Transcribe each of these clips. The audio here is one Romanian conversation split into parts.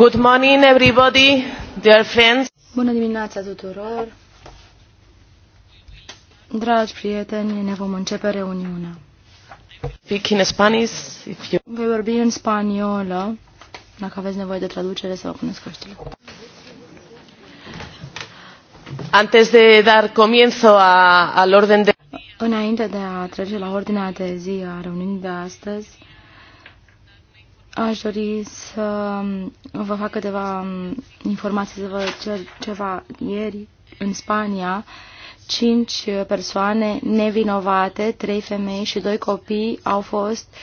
Good morning everybody, dear friends. Bună dimineața tuturor. Dragi prieteni, ne vom începe reuniunea. Speak in Spanish if you... Voi vorbi în spaniolă, dacă aveți nevoie de traducere sau puneți căștile. Antes de dar comienzo a, al orden de... Înainte de a trece la ordinea de zi a reuniunii de astăzi, Aș dori să vă fac câteva informații, să vă cer ceva. Ieri, în Spania, cinci persoane nevinovate, trei femei și doi copii, au fost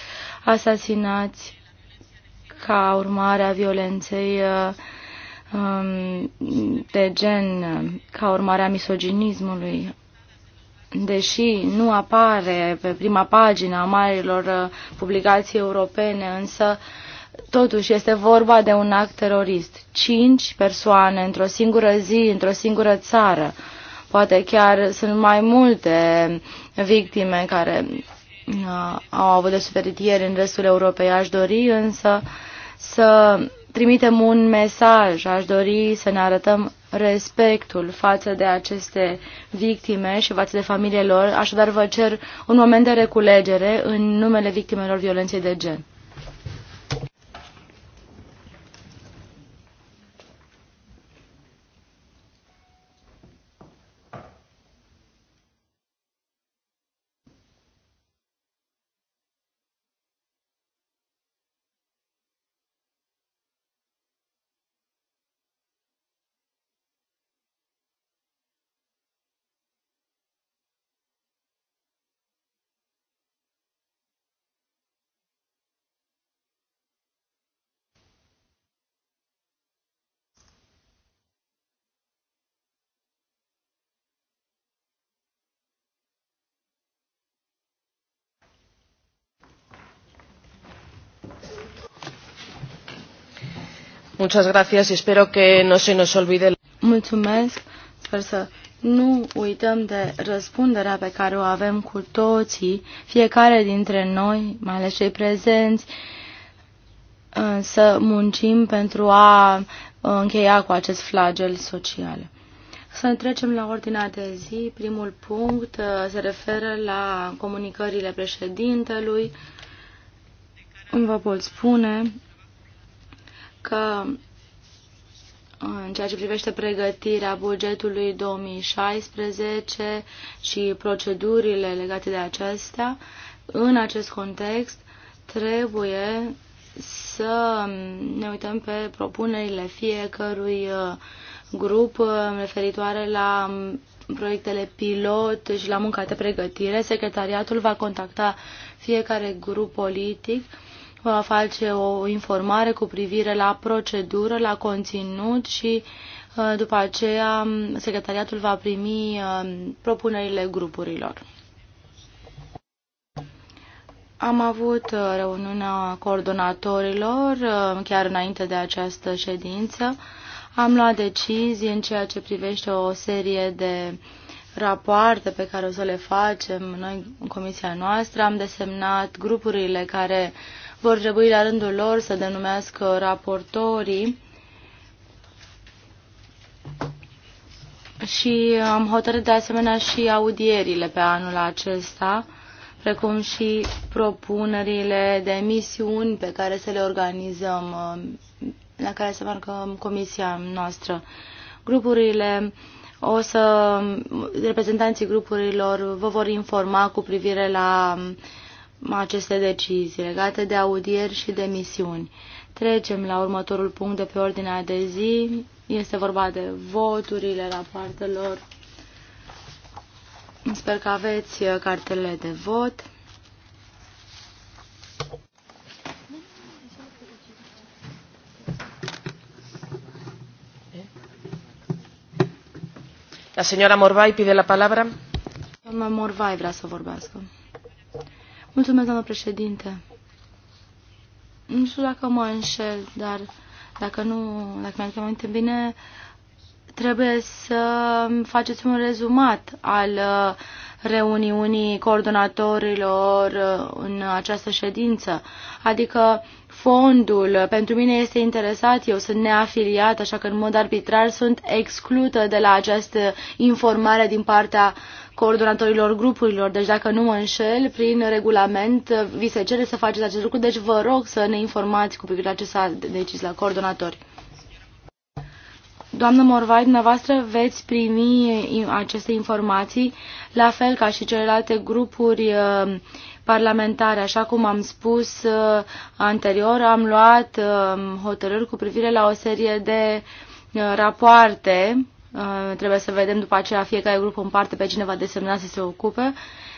asasinați ca urmare a violenței um, de gen, ca urmare a misoginismului deși nu apare pe prima pagină a marilor uh, publicații europene, însă Totuși, este vorba de un act terorist. Cinci persoane într-o singură zi, într-o singură țară. Poate chiar sunt mai multe victime care uh, au avut de suferit ieri în restul Europei. Aș dori însă să trimitem un mesaj, aș dori să ne arătăm respectul față de aceste victime și față de familiile lor. Așadar vă cer un moment de reculegere în numele victimelor violenței de gen. Mulțumesc. Sper să nu uităm de răspunderea pe care o avem cu toții, fiecare dintre noi, mai ales cei prezenți, uh, să muncim pentru a încheia cu acest flagel social. Să trecem la ordinea de zi. Primul punct uh, se referă la comunicările președintelui. Vă pot spune că în ceea ce privește pregătirea bugetului 2016 și procedurile legate de acestea, în acest context trebuie să ne uităm pe propunerile fiecărui uh, grup uh, referitoare la um, proiectele pilot și la munca de pregătire. Secretariatul va contacta fiecare grup politic va face o informare cu privire la procedură, la conținut și uh, după aceea um, secretariatul va primi um, propunerile grupurilor. Am avut uh, reuniunea coordonatorilor uh, chiar înainte de această ședință. Am luat decizii în ceea ce privește o serie de rapoarte pe care o să le facem noi în comisia noastră. Am desemnat grupurile care uh, vor trebui la rândul lor să denumească raportorii și am hotărât de asemenea și audierile pe anul acesta, precum și propunerile de misiuni pe care să le organizăm, la care să marcăm comisia noastră. Grupurile o să, reprezentanții grupurilor vă vor informa cu privire la uh, aceste decizii legate de audieri și de misiuni. Trecem la următorul punct de pe ordinea de zi. Este vorba de voturile rapoartelor. Sper că aveți uh, cartele de vot. La señora Morvai pide la palabra. Doamna Morvai vrea să vorbească. Mulțumesc, doamnă președinte. Nu știu dacă mă înșel, dar dacă nu, dacă mi am aminte bine, trebuie să faceți un rezumat al reuniunii coordonatorilor uh, în această ședință. Adică fondul pentru mine este interesat, eu sunt neafiliat, așa că în mod arbitrar sunt exclută de la această informare din partea coordonatorilor grupurilor. Deci dacă nu mă înșel, prin regulament uh, vi se cere să faceți acest lucru, deci vă rog să ne informați cu privire la ce s-a decis la coordonatori. Doamnă Morvai, dumneavoastră veți primi uh, aceste informații, la fel ca și celelalte grupuri uh, parlamentare. Așa cum am spus uh, anterior, am luat hotărâri cu privire la o serie de rapoarte. Trebuie să vedem după aceea fiecare grup în parte pe cineva desemna să se ocupe.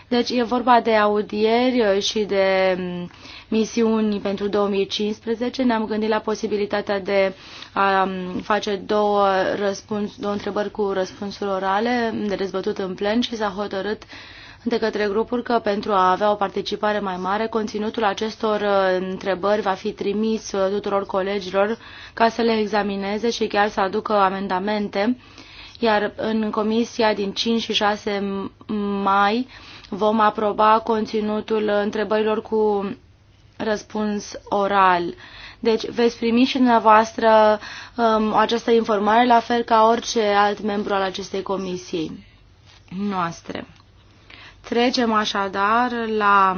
Deci e vorba de audieri și de mm, misiuni pentru 2015. Ne-am gândit la posibilitatea de a mm, face două, răspuns, două întrebări cu răspunsuri orale de dezbătut în plen și s-a hotărât de către grupuri că pentru a avea o participare mai mare, conținutul acestor uh, întrebări va fi trimis uh, tuturor colegilor ca să le examineze și chiar să aducă amendamente iar în comisia din 5 și 6 mai vom aproba conținutul întrebărilor cu răspuns oral. Deci veți primi și dumneavoastră um, această informare, la fel ca orice alt membru al acestei comisii noastre. Trecem așadar la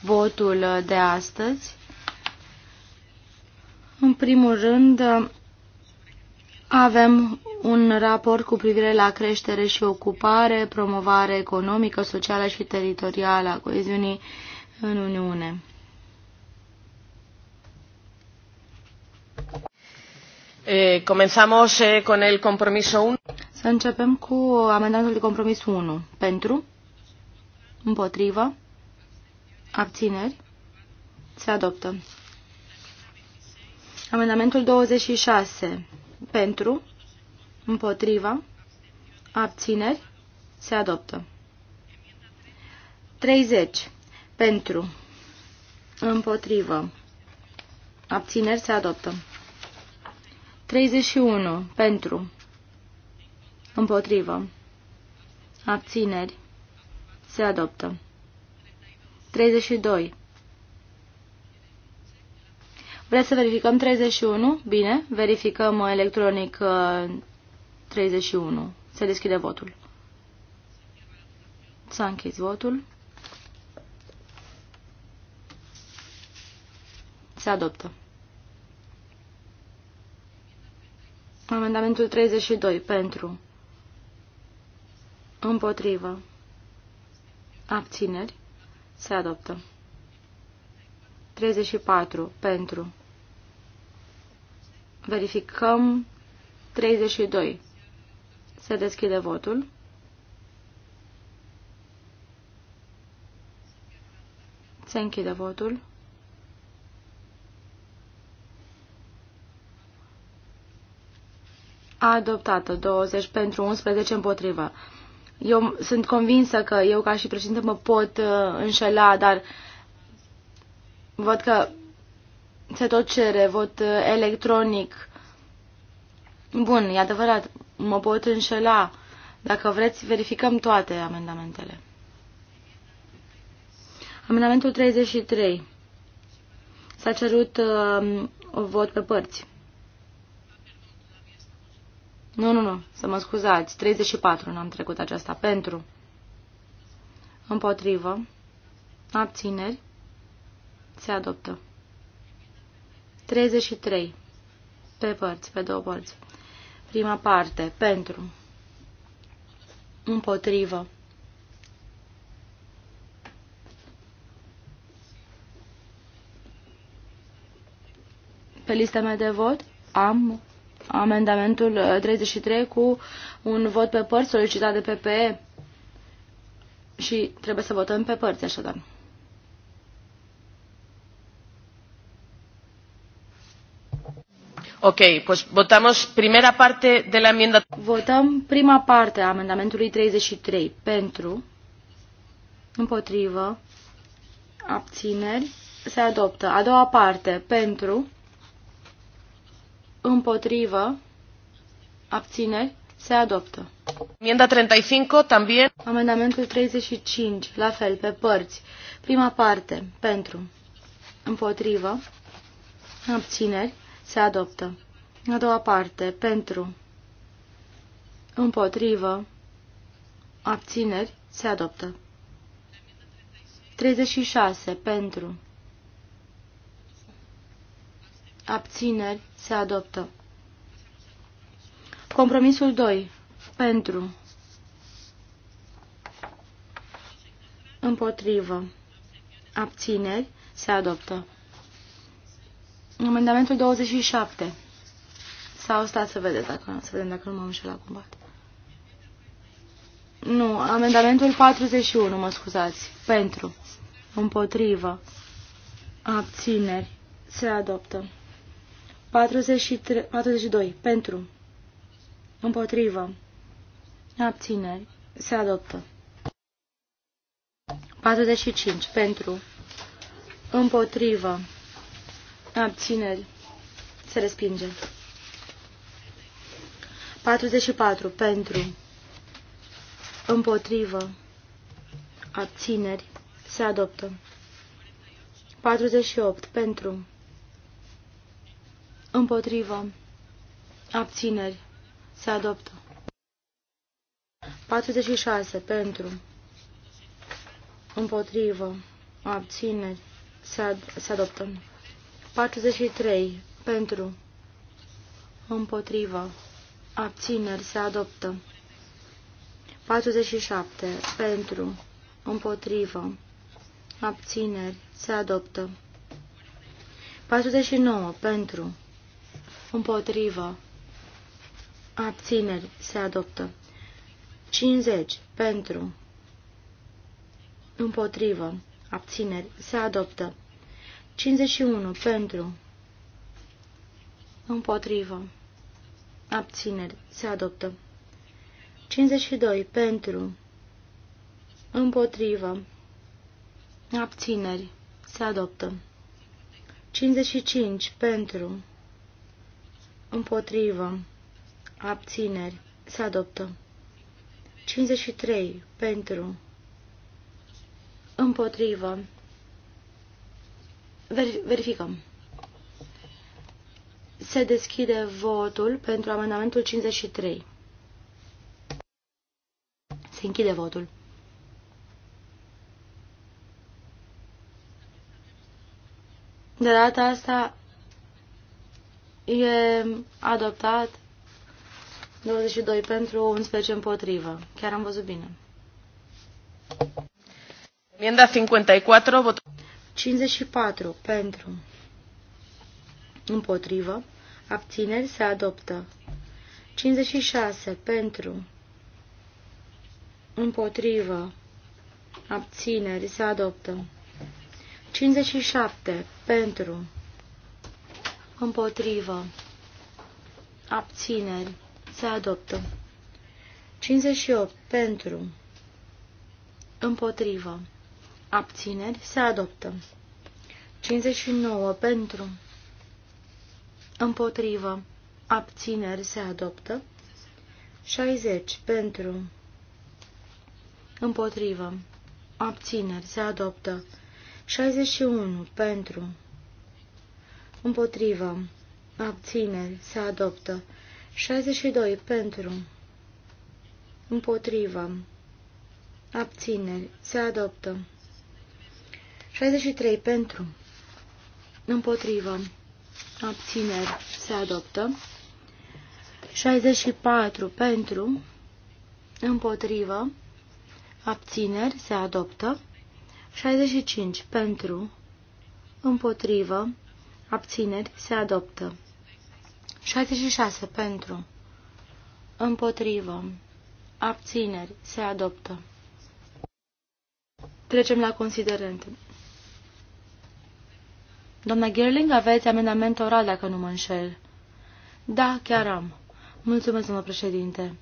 votul de astăzi. În primul rând, avem un raport cu privire la creștere și ocupare, promovare economică, socială și teritorială a coeziunii în Uniune. Eh, comenzamos eh, con el compromiso 1. Să începem cu amendamentul de compromis 1. Pentru? Împotrivă? Abțineri? Se adoptă. Amendamentul 26 pentru, împotriva, abțineri, se adoptă. 30. Pentru, împotrivă, abțineri, se adoptă. 31. Pentru, împotrivă, abțineri, se adoptă. 32. Vreți să verificăm 31? Bine, verificăm uh, electronic 31. Uh, Se deschide votul. S-a închis votul. Se adoptă. Amendamentul 32. Pentru. Împotrivă. Abțineri. Se adoptă. 34. Pentru. Verificăm 32. Se deschide votul. Se închide votul. A adoptată 20 pentru 11 împotrivă. Eu sunt convinsă că eu ca și președinte mă pot uh, înșela, dar văd că se tot cere vot uh, electronic Bun, e adevărat, mă pot înșela. Dacă vreți, verificăm toate amendamentele. Amendamentul 33. S-a cerut uh, o vot pe părți. Nu, nu, nu, să mă scuzați. 34 n-am trecut aceasta. Pentru. Împotrivă. Abțineri. Se adoptă. 33. Pe părți, pe două părți. Prima parte. Pentru. Împotrivă. Pe lista mea de vot am amendamentul 33 uh, cu un vot pe părți solicitat de PPE și trebuie să votăm pe părți, așadar. Ok, pues Votăm prima parte a amendamentului 33 pentru, împotrivă, abțineri, se adoptă. A doua parte pentru, împotrivă, abțineri, se adoptă. Enmienda 35, también. Amendamentul 35, la fel, pe părți. Prima parte, pentru, împotrivă, abțineri, se adoptă. A doua parte. Pentru. Împotrivă. Abțineri. Se adoptă. 36. Pentru. Abțineri. Se adoptă. Compromisul 2. Pentru. Împotrivă. Abțineri. Se adoptă. Amendamentul 27. Sau stați să vedeți dacă, să vedem dacă nu m-am înșelat cumva. Nu, amendamentul 41, mă scuzați. Pentru. Împotrivă. Abțineri. Se adoptă. 43, 42. Pentru. Împotrivă. Abțineri. Se adoptă. 45. Pentru. Împotrivă. Abțineri. Se respinge. 44. Pentru. Împotrivă. Abțineri. Se adoptă. 48. Pentru. Împotrivă. Abțineri. Se adoptă. 46. Pentru. Împotrivă. Abțineri. Se, ad se adoptă. 43. Pentru. Împotrivă. Abțineri se adoptă. 47. Pentru. Împotrivă. Abțineri se adoptă. 49. Pentru. Împotrivă. Abțineri se adoptă. 50. Pentru. Împotrivă. Abțineri se adoptă. 51. Pentru. Împotrivă. Abțineri. Se adoptă. 52. Pentru. Împotrivă. Abțineri. Se adoptă. 55. Pentru. Împotrivă. Abțineri. Se adoptă. 53. Pentru. Împotrivă verificăm. Se deschide votul pentru amendamentul 53. Se închide votul. De data asta e adoptat 22 pentru 11 împotrivă. Chiar am văzut bine. Enmienda 54, votul. 54 pentru, împotrivă, abțineri se adoptă. 56 pentru, împotrivă, abțineri se adoptă. 57 pentru, împotrivă, abțineri se adoptă. 58 pentru, împotrivă abțineri, se adoptă. 59 pentru, împotrivă, abțineri, se adoptă. 60 pentru, împotrivă, abțineri, se adoptă. 61 pentru, împotrivă, abțineri, se adoptă. 62 pentru, împotrivă, abțineri, se adoptă. 63 pentru, împotrivă, abțineri, se adoptă. 64 pentru, împotrivă, abțineri, se adoptă. 65 pentru, împotrivă, abțineri, se adoptă. 66 pentru, împotrivă, abțineri, se adoptă. Trecem la considerente. Doamna Gerling, aveți amendament oral, dacă nu mă înșel. Da, chiar am. Mulțumesc, domnul președinte.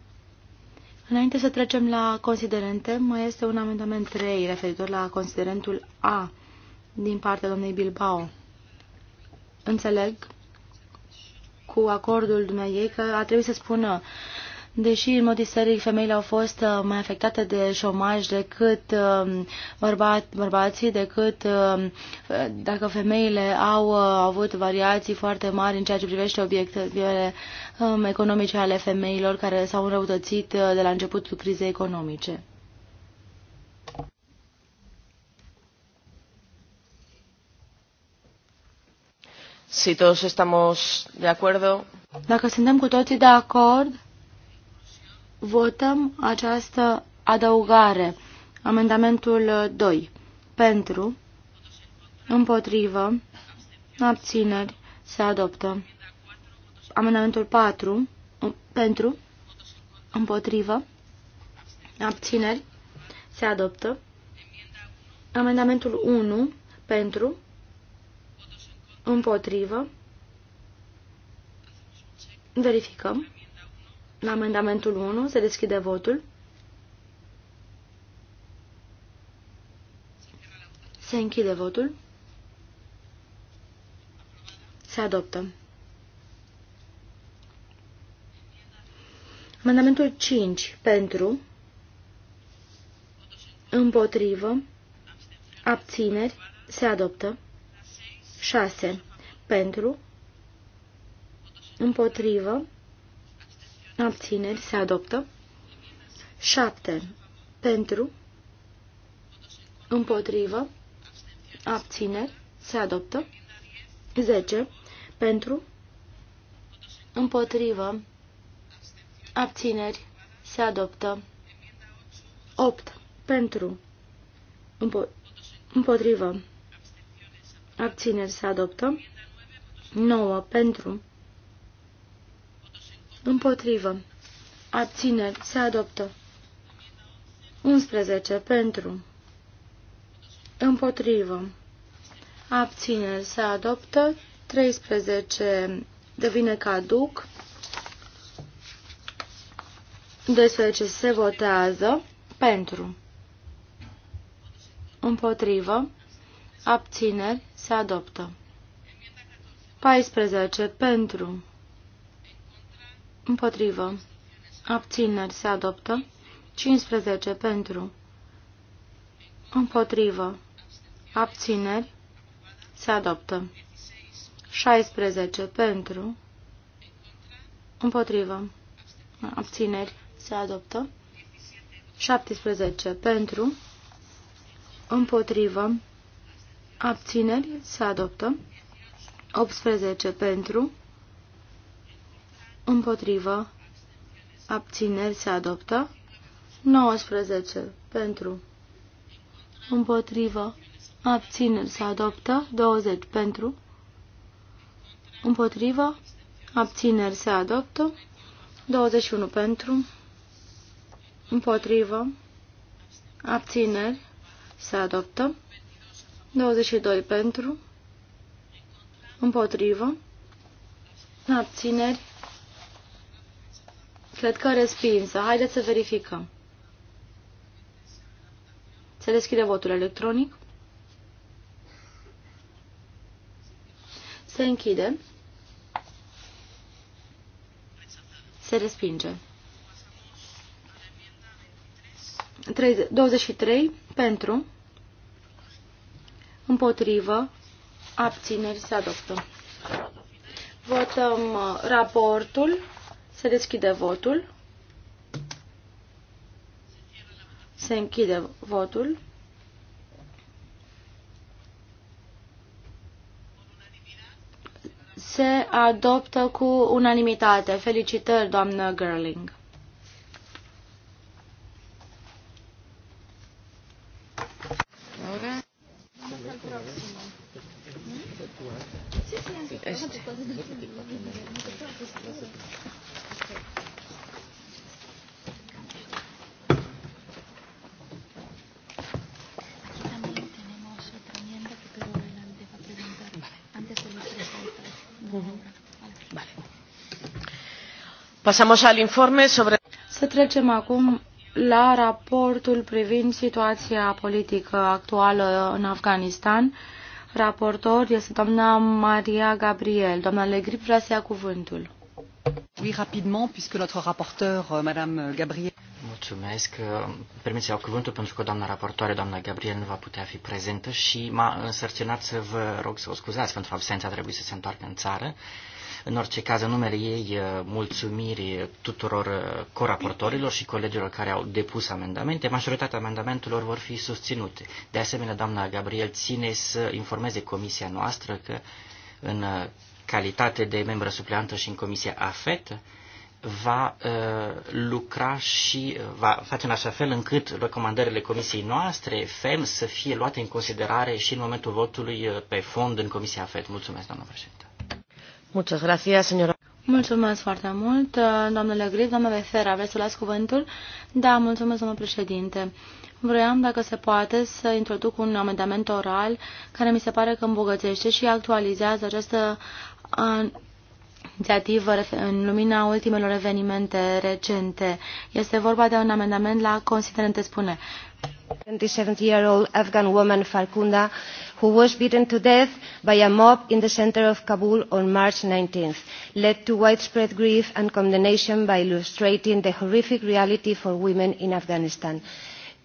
Înainte să trecem la considerente, mai este un amendament 3 referitor la considerentul A din partea doamnei Bilbao. Înțeleg cu acordul dumneavoastră că a trebuit să spună Deși, în mod istoric, femeile au fost uh, mai afectate de șomaj decât um, bărba, bărbații, decât um, dacă femeile au uh, avut variații foarte mari în ceea ce privește obiectivele um, economice ale femeilor care s-au înrăutățit uh, de la începutul crizei economice. Si todos estamos de acuerdo. Dacă suntem cu toții de acord, Votăm această adăugare. Amendamentul 2. Pentru, împotrivă, abțineri, se adoptă. Amendamentul 4. Um, pentru, împotrivă, abțineri, se adoptă. Amendamentul 1. Pentru, împotrivă, verificăm. La amendamentul 1 se deschide votul. Se închide votul. Se adoptă. Amendamentul 5 pentru, împotrivă, abțineri, se adoptă. 6 pentru, împotrivă, abțineri se adoptă. 7. Pentru, împotrivă, abțineri se adoptă. 10. Pentru, împotrivă, abțineri se adoptă. 8. Pentru, împo împotrivă, abțineri se adoptă. 9. Pentru, Împotrivă. Abțineri. Se adoptă. 11. Pentru. Împotrivă. Abțineri. Se adoptă. 13. Devine caduc. 12. Se votează. Pentru. Împotrivă. Abțineri. Se adoptă. 14. Pentru. Împotrivă. Abțineri se adoptă. 15 pentru. Împotrivă. Abțineri se adoptă. 16 pentru. Împotrivă. Abțineri se adoptă. 17 pentru. Împotrivă. Abțineri se adoptă. 18 pentru împotrivă, abțineri se adoptă, 19 pentru, împotrivă, abțineri se adoptă, 20 pentru, împotrivă, abțineri se adoptă, 21 pentru, împotrivă, abțineri se adoptă, 22 pentru, împotrivă, abțineri Cred că respinsă. Haideți să verificăm. Se deschide votul electronic. Se închide. Se respinge. 23 pentru, împotrivă, abțineri se adoptă. Votăm uh, raportul se deschide votul. Se închide votul. Se adoptă cu unanimitate. Felicitări, doamnă Gerling. Pasamos al informe Să trecem acum la raportul privind situația politică actuală în Afganistan. Raportor este doamna Maria Gabriel. Doamna Legrip vrea să ia cuvântul. Oui, rapidement, puisque notre rapporteur, euh, Madame Gabriel... Mulțumesc. Permiteți iau cuvântul pentru că doamna raportoare, doamna Gabriel, nu va putea fi prezentă și m-a însărcinat să vă rog să o scuzați pentru absența, trebuie să se întoarcă în țară. În orice caz, în numele ei, mulțumiri tuturor coraportorilor și colegilor care au depus amendamente. Majoritatea amendamentelor vor fi susținute. De asemenea, doamna Gabriel ține să informeze comisia noastră că în calitate de membră supleantă și în comisia AFET, va uh, lucra și uh, va face în așa fel încât recomandările comisiei noastre, FEM, să fie luate în considerare și în momentul votului uh, pe fond în Comisia FED. Mulțumesc, doamnă președinte. Muchas gracias, señora. Mulțumesc foarte mult, domnule Gris, domnule Befera, vreți să luați cuvântul? Da, mulțumesc, domnule președinte. Vroiam, dacă se poate, să introduc un amendament oral care mi se pare că îmbogățește și actualizează această inițiativă în lumina ultimelor evenimente recente. Este vorba de un amendament la considerente spune. 27-year-old Afghan woman Farkunda, who was beaten to death by a mob in the center of Kabul on March 19th, led to widespread grief and condemnation by illustrating the horrific reality for women in Afghanistan.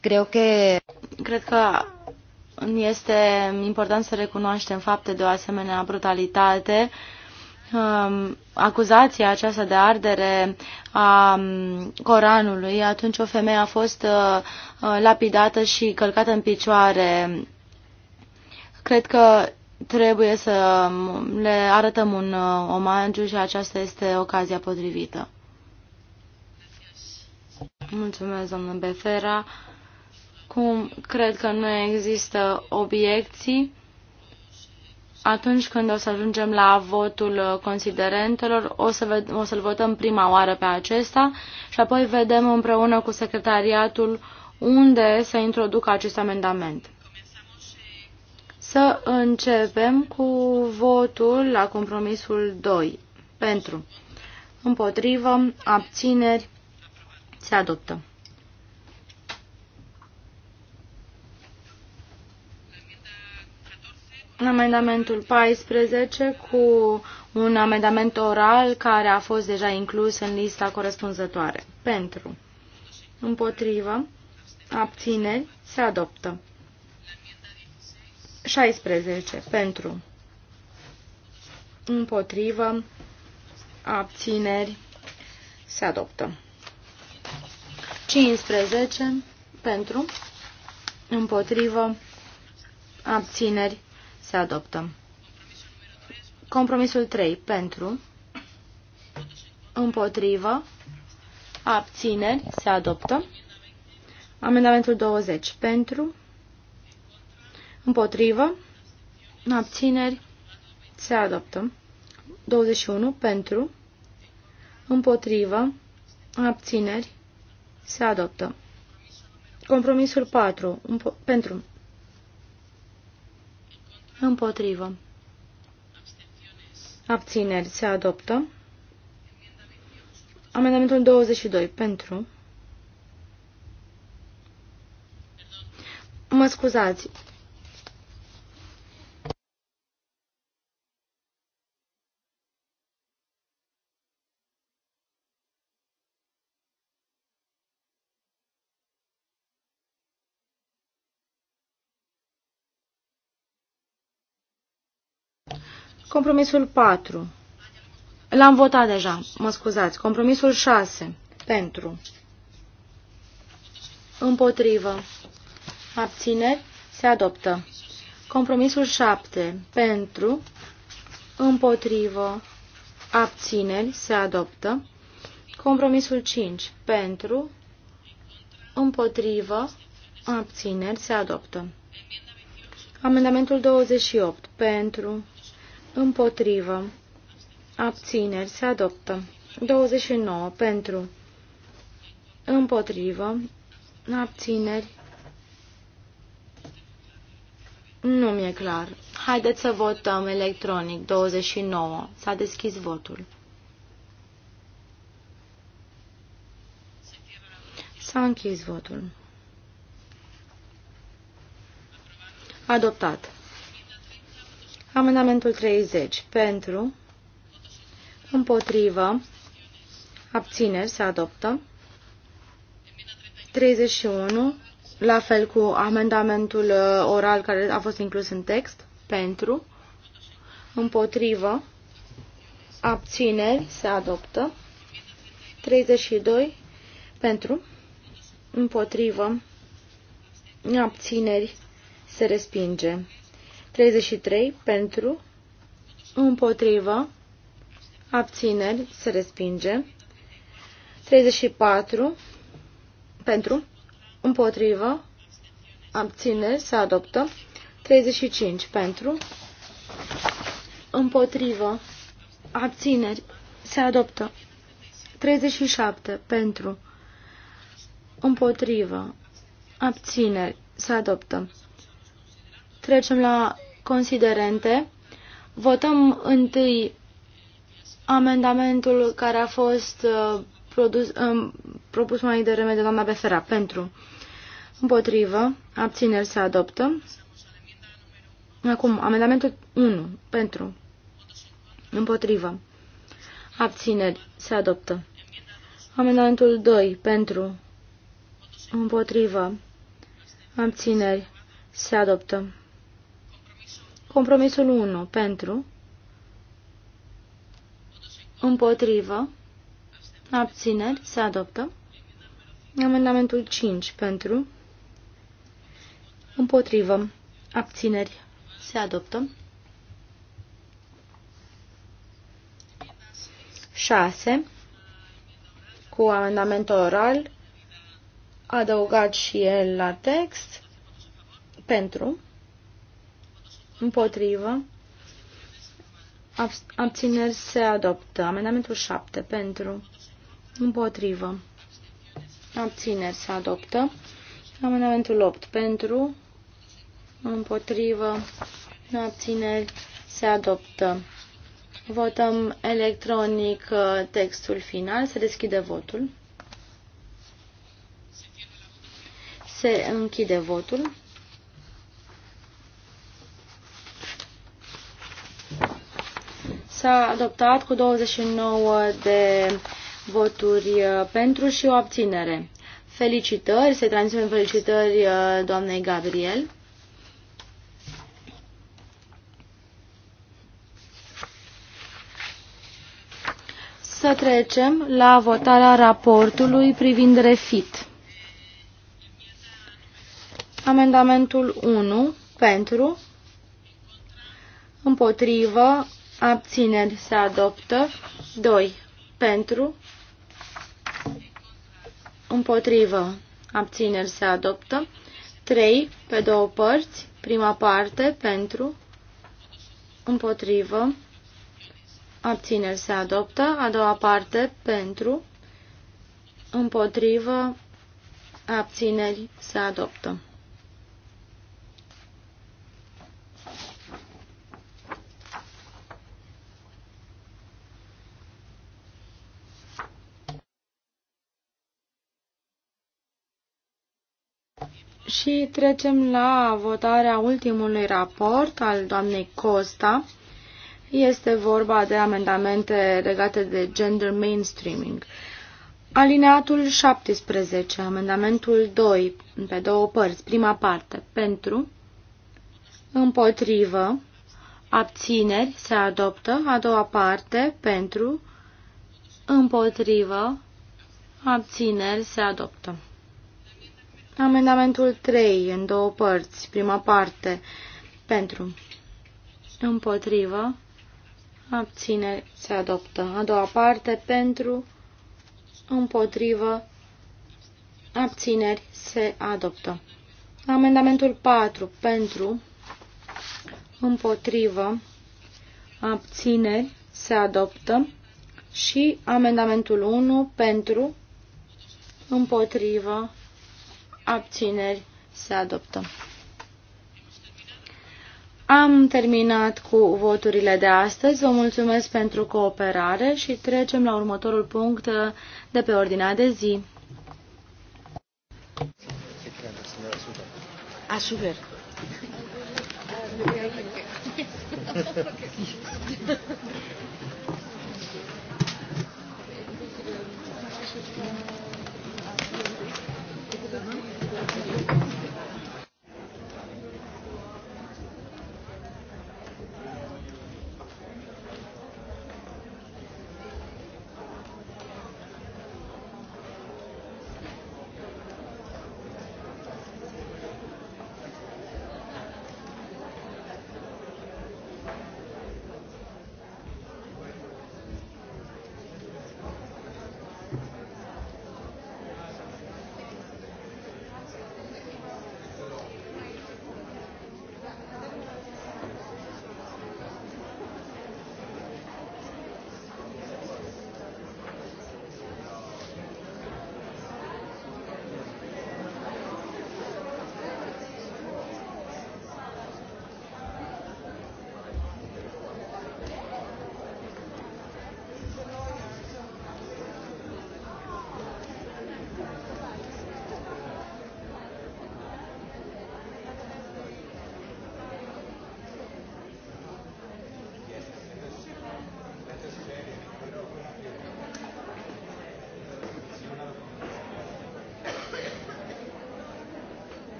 Creo que... Cred că este important să recunoaștem fapte de o asemenea brutalitate um, acuzația aceasta de ardere a um, Coranului, atunci o femeie a fost uh, uh, lapidată și călcată în picioare. Cred că trebuie să le arătăm un uh, omagiu și aceasta este ocazia potrivită. Mulțumesc, domnul Befera. Cum cred că nu există obiecții, atunci când o să ajungem la votul uh, considerentelor, o, să o să-l votăm prima oară pe acesta și apoi vedem împreună cu secretariatul unde să introducă acest amendament. Să începem cu votul la compromisul 2. Pentru. Împotrivă. Abțineri. Se adoptă. amendamentul 14 cu un amendament oral care a fost deja inclus în lista corespunzătoare. Pentru. Împotrivă. Abțineri. Se adoptă. 16. Pentru. Împotrivă. Abțineri. Se adoptă. 15. Pentru. Împotrivă. Abțineri se adoptă. Compromisul 3. Pentru. Împotrivă. Abțineri. Se adoptă. Amendamentul 20. Pentru. Împotrivă. Abțineri. Se adoptă. 21. Pentru. Împotrivă. Abțineri. Se adoptă. Compromisul 4. Pentru. Împotrivă. Abțineri. Se adoptă. Amendamentul 22. Pentru. Mă scuzați. Compromisul 4. L-am votat deja, mă scuzați. Compromisul 6. Pentru. Împotrivă. Abțineri. Se adoptă. Compromisul 7. Pentru. Împotrivă. Abțineri. Se adoptă. Compromisul 5. Pentru. Împotrivă. Abțineri. Se adoptă. Amendamentul 28. Pentru împotrivă, abțineri, se adoptă. 29 pentru, împotrivă, abțineri, nu mi-e clar. Haideți să votăm electronic 29. S-a deschis votul. S-a închis votul. Adoptat. Amendamentul 30. Pentru, împotrivă, abțineri, se adoptă. 31. La fel cu amendamentul uh, oral care a fost inclus în text. Pentru, împotrivă, abțineri, se adoptă. 32. Pentru, împotrivă, abțineri, se respinge. 33 pentru, împotrivă, abțineri, se respinge. 34 pentru, împotrivă, abțineri, se adoptă. 35 pentru, împotrivă, abțineri, se adoptă. 37 pentru, împotrivă, abțineri, se adoptă. Trecem la considerente. Votăm întâi amendamentul care a fost uh, produs, um, propus mai de de doamna Befera pentru împotrivă, abțineri se adoptă. Acum, amendamentul 1 pentru împotrivă, abțineri se adoptă. Amendamentul 2 pentru împotrivă, abțineri se adoptă. Compromisul 1 pentru, împotrivă, abțineri, se adoptă. Amendamentul 5 pentru, împotrivă, abțineri, se adoptă. 6 cu amendament oral adăugat și el la text pentru împotrivă, abțineri se adoptă. Amendamentul 7 pentru, împotrivă, abțineri se adoptă. Amendamentul 8 pentru, împotrivă, abțineri se adoptă. Votăm electronic uh, textul final. Se deschide votul. Se închide votul. s-a adoptat cu 29 de voturi uh, pentru și o abținere. Felicitări, se transmit felicitări uh, doamnei Gabriel. Să trecem la votarea raportului privind refit. Amendamentul 1 pentru, împotrivă, abțineri se adoptă, 2 pentru, împotrivă, abțineri se adoptă, 3 pe două părți, prima parte pentru, împotrivă, abțineri se adoptă, a doua parte pentru, împotrivă, abțineri se adoptă. Și trecem la votarea ultimului raport al doamnei Costa. Este vorba de amendamente legate de gender mainstreaming. Alineatul 17, amendamentul 2, pe două părți, prima parte, pentru, împotrivă, abțineri, se adoptă, a doua parte, pentru, împotrivă, abțineri, se adoptă. Amendamentul 3, în două părți, prima parte, pentru, împotrivă, abține, se adoptă. A doua parte, pentru, împotrivă, abțineri, se adoptă. Amendamentul 4, pentru, împotrivă, abțineri, se adoptă. Și amendamentul 1, pentru, împotrivă, abțineri, se adoptă. Am terminat cu voturile de astăzi. Vă mulțumesc pentru cooperare și trecem la următorul punct de pe ordinea de zi. A, super.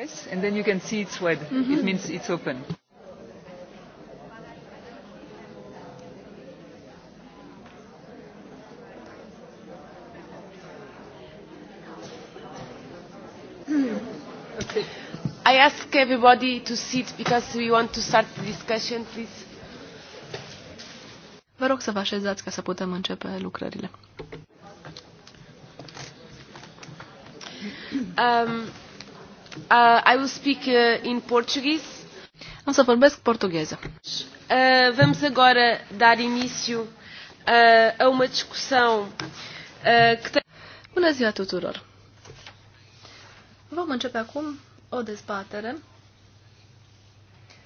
I ask everybody to sit because we want to start the discussion, please. Vă rog să vă așezați ca să putem începe lucrările. Um, Uh, I will speak uh, in Portuguese. Am să vorbesc portugheză. Uh, vamos agora dar início uh, a uma discussão uh, que tem... Bună ziua tuturor! Vom începe acum o dezbatere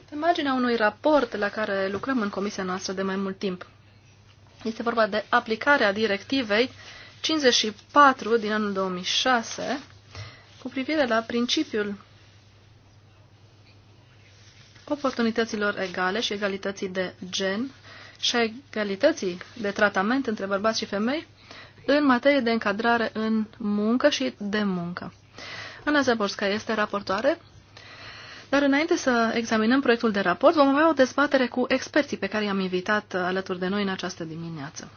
pe marginea unui raport la care lucrăm în comisia noastră de mai mult timp. Este vorba de aplicarea directivei 54 din anul 2006 cu privire la principiul oportunităților egale și egalității de gen și a egalității de tratament între bărbați și femei în materie de încadrare în muncă și de muncă. Ana Zaborska este raportoare, dar înainte să examinăm proiectul de raport, vom avea o dezbatere cu experții pe care i-am invitat alături de noi în această dimineață.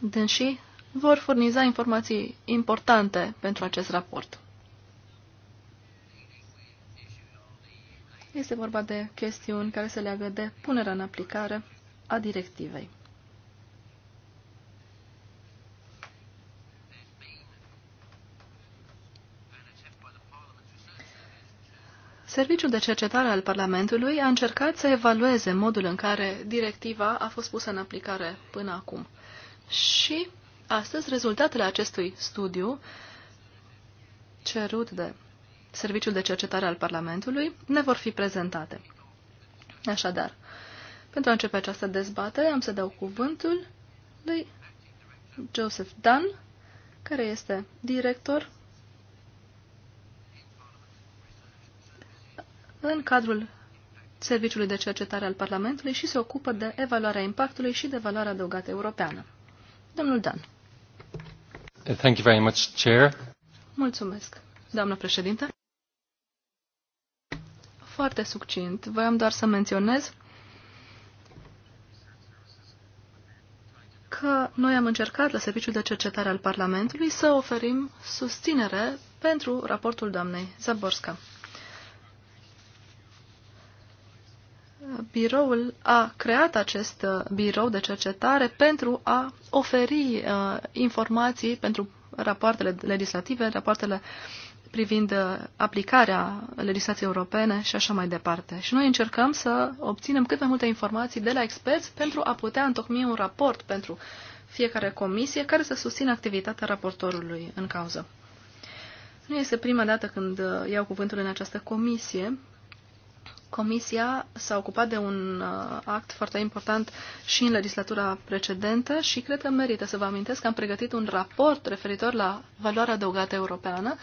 Dânsii vor furniza informații importante pentru acest raport. Este vorba de chestiuni care se leagă de punerea în aplicare a directivei. Serviciul de cercetare al Parlamentului a încercat să evalueze modul în care directiva a fost pusă în aplicare până acum și astăzi rezultatele acestui studiu cerut de Serviciul de Cercetare al Parlamentului ne vor fi prezentate. Așadar, pentru a începe această dezbatere, am să dau cuvântul lui Joseph Dunn, care este director în cadrul Serviciului de Cercetare al Parlamentului și se ocupă de evaluarea impactului și de valoarea adăugată europeană. Domnul Dan. Thank you very much, Chair. Mulțumesc, doamnă președinte. Foarte succint. Voiam doar să menționez că noi am încercat la Serviciul de Cercetare al Parlamentului să oferim susținere pentru raportul doamnei Zaborska. biroul a creat acest uh, birou de cercetare pentru a oferi uh, informații pentru rapoartele legislative, rapoartele privind uh, aplicarea legislației europene și așa mai departe. Și noi încercăm să obținem cât mai multe informații de la experți pentru a putea întocmi un raport pentru fiecare comisie care să susțină activitatea raportorului în cauză. Nu este prima dată când uh, iau cuvântul în această comisie, Comisia s-a ocupat de un uh, act foarte important și în legislatura precedentă și cred că merită să vă amintesc că am pregătit un raport referitor la valoarea adăugată europeană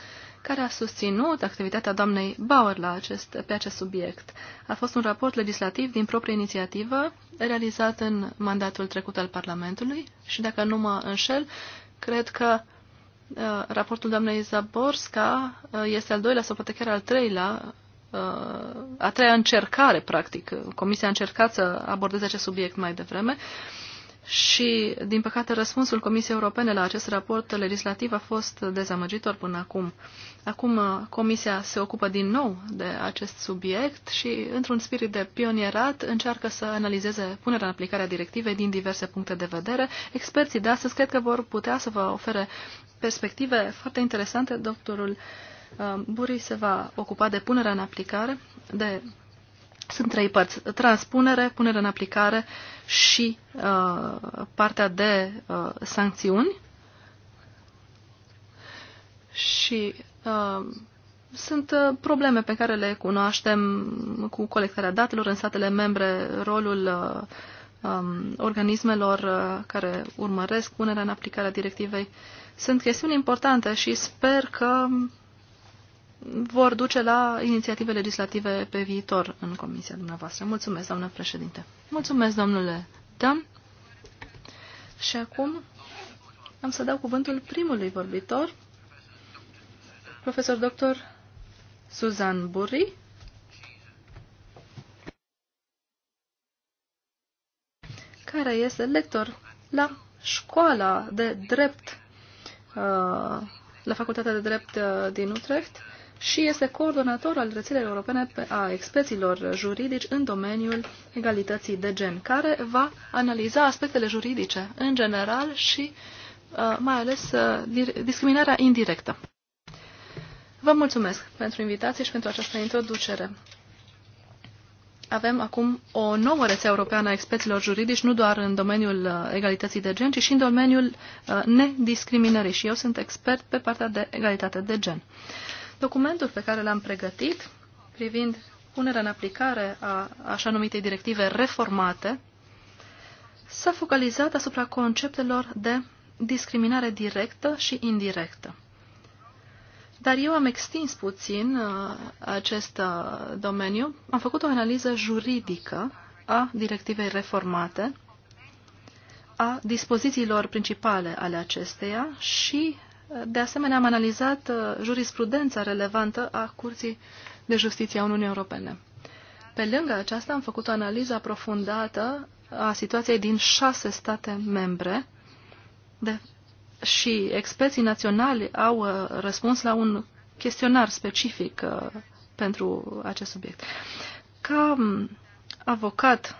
care a susținut activitatea doamnei Bauer la acest, pe acest subiect. A fost un raport legislativ din proprie inițiativă realizat în mandatul trecut al Parlamentului și, dacă nu mă înșel, cred că uh, raportul doamnei Zaborska uh, este al doilea sau poate chiar al treilea Uh, a treia încercare, practic. Comisia a încercat să abordeze acest subiect mai devreme și, din păcate, răspunsul Comisiei Europene la acest raport legislativ a fost dezamăgitor până acum. Acum uh, Comisia se ocupă din nou de acest subiect și, într-un spirit de pionierat, încearcă să analizeze punerea în aplicare a directivei din diverse puncte de vedere. Experții de astăzi cred că vor putea să vă ofere perspective foarte interesante. Doctorul uh, Um, Buri se va ocupa de punerea în aplicare, de sunt trei părți. Transpunere, punere în aplicare și uh, partea de uh, sancțiuni. Și uh, sunt uh, probleme pe care le cunoaștem cu colectarea datelor în statele membre, rolul uh, um, organismelor uh, care urmăresc punerea în aplicare a directivei. Sunt chestiuni importante și sper că vor duce la inițiative legislative pe viitor în comisia dumneavoastră. Mulțumesc, doamnă președinte. Mulțumesc, domnule Dan. Și acum am să dau cuvântul primului vorbitor, profesor dr. Suzan Burri. care este lector la școala de drept, uh, la facultatea de drept uh, din Utrecht și este coordonator al rețelei europene a experților juridici în domeniul egalității de gen, care va analiza aspectele juridice în general și uh, mai ales uh, discriminarea indirectă. Vă mulțumesc pentru invitație și pentru această introducere. Avem acum o nouă rețea europeană a experților juridici, nu doar în domeniul uh, egalității de gen, ci și în domeniul nediscriminării. Și eu sunt expert pe partea de egalitate de gen. Documentul pe care l-am pregătit privind punerea în aplicare a așa numitei directive reformate s-a focalizat asupra conceptelor de discriminare directă și indirectă. Dar eu am extins puțin uh, acest uh, domeniu. Am făcut o analiză juridică a directivei reformate, a dispozițiilor principale ale acesteia și de asemenea, am analizat uh, jurisprudența relevantă a Curții de Justiție a Uniunii Europene. Pe lângă aceasta, am făcut o analiză aprofundată a situației din șase state membre de, și experții naționali au uh, răspuns la un chestionar specific uh, pentru acest subiect. Ca um, avocat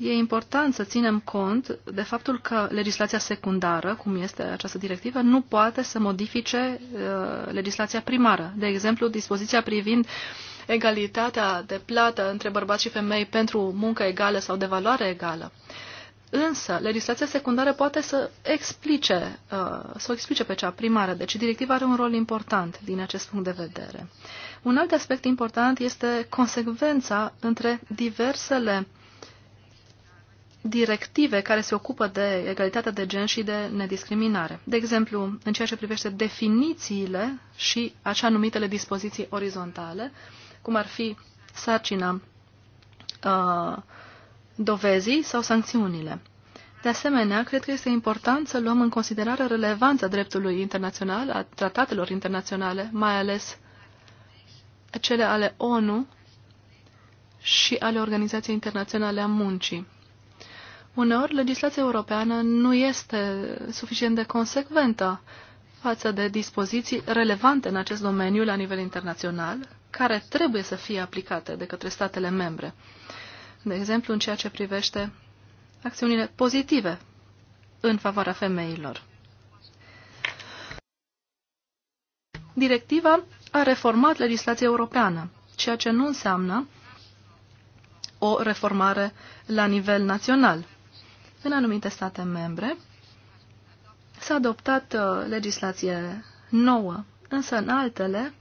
e important să ținem cont de faptul că legislația secundară, cum este această directivă, nu poate să modifice uh, legislația primară. De exemplu, dispoziția privind egalitatea de plată între bărbați și femei pentru muncă egală sau de valoare egală. Însă, legislația secundară poate să explice, uh, să o explice pe cea primară, deci directiva are un rol important din acest punct de vedere. Un alt aspect important este consecvența între diversele uh, directive care se ocupă de egalitatea de gen și de nediscriminare. De exemplu, în ceea ce privește definițiile și așa numitele dispoziții orizontale, cum ar fi sarcina uh, dovezii sau sancțiunile. De asemenea, cred că este important să luăm în considerare relevanța dreptului internațional, a tratatelor internaționale, mai ales cele ale ONU și ale Organizației Internaționale a Muncii. Uneori, legislația europeană nu este suficient de consecventă față de dispoziții relevante în acest domeniu la nivel internațional, care trebuie să fie aplicate de către statele membre. De exemplu, în ceea ce privește acțiunile pozitive în favoarea femeilor. Directiva a reformat legislația europeană, ceea ce nu înseamnă o reformare la nivel național în anumite state membre s-a adoptat uh, legislație nouă, însă în altele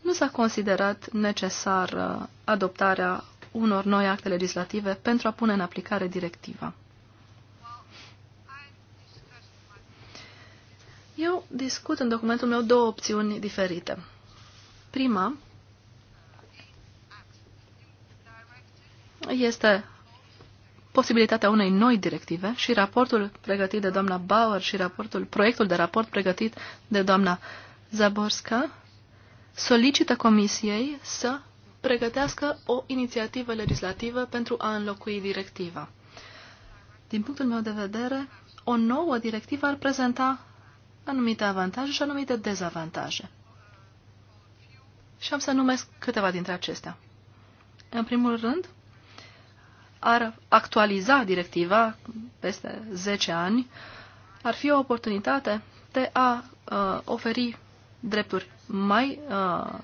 nu s-a considerat necesar adoptarea unor noi acte legislative pentru a pune în aplicare directiva. Eu discut în documentul meu două opțiuni diferite. Prima este posibilitatea unei noi directive și raportul pregătit de doamna Bauer și raportul, proiectul de raport pregătit de doamna Zaborska solicită Comisiei să pregătească o inițiativă legislativă pentru a înlocui directiva. Din punctul meu de vedere, o nouă directivă ar prezenta anumite avantaje și anumite dezavantaje. Și am să numesc câteva dintre acestea. În primul rând, ar actualiza directiva peste 10 ani, ar fi o oportunitate de a uh, oferi drepturi mai uh,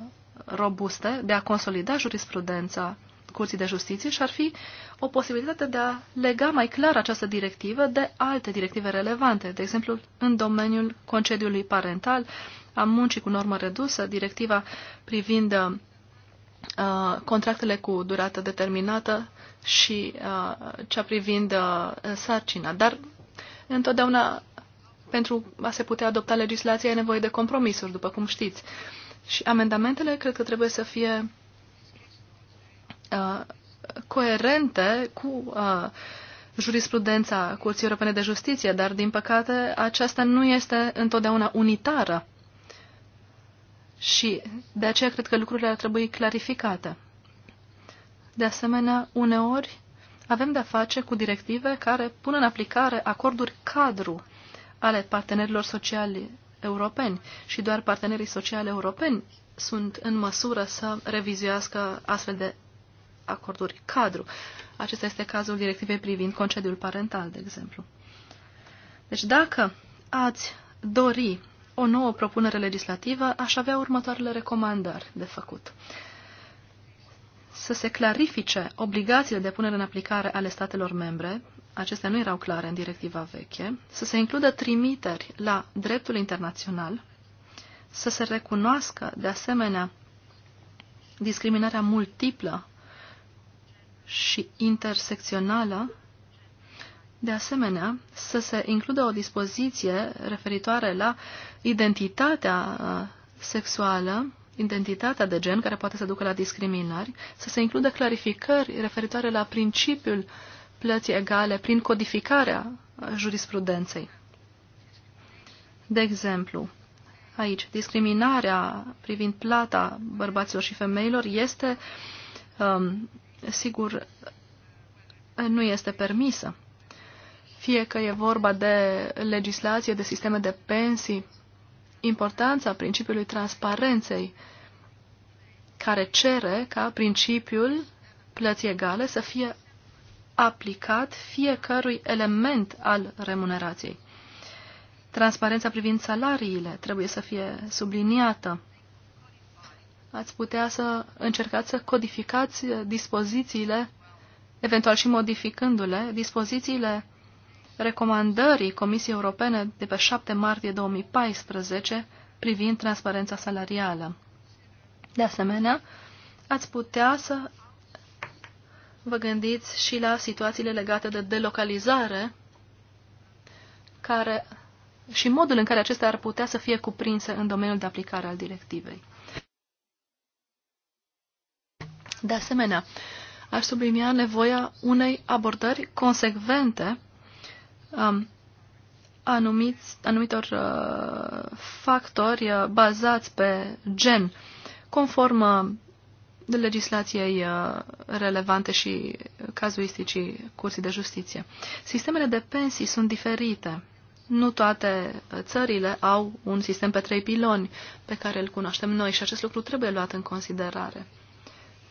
robuste, de a consolida jurisprudența Curții de Justiție și ar fi o posibilitate de a lega mai clar această directivă de alte directive relevante, de exemplu în domeniul concediului parental, a muncii cu normă redusă, directiva privind uh, Uh, contractele cu durată determinată și uh, cea privind uh, sarcina. Dar întotdeauna pentru a se putea adopta legislația e nevoie de compromisuri, după cum știți. Și amendamentele cred că trebuie să fie uh, coerente cu uh, jurisprudența Curții Europene de Justiție, dar din păcate aceasta nu este întotdeauna unitară. Și de aceea cred că lucrurile ar trebui clarificate. De asemenea, uneori avem de-a face cu directive care pun în aplicare acorduri cadru ale partenerilor sociali europeni și doar partenerii sociali europeni sunt în măsură să revizuiască astfel de acorduri cadru. Acesta este cazul directivei privind concediul parental, de exemplu. Deci dacă ați dori o nouă propunere legislativă, aș avea următoarele recomandări de făcut. Să se clarifice obligațiile de punere în aplicare ale statelor membre, acestea nu erau clare în directiva veche, să se includă trimiteri la dreptul internațional, să se recunoască, de asemenea, discriminarea multiplă și intersecțională de asemenea, să se includă o dispoziție referitoare la identitatea sexuală, identitatea de gen, care poate să ducă la discriminări, să se includă clarificări referitoare la principiul plății egale prin codificarea jurisprudenței. De exemplu, aici, discriminarea privind plata bărbaților și femeilor este, um, sigur, nu este permisă fie că e vorba de legislație, de sisteme de pensii, importanța principiului transparenței, care cere ca principiul plății egale să fie aplicat fiecărui element al remunerației. Transparența privind salariile trebuie să fie subliniată. Ați putea să încercați să codificați dispozițiile, eventual și modificându-le, dispozițiile recomandării Comisiei Europene de pe 7 martie 2014 privind transparența salarială. De asemenea, ați putea să vă gândiți și la situațiile legate de delocalizare care, și modul în care acestea ar putea să fie cuprinse în domeniul de aplicare al directivei. De asemenea, aș sublinia nevoia unei abordări consecvente um, anumiți, anumitor uh, factori uh, bazați pe gen, conform uh, de legislației uh, relevante și cazuisticii Curții de Justiție. Sistemele de pensii sunt diferite. Nu toate uh, țările au un sistem pe trei piloni pe care îl cunoaștem noi și acest lucru trebuie luat în considerare.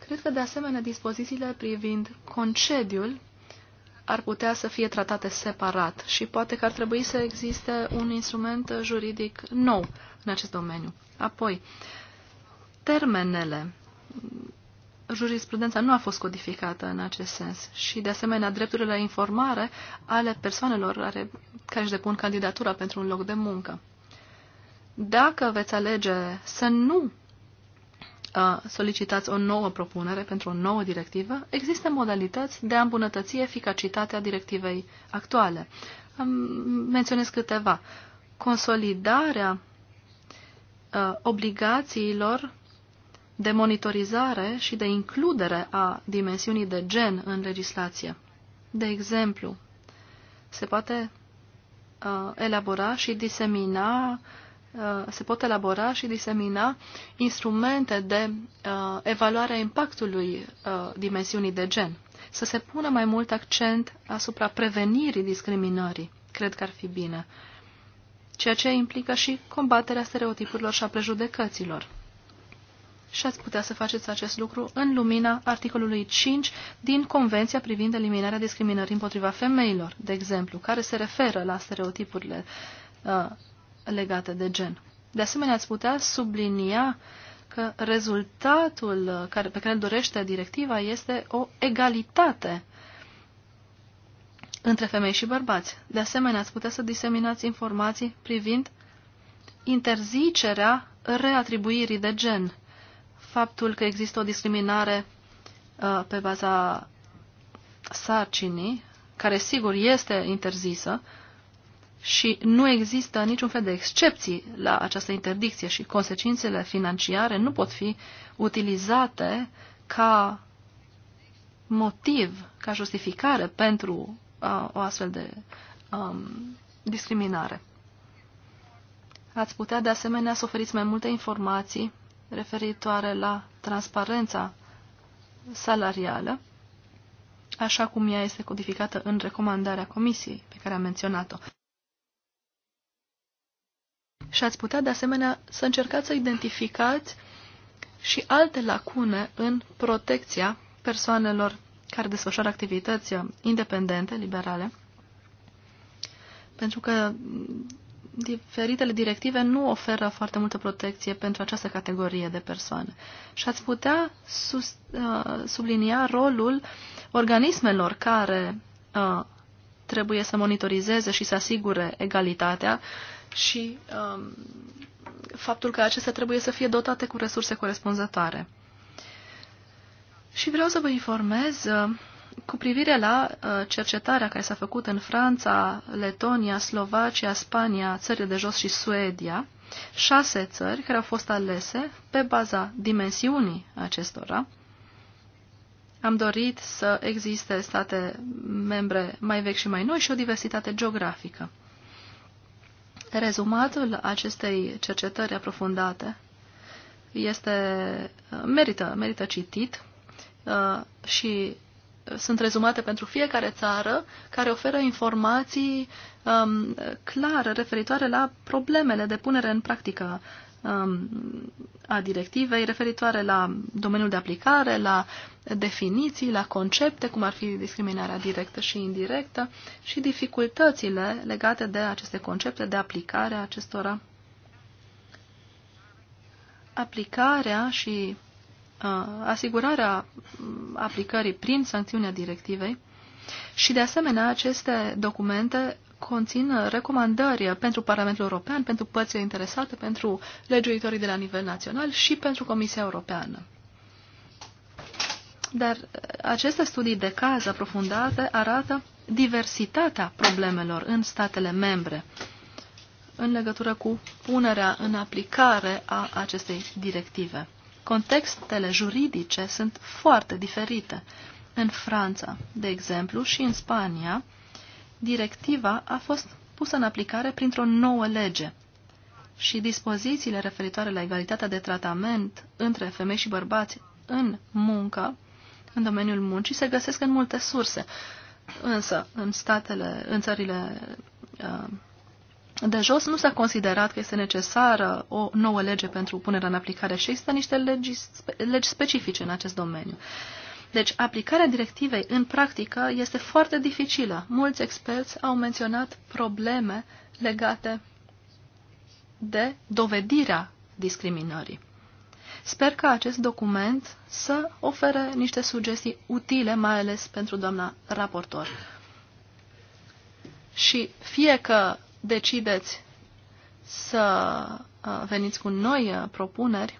Cred că, de asemenea, dispozițiile privind concediul ar putea să fie tratate separat și poate că ar trebui să existe un instrument juridic nou în acest domeniu. Apoi, termenele. Jurisprudența nu a fost codificată în acest sens și, de asemenea, drepturile la informare ale persoanelor care, care își depun candidatura pentru un loc de muncă. Dacă veți alege să nu solicitați o nouă propunere pentru o nouă directivă, există modalități de a îmbunătăți eficacitatea directivei actuale. Menționez câteva. Consolidarea ă, obligațiilor de monitorizare și de includere a dimensiunii de gen în legislație. De exemplu, se poate ă, elabora și disemina uh, Uh, se pot elabora și disemina instrumente de uh, evaluare a impactului uh, dimensiunii de gen. Să se pună mai mult accent asupra prevenirii discriminării. Cred că ar fi bine. Ceea ce implică și combaterea stereotipurilor și a prejudecăților. Și ați putea să faceți acest lucru în lumina articolului 5 din Convenția privind eliminarea discriminării împotriva femeilor, de exemplu, care se referă la stereotipurile uh, legate de gen. De asemenea, ați putea sublinia că rezultatul care, pe care îl dorește directiva este o egalitate între femei și bărbați. De asemenea, ați putea să diseminați informații privind interzicerea reatribuirii de gen, faptul că există o discriminare uh, pe baza sarcinii, care sigur este interzisă, uh, și nu există niciun fel de excepții la această interdicție și consecințele financiare nu pot fi utilizate ca motiv, ca justificare pentru uh, o astfel de um, discriminare. Ați putea de asemenea să oferiți mai multe informații referitoare la transparența salarială, așa cum ea este codificată în recomandarea comisiei pe care am menționat-o. Și ați putea, de asemenea, să încercați să identificați și alte lacune în protecția persoanelor care desfășoară activități uh, independente, liberale, pentru că mm, diferitele directive nu oferă foarte multă protecție pentru această categorie de persoane. Și ați putea sus, uh, sublinia rolul organismelor care uh, trebuie să monitorizeze și să asigure egalitatea, și um, faptul că acestea trebuie să fie dotate cu resurse corespunzătoare. Și vreau să vă informez uh, cu privire la uh, cercetarea care s-a făcut în Franța, Letonia, Slovacia, Spania, țările de jos și Suedia, șase țări care au fost alese pe baza dimensiunii acestora. Am dorit să existe state membre mai vechi și mai noi și o diversitate geografică. Rezumatul acestei cercetări aprofundate este, merită, merită citit uh, și sunt rezumate pentru fiecare țară care oferă informații clar um, clare referitoare la problemele de punere în practică Um, a directivei referitoare la domeniul de aplicare, la definiții, la concepte, cum ar fi discriminarea directă și indirectă și dificultățile legate de aceste concepte, de aplicare a acestora. Aplicarea și uh, asigurarea aplicării prin sancțiunea directivei și, de asemenea, aceste documente conțin recomandări pentru Parlamentul European, pentru părțile interesate, pentru legiuitorii de la nivel național și pentru Comisia Europeană. Dar aceste studii de caz aprofundate arată diversitatea problemelor în statele membre în legătură cu punerea în aplicare a acestei directive. Contextele juridice sunt foarte diferite. În Franța, de exemplu, și în Spania, directiva a fost pusă în aplicare printr-o nouă lege și dispozițiile referitoare la egalitatea de tratament între femei și bărbați în muncă, în domeniul muncii, se găsesc în multe surse. Însă, în statele, în țările uh, de jos, nu s-a considerat că este necesară o nouă lege pentru punerea în aplicare și există niște legi, legi specifice în acest domeniu. Deci, aplicarea directivei în practică este foarte dificilă. Mulți experți au menționat probleme legate de dovedirea discriminării. Sper că acest document să ofere niște sugestii utile, mai ales pentru doamna raportor. Și fie că decideți să uh, veniți cu noi uh, propuneri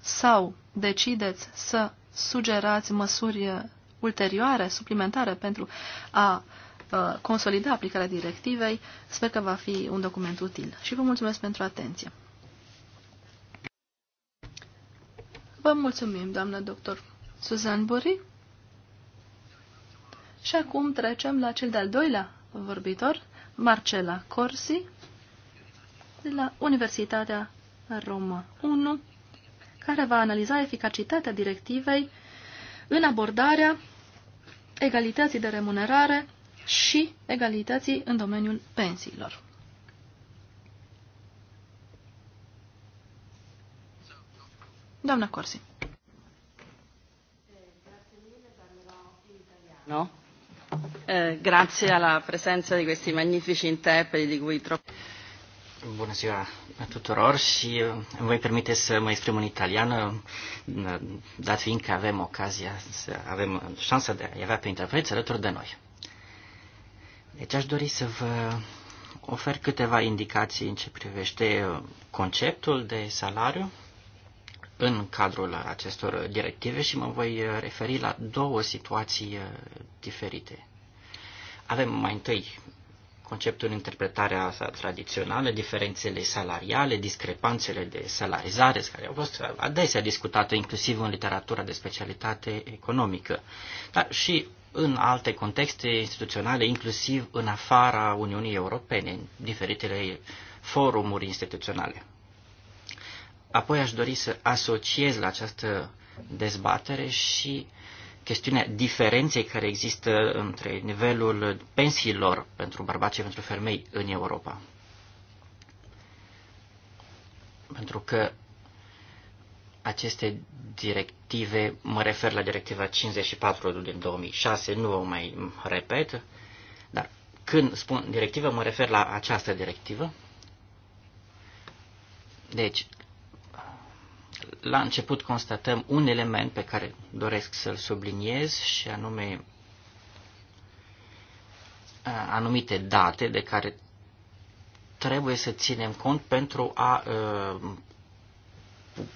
sau decideți să sugerați măsuri ulterioare, suplimentare pentru a consolida aplicarea directivei. Sper că va fi un document util. Și vă mulțumesc pentru atenție. Vă mulțumim, doamnă doctor Suzan Buri. Și acum trecem la cel de-al doilea vorbitor, Marcela Corsi, de la Universitatea Roma 1 care va analiza eficacitatea directivei în abordarea egalității de remunerare și egalității în domeniul pensiilor. Doamna Corsi. No? Eh, grazie alla presenza di questi magnifici interpreti di cui troppo... Bună ziua tuturor și uh, îmi voi permite să mă exprim în italiană, uh, dat fiind că avem ocazia, să avem uh, șansa de a avea pe interpreți alături de noi. Deci aș dori să vă ofer câteva indicații în ce privește conceptul de salariu în cadrul acestor directive și mă voi referi la două situații diferite. Avem mai întâi conceptul în interpretarea sa tradițională, diferențele salariale, discrepanțele de salarizare, care au fost adesea discutate inclusiv în literatura de specialitate economică, dar și în alte contexte instituționale, inclusiv în afara Uniunii Europene, în diferitele forumuri instituționale. Apoi aș dori să asociez la această dezbatere și uh, chestiunea diferenței care există între nivelul pensiilor pentru bărbați și pentru femei în Europa. Pentru că aceste directive, mă refer la directiva 54 din 2006, nu o mai repet, dar când spun directivă, mă refer la această directivă. Deci, la început constatăm un element pe care doresc să-l subliniez și anume anumite date de care trebuie să ținem cont pentru a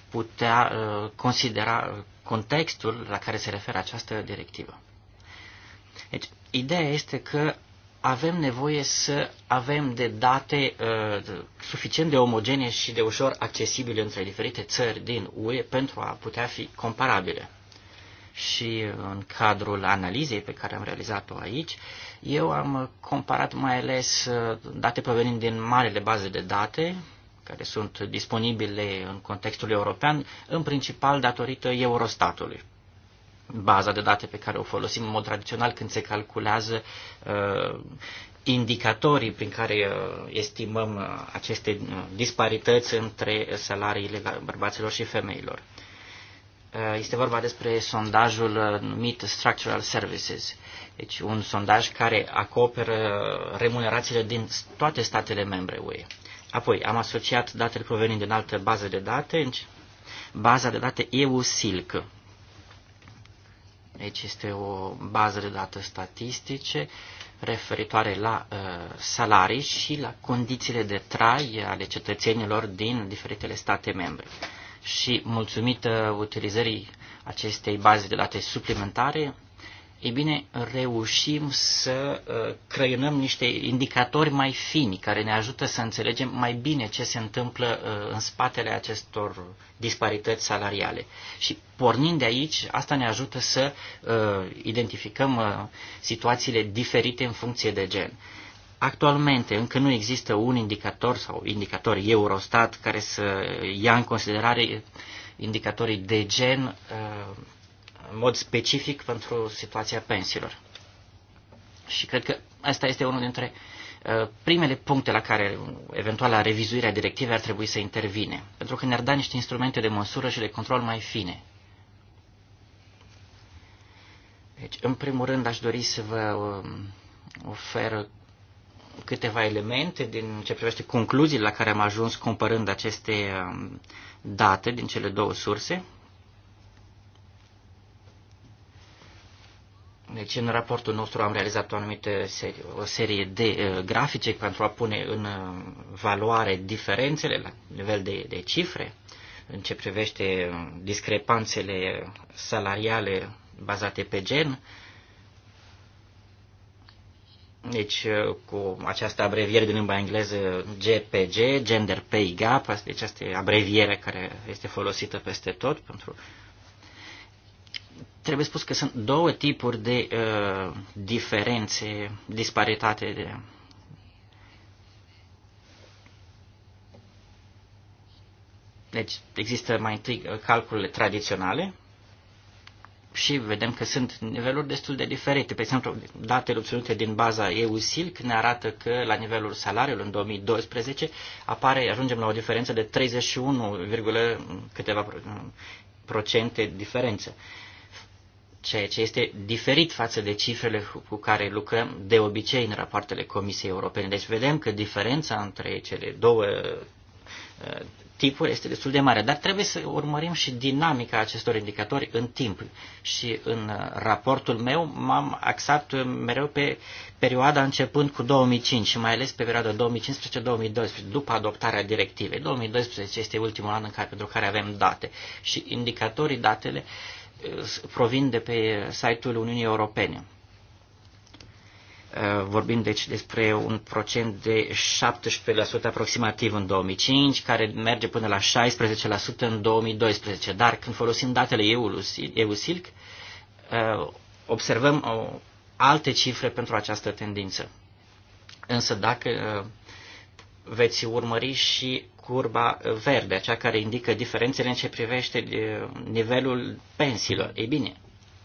putea considera contextul la care se referă această directivă. Deci, ideea este că avem nevoie să avem de date uh, suficient de omogene și de ușor accesibile între diferite țări din UE pentru a putea fi comparabile. Și în cadrul analizei pe care am realizat-o aici, eu am comparat mai ales uh, date provenind din marele baze de date, care sunt disponibile în contextul european, în principal datorită Eurostatului baza de date pe care o folosim în mod tradițional când se calculează uh, indicatorii prin care uh, estimăm uh, aceste uh, disparități între salariile bărbaților și femeilor. Este vorba despre sondajul numit Structural Services, deci un sondaj care acoperă remunerațiile din toate statele membre UE. Apoi am asociat datele provenind din altă bază de date, baza de date EU-SILC, Aici este o bază de date statistice referitoare la uh, salarii și la condițiile de trai ale cetățenilor din diferitele state membre. Și mulțumită utilizării acestei baze de date suplimentare, e bine, reușim să uh, creionăm niște indicatori mai fini care ne ajută să înțelegem mai bine ce se întâmplă uh, în spatele acestor disparități salariale. Și pornind de aici, asta ne ajută să uh, identificăm situațiile diferite în funcție de gen. Actualmente încă nu există un indicator sau indicator Eurostat care să ia în considerare indicatorii de gen în mod specific pentru situația pensiilor. Și cred că asta este unul dintre uh, primele puncte la care eventuala revizuire a directivei ar trebui să intervine, pentru că ne-ar da niște instrumente de măsură și de control mai fine. Deci, în primul rând, aș dori să vă um, ofer câteva elemente din ce privește concluziile la care am ajuns comparând aceste um, date din cele două surse. Deci în raportul nostru am realizat o anumită serie, o serie de uh, grafice pentru a pune în uh, valoare diferențele la nivel de, de cifre în ce privește uh, discrepanțele salariale bazate pe gen. Deci uh, cu această abreviere din limba engleză GPG, Gender Pay Gap, deci asta e abrevierea care este folosită peste tot pentru trebuie spus că sunt două tipuri de uh, diferențe, disparitate de. Deci există mai întâi uh, calculele tradiționale și vedem că sunt niveluri destul de diferite. Pe exemplu, datele obținute din baza EUSIL ne arată că la nivelul salariului în 2012 apare, ajungem la o diferență de 31, câteva procente diferență. Uh, ceea ce este diferit față de cifrele cu care lucrăm de obicei în rapoartele Comisiei Europene. Deci vedem că diferența între cele două uh, tipuri este destul de mare, dar trebuie să urmărim și dinamica acestor indicatori în timp. Și în uh, raportul meu m-am axat uh, mereu pe perioada începând cu 2005 și mai ales pe perioada 2015-2012, după adoptarea directivei. 2012 este ultimul an în care, pentru care avem date și indicatorii datele uh, provin de pe site-ul Uniunii Europene. Uh, vorbim deci despre un procent de 17% aproximativ în 2005, care merge până la 16% în 2012. Dar când folosim datele EU-SILC, uh, observăm uh, alte cifre pentru această tendință. Însă dacă veți urmări și curba verde, cea care indică diferențele în ce privește nivelul pensiilor. Ei bine,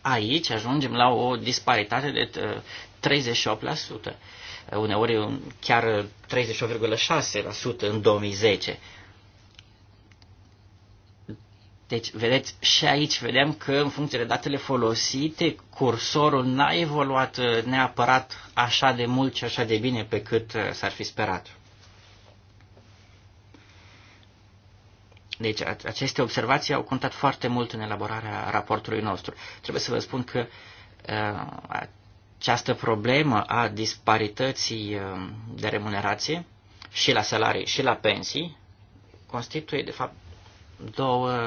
aici ajungem la o disparitate de 38%, uneori chiar 38,6% în 2010. Deci, vedeți, și aici vedem că în funcție de datele folosite, cursorul n-a evoluat neapărat așa de mult și așa de bine pe cât s-ar fi sperat. Deci aceste observații au contat foarte mult în elaborarea raportului nostru. Trebuie să vă spun că uh, această problemă a disparității uh, de remunerație și la salarii și la pensii constituie, de fapt, două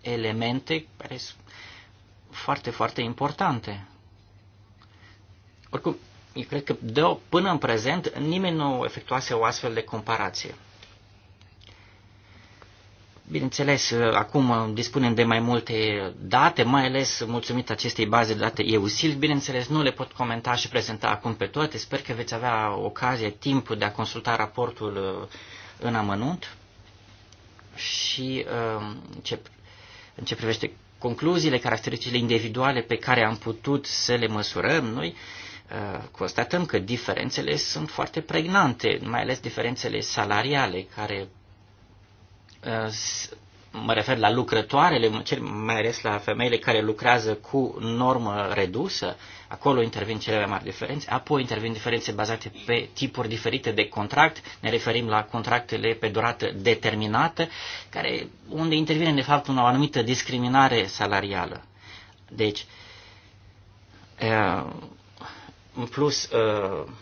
elemente care sunt foarte, foarte importante. Oricum, eu cred că de, până în prezent nimeni nu efectuase o astfel de comparație. Bineînțeles, uh, acum uh, dispunem de mai multe date, mai ales mulțumit acestei baze de date EUSIL. Bineînțeles, nu le pot comenta și prezenta acum pe toate. Sper că veți avea ocazie, timp de a consulta raportul uh, în amănunt. Și în ce privește concluziile, caracteristicile individuale pe care am putut să le măsurăm noi, constatăm că diferențele sunt foarte pregnante, mai ales diferențele salariale, care Uh, mă refer la lucrătoarele, mai ales la femeile care lucrează cu normă redusă, acolo intervin cele mai mari diferențe, apoi intervin diferențe bazate pe tipuri diferite de contract, ne referim la contractele pe durată determinată, care, unde intervine de fapt o anumită discriminare salarială. Deci, uh, în plus, uh,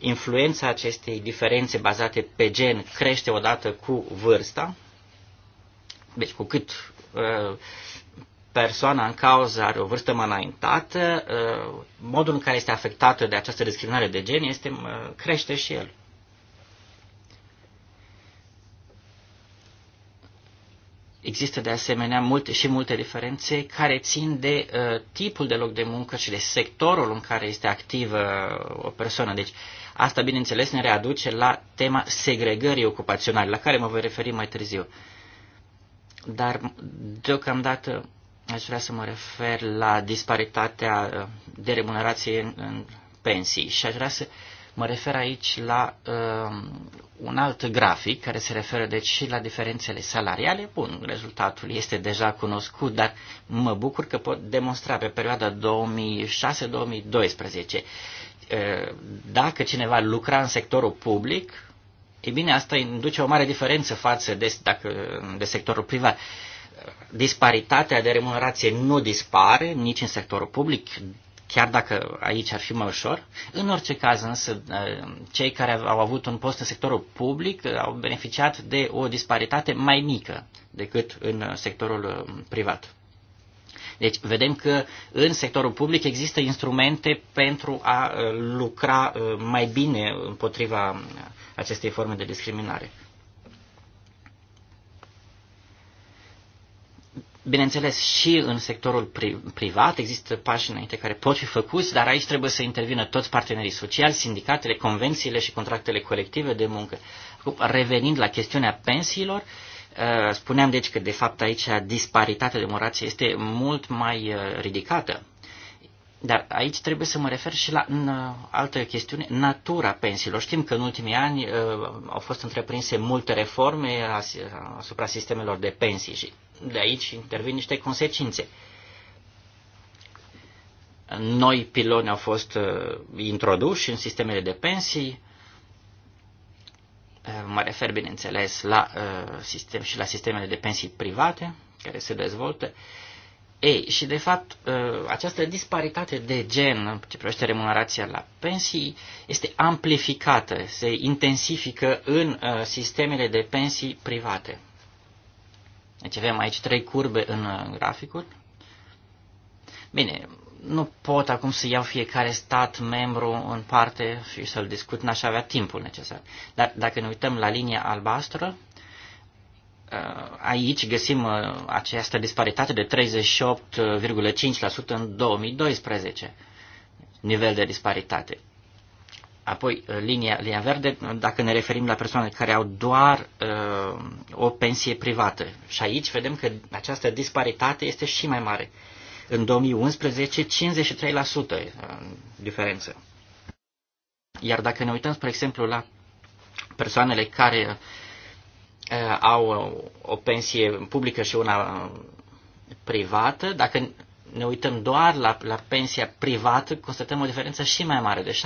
influența acestei diferențe bazate pe gen crește odată cu vârsta, deci cu cât uh, persoana în cauză are o vârstă mai înaintată, uh, modul în care este afectată de această discriminare de gen este, uh, crește și el. Există de asemenea multe și multe diferențe care țin de uh, tipul de loc de muncă și de sectorul în care este activă o persoană. Deci asta, bineînțeles, ne readuce la tema segregării ocupaționale, la care mă voi referi mai târziu. Uh, dar deocamdată aș vrea să mă refer la disparitatea uh, de remunerație în, în pensii și aș vrea să mă refer aici la uh, un alt grafic care se referă deci și la diferențele salariale. Bun, rezultatul este deja cunoscut, dar mă bucur că pot demonstra pe perioada 2006-2012 uh, dacă cineva lucra în sectorul public, E bine, asta induce o mare diferență față de, dacă, de sectorul privat. Disparitatea de remunerație nu dispare nici în sectorul public, chiar dacă aici ar fi mai ușor. În orice caz, însă, cei care au avut un post în sectorul public au beneficiat de o disparitate mai mică decât în sectorul privat. Deci vedem că în sectorul public există instrumente pentru a uh, lucra uh, mai bine împotriva uh, acestei forme de discriminare. Bineînțeles, și în sectorul privat există pași înainte care pot fi făcuți, dar aici trebuie să intervină toți partenerii sociali, sindicatele, convențiile și contractele colective de muncă. revenind la chestiunea pensiilor, uh, Eh, spuneam deci că de fapt aici disparitatea de morație este mult mai eh, ridicată. Dar aici trebuie să mă refer și la eh, altă chestiune, natura pensiilor. Știm că în ultimii ani au fost întreprinse multe reforme asupra sistemelor de pensii și de aici intervin niște consecințe. Noi piloni au fost introduși în sistemele de pensii, Eh, mă refer, bineînțeles, la eh, sistem și la sistemele de pensii private care se dezvoltă. Ei, și de fapt, eh, această disparitate de gen ce privește remunerația la pensii este amplificată, se intensifică în sistemele de pensii private. Deci avem aici trei curbe în graficul. Bine, nu pot acum să iau fiecare stat membru în parte și să-l discut, n-aș avea timpul necesar. Dar dacă ne uităm la linia albastră, uh, aici găsim uh, această disparitate de 38,5% în 2012, nivel de disparitate. Apoi, uh, linia, linia verde, dacă ne referim la persoane care au doar uh, o pensie privată. Și aici vedem că această disparitate este și mai mare. Uh, în 2011, 53% uh, diferență. Iar dacă ne uităm, spre exemplu, la persoanele care uh, au o pensie publică și una privată, dacă ne uităm doar la, la pensia privată, constatăm o diferență și mai mare, de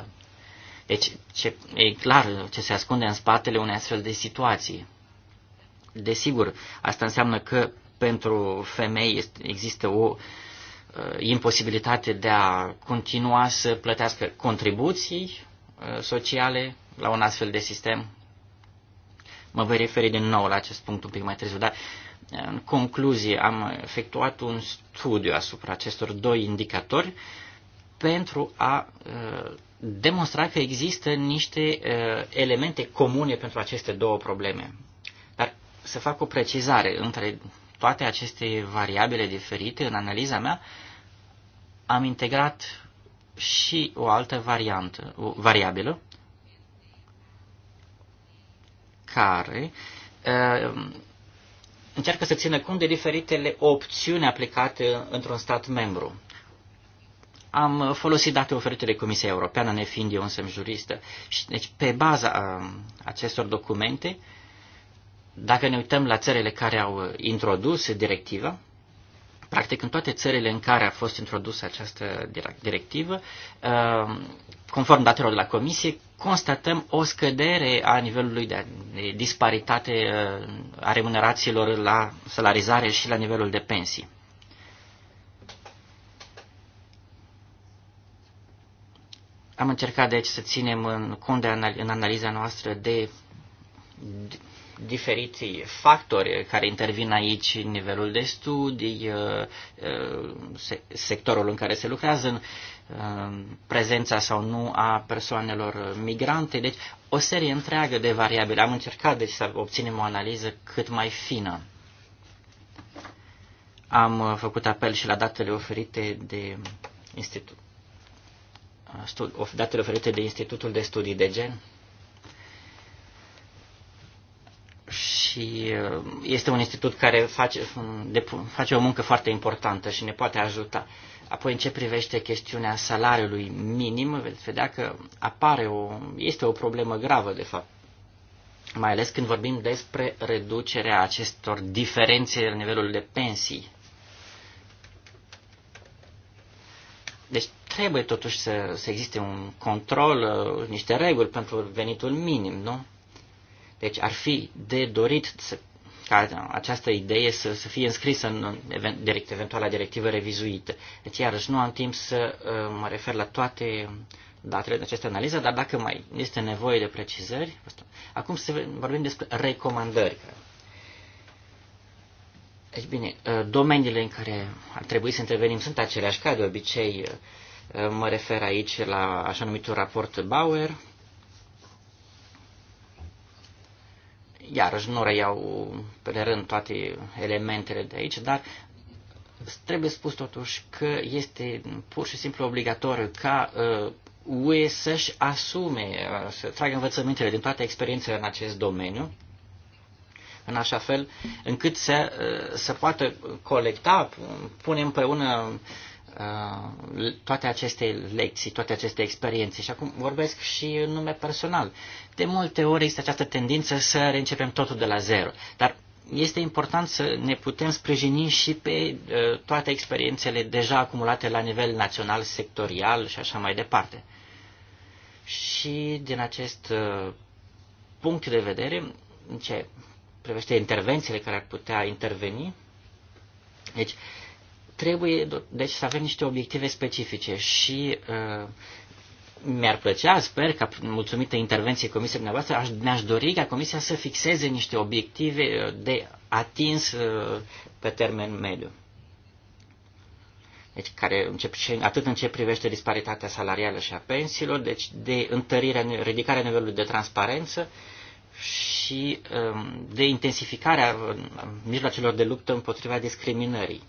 70%. Deci ce, e clar ce se ascunde în spatele unei astfel de situații. Desigur, asta înseamnă că pentru femei există o uh, imposibilitate de a continua să plătească contribuții uh, sociale la un astfel de sistem. Mă voi referi din nou la acest punct un pic mai târziu, dar uh, în concluzie am efectuat un studiu asupra acestor doi indicatori pentru a demonstra că există niște elemente comune pentru aceste două probleme. Dar să fac o precizare între toate aceste variabile diferite, în analiza mea, am integrat și o altă variantă, o variabilă, care uh, încearcă să țină cont de diferitele opțiuni aplicate într-un stat membru. Am folosit date oferite de Comisia Europeană, nefiind eu însă juristă. Și, deci, pe baza uh, acestor documente, uh, dacă ne uităm la țările care au uh, introdus directiva, practic în toate țările în care a fost introdusă această directivă, uh, conform datelor de la Comisie, constatăm o scădere a nivelului de disparitate uh, a remunerațiilor la salarizare și la nivelul de pensii. Am încercat deci să ținem în cont de anal- în analiza noastră de diferiți factori care intervin aici, nivelul de studii, uh, uh, sectorul în care se lucrează, uh, prezența sau nu a persoanelor migrante, deci o serie întreagă de variabile. Am încercat deci să obținem o analiză cât mai fină. Am făcut apel și la datele oferite de institut datele oferite de Institutul de Studii de Gen și uh, este un institut care face, face o muncă foarte importantă și ne poate ajuta. Apoi, în ce privește chestiunea salariului minim, veți vedea că apare o, este o problemă gravă, de fapt, mai ales când vorbim despre reducerea acestor diferențe la nivelul de pensii. Deci trebuie totuși să, să existe un control, uh, niște reguli pentru venitul minim, nu? Deci ar fi de dorit să, ca această idee să, să fie înscrisă în event, direct, eventuala directivă revizuită. Deci, iarăși, nu am timp să uh, mă refer la toate datele de această analiză, dar dacă mai este nevoie de precizări, acum să vorbim despre recomandări. Deci bine, uh, domeniile în care ar trebui să intervenim sunt aceleași ca de obicei. Uh, mă refer aici la așa numitul raport Bauer, Iarăși nu reiau pe rând toate elementele de aici, dar trebuie spus totuși că este pur și simplu obligatoriu ca uh, UE să-și asume, uh, să tragă învățămintele din toate experiențele în acest domeniu, în așa fel încât să, uh, să poată colecta, pune împreună Uh, toate aceste lecții, toate aceste experiențe. Și acum vorbesc și în nume personal. De multe ori este această tendință să reîncepem totul de la zero. Dar este important să ne putem sprijini și pe uh, toate experiențele deja acumulate la nivel național, sectorial și așa mai departe. Și din acest uh, punct de vedere, în ce privește intervențiile care ar putea interveni, deci uh, Trebuie, deci, să avem niște obiective specifice și uh, mi-ar plăcea, sper că mulțumită intervenției comisiei dumneavoastră, aș, mi-aș dori ca comisia să fixeze niște obiective uh, de atins uh, pe termen mediu. Deci care încep, atât în ce privește disparitatea salarială și a pensiilor, deci de întărirea, ridicarea nivelului de transparență și um, de intensificarea uh, mijloacelor de luptă împotriva discriminării.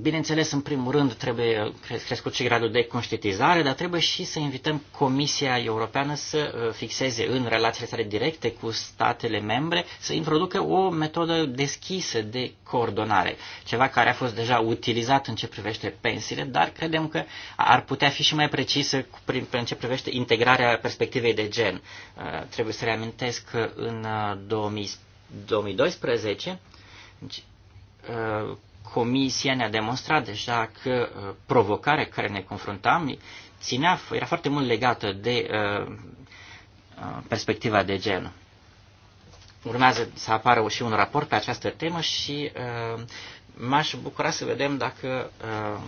Bineînțeles, în primul rând trebuie crescut și gradul de conștientizare, dar trebuie și să invităm Comisia Europeană să uh, fixeze în relațiile sale directe cu statele membre, să introducă o metodă deschisă de coordonare, ceva care a fost deja utilizat în ce privește pensiile, dar credem că ar putea fi și mai precisă în ce privește integrarea perspectivei de gen. Uh, trebuie să reamintesc că în 2012, uh, Comisia ne-a demonstrat deja că uh, provocarea care ne confruntam ținea, era foarte mult legată de uh, uh, perspectiva de gen. Urmează să apară și un raport pe această temă și uh, m-aș bucura să vedem dacă uh,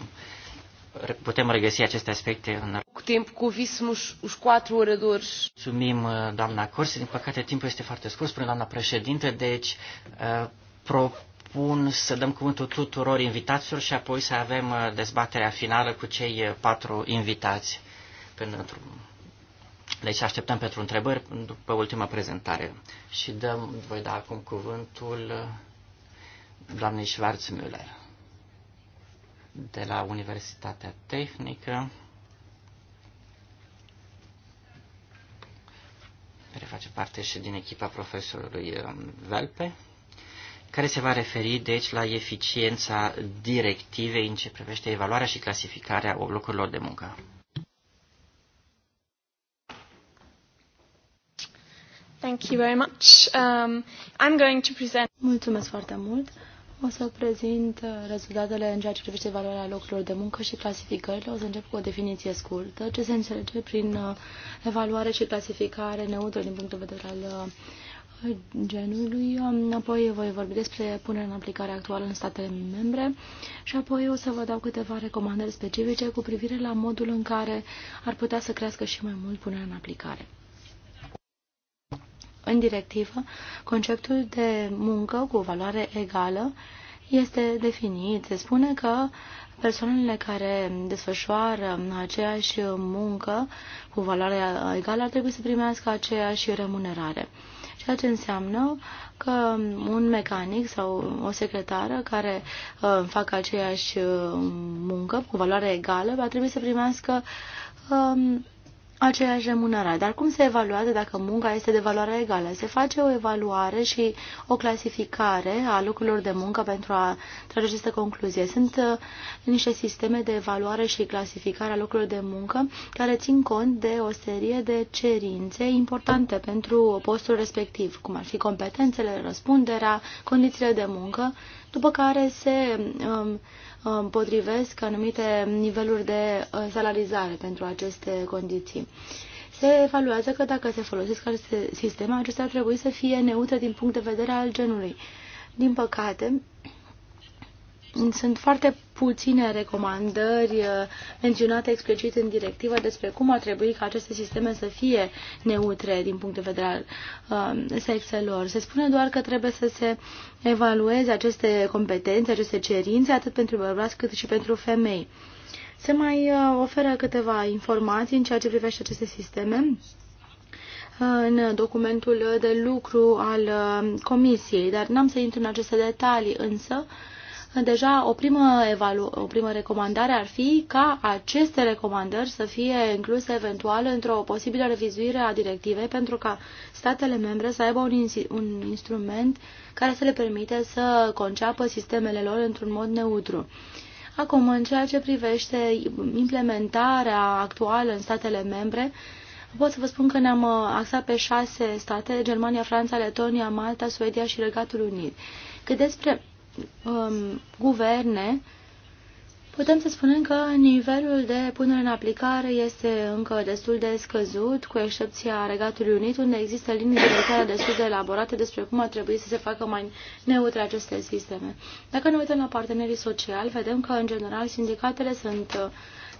putem regăsi aceste aspecte în timp cuvismos os quatro oradores. Mulțumim, uh, doamna Corsi. Din păcate, timpul este foarte scurs, până doamna președinte, deci uh, pro- propun să dăm cuvântul tuturor invitaților și apoi să avem uh, dezbaterea finală cu cei uh, patru invitați. Pentru... Deci așteptăm pentru întrebări după ultima prezentare. Și dăm, voi da acum cuvântul uh, doamnei Schwarzmüller de la Universitatea Tehnică. care face parte și din echipa profesorului Velpe care se va referi, deci, la eficiența directivei în ce privește evaluarea și clasificarea locurilor de muncă. Thank you very much. Um, I'm going to present... Mulțumesc foarte mult. O să prezint uh, rezultatele în ceea ce privește evaluarea locurilor de muncă și clasificările. O să încep cu o definiție scurtă. Ce se înțelege prin uh, evaluare și clasificare neutră din punctul de vedere al uh, genului, apoi voi vorbi despre punerea în aplicare actuală în statele membre și apoi o să vă dau câteva recomandări specifice cu privire la modul în care ar putea să crească și mai mult punerea în aplicare. În directivă, conceptul de muncă cu valoare egală este definit. Se spune că persoanele care desfășoară aceeași muncă cu valoare egală ar trebui să primească aceeași remunerare ceea ce înseamnă că un mecanic sau o secretară care uh, fac aceeași uh, muncă cu valoare egală va trebui să primească um, aceeași remunerare. Dar cum se evaluează dacă munca este de valoare egală? Se face o evaluare și o clasificare a lucrurilor de muncă pentru a trage această concluzie. Sunt uh, niște sisteme de evaluare și clasificare a lucrurilor de muncă care țin cont de o serie de cerințe importante pentru postul respectiv, cum ar fi competențele, răspunderea, condițiile de muncă după care se um, potrivesc anumite niveluri de uh, salarizare pentru aceste condiții. Se evaluează că dacă se folosesc aceste sisteme, acestea ar trebui să fie neutre din punct de vedere al genului. Din păcate, sunt foarte puține recomandări uh, menționate explicit în directivă despre cum ar trebui ca aceste sisteme să fie neutre din punct de vedere al uh, sexelor. Se spune doar că trebuie să se evalueze aceste competențe, aceste cerințe, atât pentru bărbați cât și pentru femei. Se mai uh, oferă câteva informații în ceea ce privește aceste sisteme în documentul de lucru al comisiei, dar n-am să intru în aceste detalii, însă deja o primă, evalu- o primă recomandare ar fi ca aceste recomandări să fie incluse eventual într-o posibilă revizuire a directivei pentru ca statele membre să aibă un, un instrument care să le permite să conceapă sistemele lor într-un mod neutru. Acum, în ceea ce privește implementarea actuală în statele membre, Pot să vă spun că ne-am uh, axat pe șase state, Germania, Franța, Letonia, Malta, Suedia și Regatul Unit. Cât despre um, guverne, putem să spunem că nivelul de punere în aplicare este încă destul de scăzut, cu excepția Regatului Unit, unde există linii lucrare destul de elaborate despre cum ar trebui să se facă mai neutre aceste sisteme. Dacă ne uităm la partenerii sociali, vedem că, în general, sindicatele sunt uh,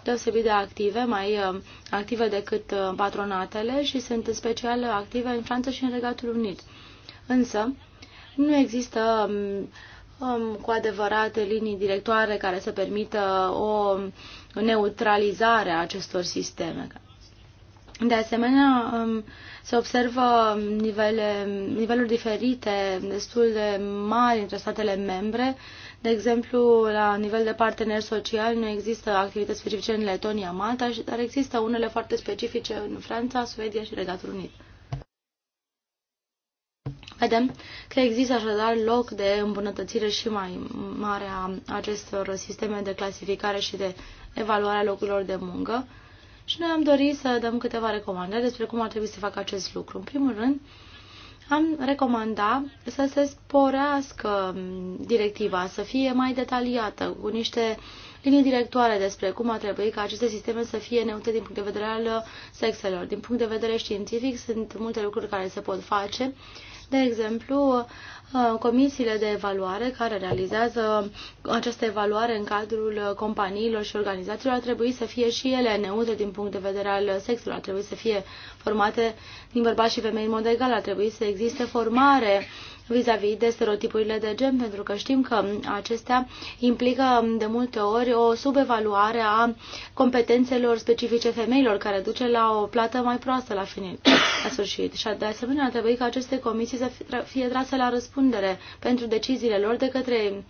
deosebit de active, mai uh, active decât uh, patronatele și sunt în special active în Franța și în Regatul Unit. Însă, nu există um, cu adevărat linii directoare care să permită o neutralizare a acestor sisteme. De asemenea, se observă nivele, niveluri diferite destul de mari între statele membre. De exemplu, la nivel de partener social nu există activități specifice în Letonia, Malta, dar există unele foarte specifice în Franța, Suedia și Regatul Unit. Vedem că există așadar loc de îmbunătățire și mai mare a acestor sisteme de clasificare și de evaluare a locurilor de muncă și noi am dorit să dăm câteva recomandări despre cum ar trebui să facă acest lucru. În primul rând, am recomanda să se sporească directiva, să fie mai detaliată, cu niște linii directoare despre cum ar trebui ca aceste sisteme să fie neutre din punct de vedere al sexelor. Din punct de vedere științific, sunt multe lucruri care se pot face de exemplu, uh, comisiile de evaluare care realizează această evaluare în cadrul companiilor și organizațiilor ar trebui să fie și ele neutre din punct de vedere al sexului, ar trebui să fie formate din bărbați și femei în mod egal, ar trebui să existe formare uh, vis-a-vis -vis de stereotipurile de gen, pentru că știm că acestea implică de multe ori o subevaluare a competențelor specifice femeilor, care duce la o plată mai proastă la, final, la sfârșit. Și de asemenea ar trebui ca aceste comisii să fie trase la răspundere pentru deciziile lor de către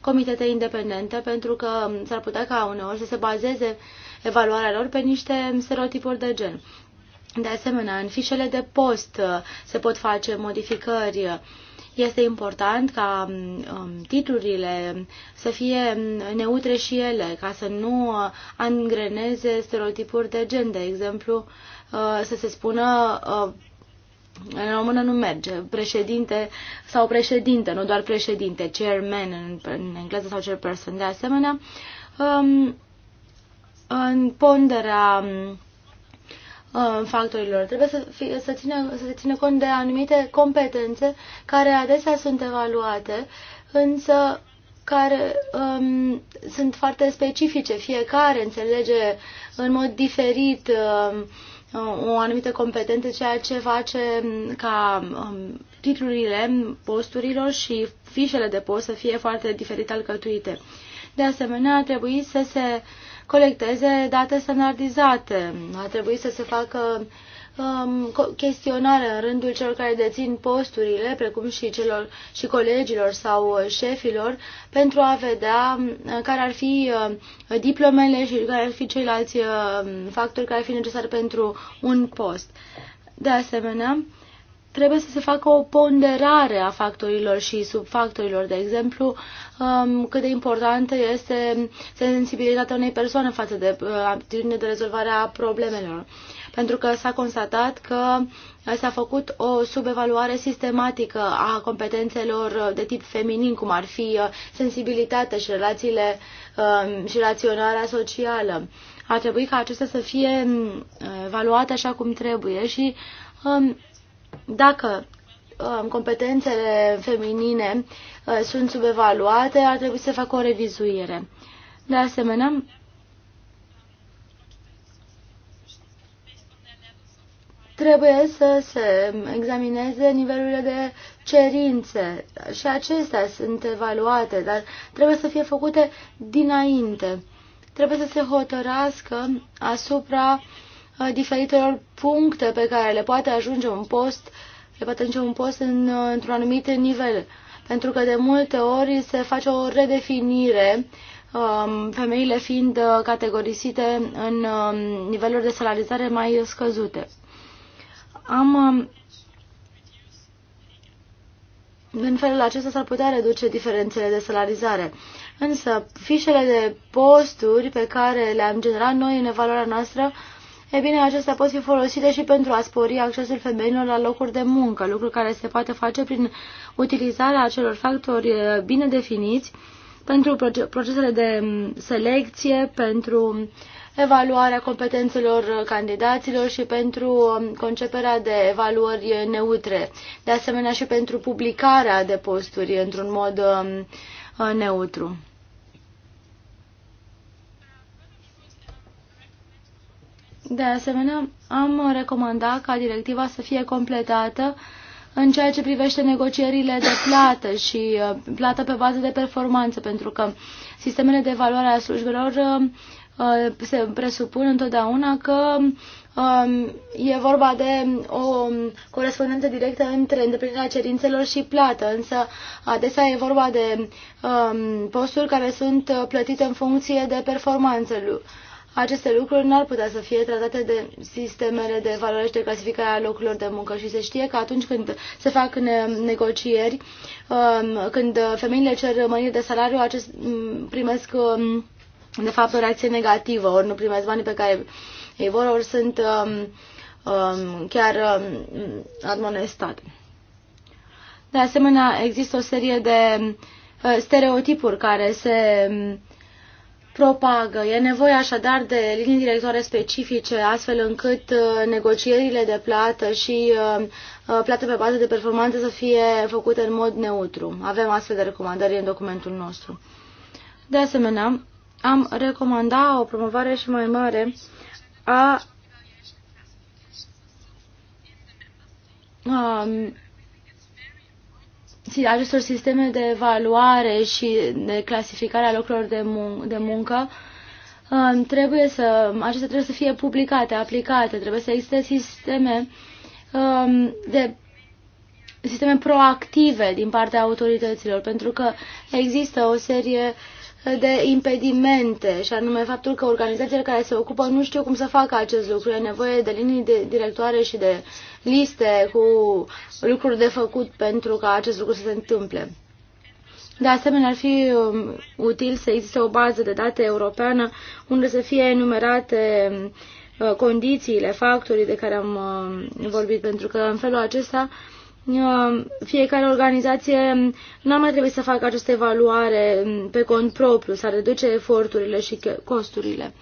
comitete independente, pentru că s-ar putea ca uneori să se bazeze evaluarea lor pe niște stereotipuri de gen. De asemenea, în fișele de post se pot face modificări este important ca um, titlurile să fie neutre și ele, ca să nu angreneze stereotipuri de gen, de exemplu, uh, să se spună uh, în română nu merge, președinte sau președinte, nu doar președinte, chairman în, în engleză sau chairperson. De asemenea, um, în ponderea um, Uh, factorilor. Trebuie să, fie, să, ține, să se ține cont de anumite competențe care adesea sunt evaluate, însă care um, sunt foarte specifice. Fiecare înțelege în mod diferit um, uh, o anumită competență, ceea ce face um, ca um, titlurile posturilor și fișele de post să fie foarte diferit alcătuite. De asemenea, ar trebui să se uh, colecteze date standardizate. A trebuit să se facă um, chestionare în rândul celor care dețin posturile, precum și, celor, și colegilor sau șefilor, pentru a vedea um, care ar fi um, diplomele și care ar fi ceilalți um, factori care ar fi necesari pentru un post. De asemenea, trebuie să se facă o ponderare a factorilor și subfactorilor. De exemplu, um, cât de importantă este sensibilitatea unei persoane față de uh, aptitudine de rezolvare a problemelor. Pentru că s-a constatat că s-a făcut o subevaluare sistematică a competențelor de tip feminin, cum ar fi uh, sensibilitatea și relațiile um, și raționarea socială. Ar trebui ca acestea să fie um, evaluate așa cum trebuie și dacă um, competențele feminine uh, sunt subevaluate, ar trebui să facă o revizuire. De asemenea, trebuie să se examineze nivelurile de cerințe și acestea sunt evaluate, dar trebuie să fie făcute dinainte. Trebuie să se hotărască asupra diferitelor puncte pe care le poate ajunge un post, le poate ajunge un post în, într-un anumit nivel. Pentru că de multe ori se face o redefinire, um, femeile fiind uh, categorisite în um, niveluri de salarizare mai scăzute. Am um, în felul acesta s-ar putea reduce diferențele de salarizare. Însă, fișele de posturi pe care le-am generat noi în evaluarea noastră E bine, acestea pot fi folosite și pentru a spori accesul femeilor la locuri de muncă, lucru care se poate face prin utilizarea acelor factori bine definiți pentru procesele de selecție, pentru evaluarea competențelor candidaților și pentru conceperea de evaluări neutre, de asemenea și pentru publicarea de posturi într-un mod neutru. De asemenea, am recomandat ca directiva să fie completată în ceea ce privește negocierile de plată și uh, plată pe bază de performanță, pentru că sistemele de evaluare a slujbelor uh, se presupun întotdeauna că um, e vorba de o corespondență directă între îndeplinirea cerințelor și plată, însă adesea e vorba de um, posturi care sunt uh, plătite în funcție de performanță aceste lucruri nu ar putea să fie tratate de sistemele de valoare și de clasificare a locurilor de muncă și se știe că atunci când se fac negocieri, um, când femeile cer mărire de salariu, acest mm, primesc um, de fapt o reacție negativă, ori nu primesc banii pe care ei vor, ori sunt um, chiar admonestate. De asemenea, există o serie de uh, stereotipuri care se mm, propagă. E nevoie așadar de linii directoare specifice, astfel încât uh, negocierile de plată și uh, uh, plată pe bază de performanță să fie făcute în mod neutru. Avem astfel de recomandări în documentul nostru. De asemenea, am recomandat o promovare și mai mare a, a um, acestor sisteme de evaluare și de clasificare a locurilor de, mun- de muncă um, trebuie să, acestea trebuie să fie publicate, aplicate, trebuie să existe sisteme um, de sisteme proactive din partea autorităților, pentru că există o serie de impedimente, și anume faptul că organizațiile care se ocupă nu știu cum să facă acest lucru, e nevoie de linii de directoare și de uh, liste cu lucruri de făcut pentru ca acest lucru să se întâmple. De asemenea, ar fi um, util să existe o bază de date europeană unde să fie enumerate uh, condițiile, factorii de care am um, vorbit, pentru că în felul acesta um, fiecare organizație nu ar mai trebui să facă această evaluare pe cont propriu, să reduce eforturile și costurile.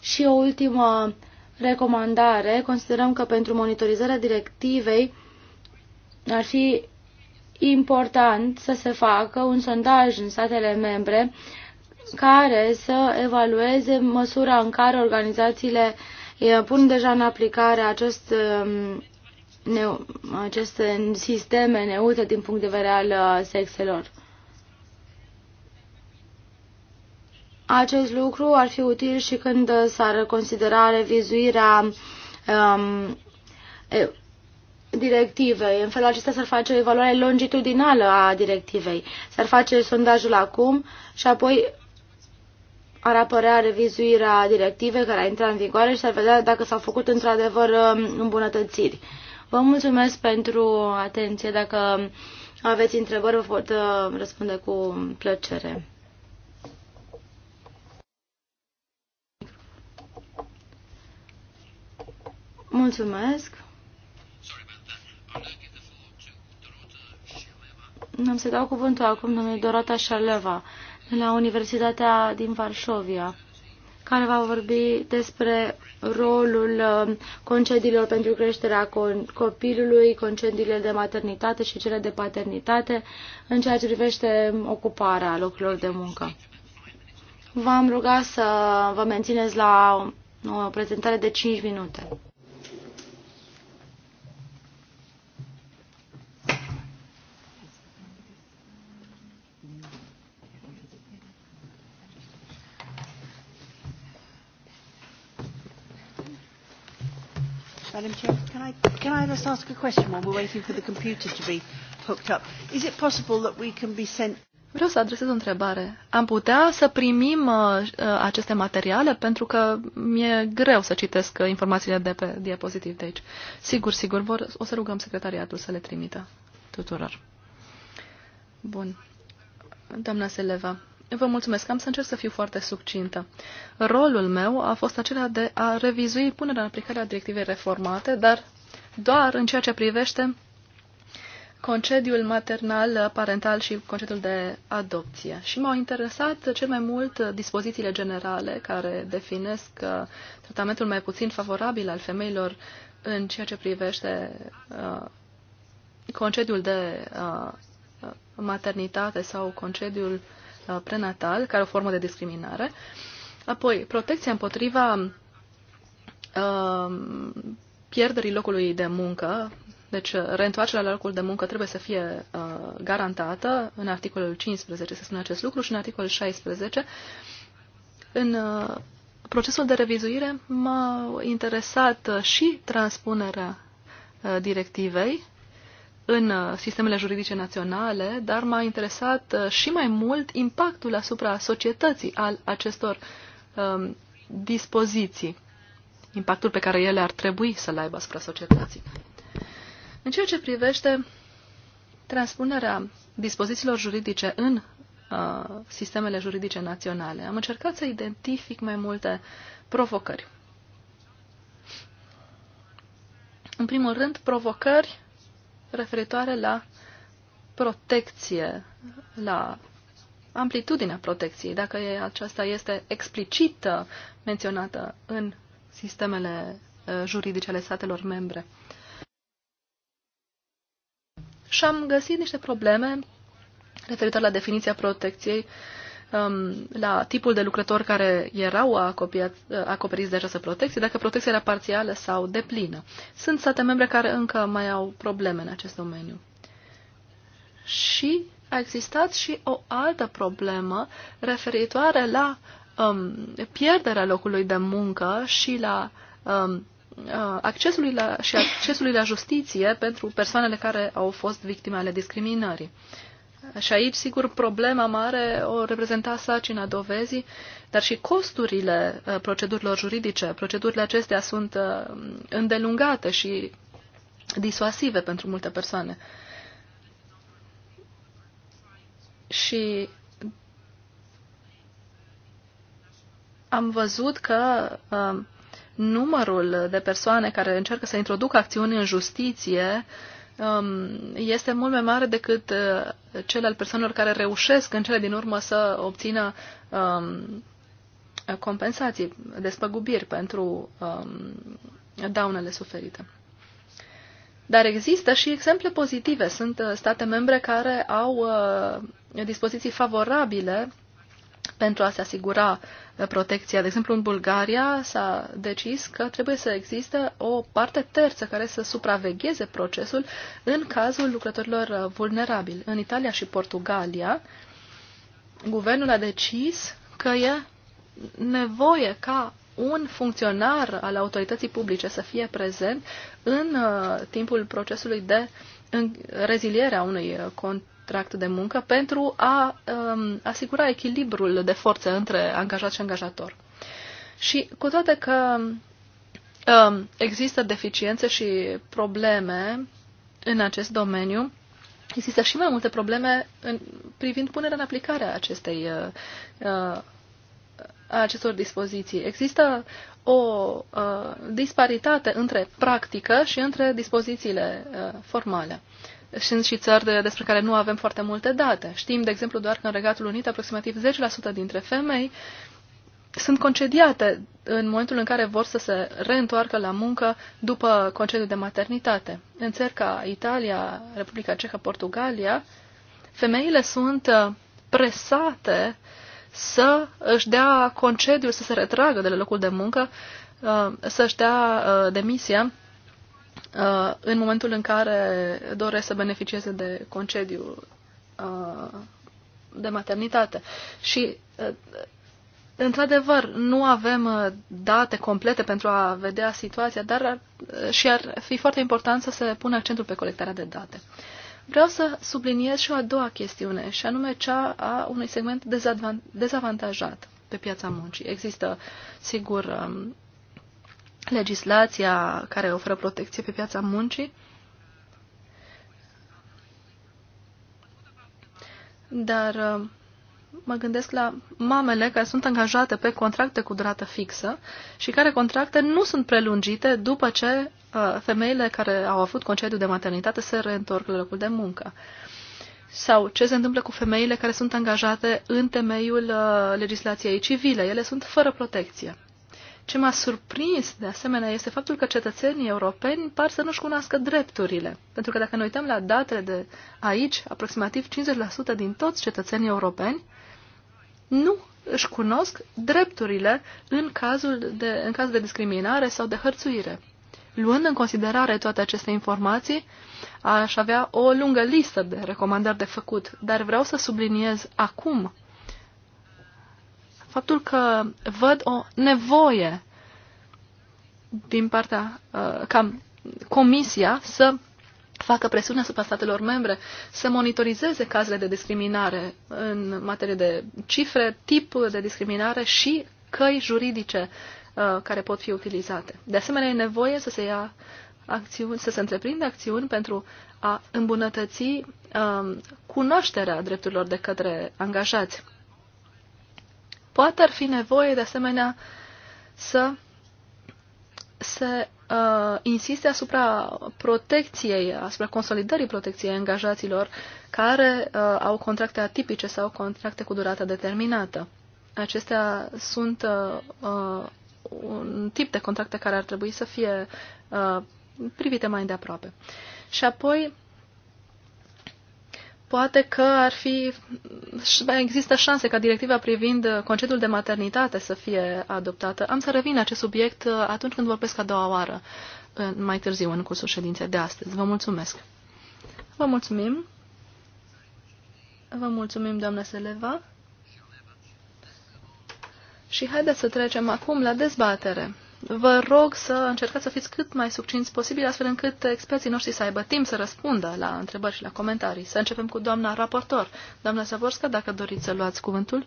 Și o ultimă recomandare, considerăm că pentru monitorizarea directivei ar fi important să se facă un sondaj în statele membre care să evalueze măsura în care organizațiile pun deja în aplicare acest, um, aceste sisteme neutre din punct de vedere al uh, sexelor. Acest lucru ar fi util și când s-ar considera revizuirea um, directivei. În felul acesta s-ar face o evaluare longitudinală a directivei. S-ar face sondajul acum și apoi ar apărea revizuirea directivei care a intrat în vigoare și s-ar vedea dacă s-au făcut într-adevăr um, îmbunătățiri. Vă mulțumesc pentru atenție. Dacă aveți întrebări, vă pot uh, răspunde cu plăcere. Mulțumesc. Am să dau cuvântul acum domnului Dorota Șaleva de la Universitatea din Varșovia, care va vorbi despre rolul uh, concediilor pentru creșterea copilului, concediile de maternitate și cele de paternitate în ceea ce privește ocuparea locurilor de muncă. V-am rugat să vă mențineți la o prezentare de 5 minute. Madam Chair, can I, can I just ask a question while we're waiting for the computer to be hooked up? Is it possible that we can be sent... Vreau să adresez o întrebare. Am putea să primim uh, uh aceste materiale? Pentru că mi-e greu să citesc uh, informațiile de pe diapozitiv de aici. Sigur, sigur, vor, o să rugăm secretariatul să le trimită tuturor. Bun. Doamna Seleva, Vă mulțumesc. Am să încerc să fiu foarte succintă. Rolul meu a fost acela de a revizui punerea în aplicare a directivei reformate, dar doar în ceea ce privește concediul maternal, parental și concediul de adopție. Și m-au interesat cel mai mult dispozițiile generale care definesc uh, tratamentul mai puțin favorabil al femeilor în ceea ce privește uh, concediul de uh, maternitate sau concediul Uh, prenatal, care o formă de discriminare. Apoi, protecția împotriva uh, pierderii locului de muncă, deci reîntoarcerea la locul de muncă trebuie să fie uh, garantată. În articolul 15 se spune acest lucru și în articolul 16. În procesul de revizuire m-a interesat și transpunerea directivei în uh, sistemele juridice naționale, dar m-a interesat uh, și mai mult impactul asupra societății al acestor um, dispoziții, impactul pe care ele ar trebui să-l aibă asupra societății. În ceea ce privește transpunerea dispozițiilor juridice în uh, sistemele juridice naționale, am încercat să identific mai multe provocări. În primul rând, provocări referitoare la protecție, la amplitudinea protecției, dacă aceasta este explicită menționată în sistemele eh, juridice ale statelor membre. Și am găsit niște probleme referitoare la definiția protecției uh, Um, la tipul de lucrători care erau uh, acoperiți de această protecție, dacă protecția era parțială sau deplină. Sunt state membre care încă mai au probleme în acest domeniu. Și a existat și o altă problemă referitoare la um, pierderea locului de muncă și la um, uh, accesului la, și accesului la justiție pentru persoanele care au fost victime ale discriminării. Uh, și aici, sigur, problema mare o reprezenta sacina dovezii, dar și costurile uh, procedurilor juridice. Procedurile acestea sunt uh, îndelungate și disuasive pentru multe persoane. Și am văzut că uh, numărul de persoane care încearcă să introducă acțiuni în justiție Um, este mult mai mare decât uh, cel al persoanelor care reușesc în cele din urmă să obțină um, compensații, despăgubiri pentru um, daunele suferite. Dar există și exemple pozitive. Sunt uh, state membre care au uh, dispoziții favorabile pentru a se asigura uh, protecția. De exemplu, în Bulgaria s-a decis că trebuie să existe o parte terță care să supravegheze procesul în cazul lucrătorilor uh, vulnerabili. În Italia și Portugalia, guvernul a decis că e nevoie ca un funcționar al autorității publice să fie prezent în uh, timpul procesului de reziliere a unui contract de muncă pentru a um, asigura echilibrul de forțe între angajat și angajator. Și cu toate că um, există deficiențe și probleme în acest domeniu, există și mai multe probleme în, privind punerea în aplicare a acestei uh, uh a acestor dispoziții. Există o uh, disparitate între practică și între dispozițiile uh, formale sunt și țări de, despre care nu avem foarte multe date. Știm, de exemplu, doar că în Regatul Unit aproximativ 10% dintre femei sunt concediate în momentul în care vor să se reîntoarcă la muncă după concediu de maternitate. În țări ca Italia, Republica Cehă, Portugalia, femeile sunt uh, presate să își dea concediul, să se retragă de la locul de muncă, uh, să-și dea uh, demisia Uh, în momentul în care doresc să beneficieze de concediu uh, de maternitate. Și, uh, într-adevăr, nu avem date complete pentru a vedea situația, dar ar, și ar fi foarte important să se pună accentul pe colectarea de date. Vreau să subliniez și o a doua chestiune, și anume cea a unui segment dezavantajat pe piața muncii. Există, sigur, um, legislația care oferă protecție pe piața muncii. Dar uh, mă gândesc la mamele care sunt angajate pe contracte cu durată fixă și care contracte nu sunt prelungite după ce uh, femeile care au avut concediu de maternitate se reîntorc la locul de muncă. Sau ce se întâmplă cu femeile care sunt angajate în temeiul uh, legislației civile? Ele sunt fără protecție. Ce m-a surprins, de asemenea, este faptul că cetățenii europeni par să nu-și cunoască drepturile. Pentru că dacă ne uităm la datele de aici, aproximativ 50% din toți cetățenii europeni nu își cunosc drepturile în, cazul de, în caz de discriminare sau de hărțuire. Luând în considerare toate aceste informații, aș avea o lungă listă de recomandări de făcut, dar vreau să subliniez acum faptul că văd o nevoie din partea uh, ca cam comisia să facă presiune asupra statelor membre să monitorizeze cazurile de discriminare în materie de cifre, tip de discriminare și căi juridice uh, care pot fi utilizate. De asemenea, e nevoie să se ia acțiuni, să se întreprindă acțiuni pentru a îmbunătăți um, cunoașterea drepturilor de către angajați. Poate ar fi nevoie, de asemenea, să se uh, insiste asupra protecției, asupra consolidării protecției angajaților care uh, au contracte atipice sau contracte cu durată determinată. Acestea sunt uh, uh, un tip de contracte care ar trebui să fie uh, privite mai de aproape. Și apoi poate că ar fi, există șanse ca directiva privind concediul de maternitate să fie adoptată. Am să revin acest subiect uh, atunci când vorbesc a doua oară, mai târziu, în cursul ședinței de astăzi. Vă mulțumesc! Vă mulțumim! Vă mulțumim, doamna Seleva! Și haideți să trecem acum la dezbatere vă rog să încercați să fiți cât mai succinți posibil, astfel încât experții noștri să aibă timp să răspundă la întrebări și la comentarii. Să începem cu doamna raportor. Doamna Savorska, dacă doriți să luați cuvântul.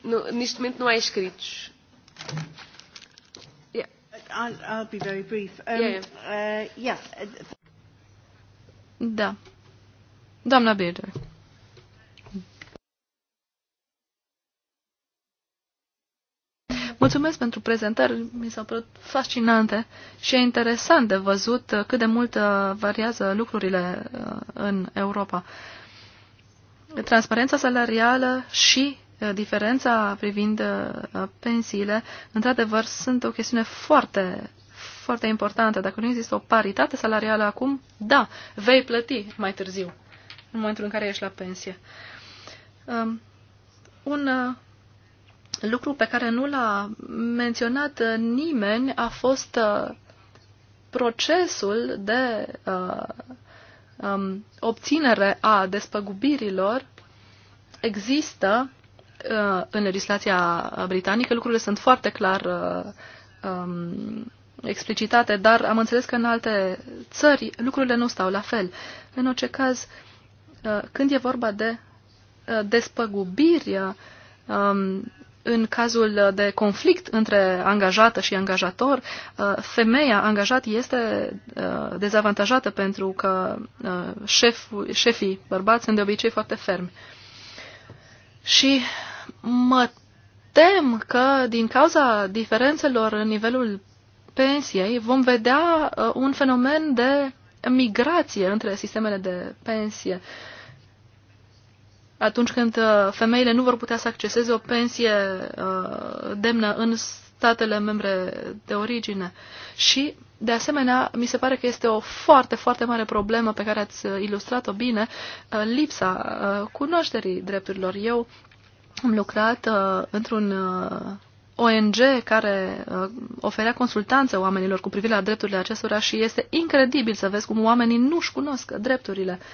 Nu, nici moment nu ai scris. I'll, I'll be very brief. Um, yeah, yeah. Uh, yeah. Da. Doamna Bilder. Mulțumesc pentru prezentări, mi s-au părut fascinante și e interesant de văzut uh, cât de mult uh, variază lucrurile uh, în Europa. Transparența salarială și diferența privind pensiile, într-adevăr, sunt o chestiune foarte foarte importantă. Dacă nu există o paritate salarială acum, da, vei plăti mai târziu, în momentul în care ești la pensie. Um, un uh, lucru pe care nu l-a menționat uh, nimeni a fost uh, procesul de uh, um, obținere a despăgubirilor. Există uh, în legislația britanică, lucrurile sunt foarte clar uh, um, explicitate, dar am înțeles că în alte țări lucrurile nu stau la fel. În orice caz, uh, când e vorba de uh, despăgubiri, uh, um, în cazul uh, de conflict între angajată și angajator, uh, femeia angajată este uh, dezavantajată pentru că șeful, șefii bărbați sunt de obicei foarte fermi. Și mă tem că din cauza diferențelor în nivelul pensiei vom vedea un fenomen de migrație între sistemele de pensie. Uh, atunci când uh, femeile nu vor putea să acceseze o pensie uh, demnă în statele membre de origine. Și, de asemenea, mi se pare că este o foarte, foarte mare problemă pe care ați uh, ilustrat-o bine, lipsa cunoașterii drepturilor. Eu am lucrat într-un ONG care oferea consultanță oamenilor cu privire la drepturile acestora și este incredibil să vezi cum oamenii nu-și cunosc drepturile. Uh,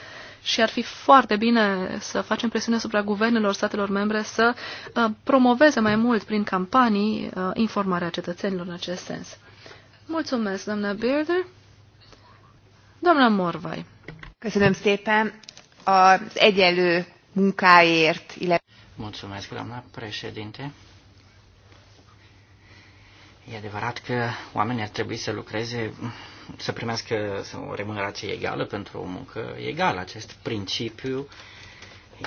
și ar fi foarte bine să facem presiune asupra guvernelor statelor membre să uh, promoveze mai mult prin campanii uh, informarea cetățenilor în acest sens. Mulțumesc, doamna Bearder. Doamna Morvai. Köszönöm szépen az egyenlő munkáért, illetve... Mulțumesc, doamna președinte. E adevărat că oamenii ar trebui să lucreze să primească o remunerație egală pentru o muncă egală. Acest principiu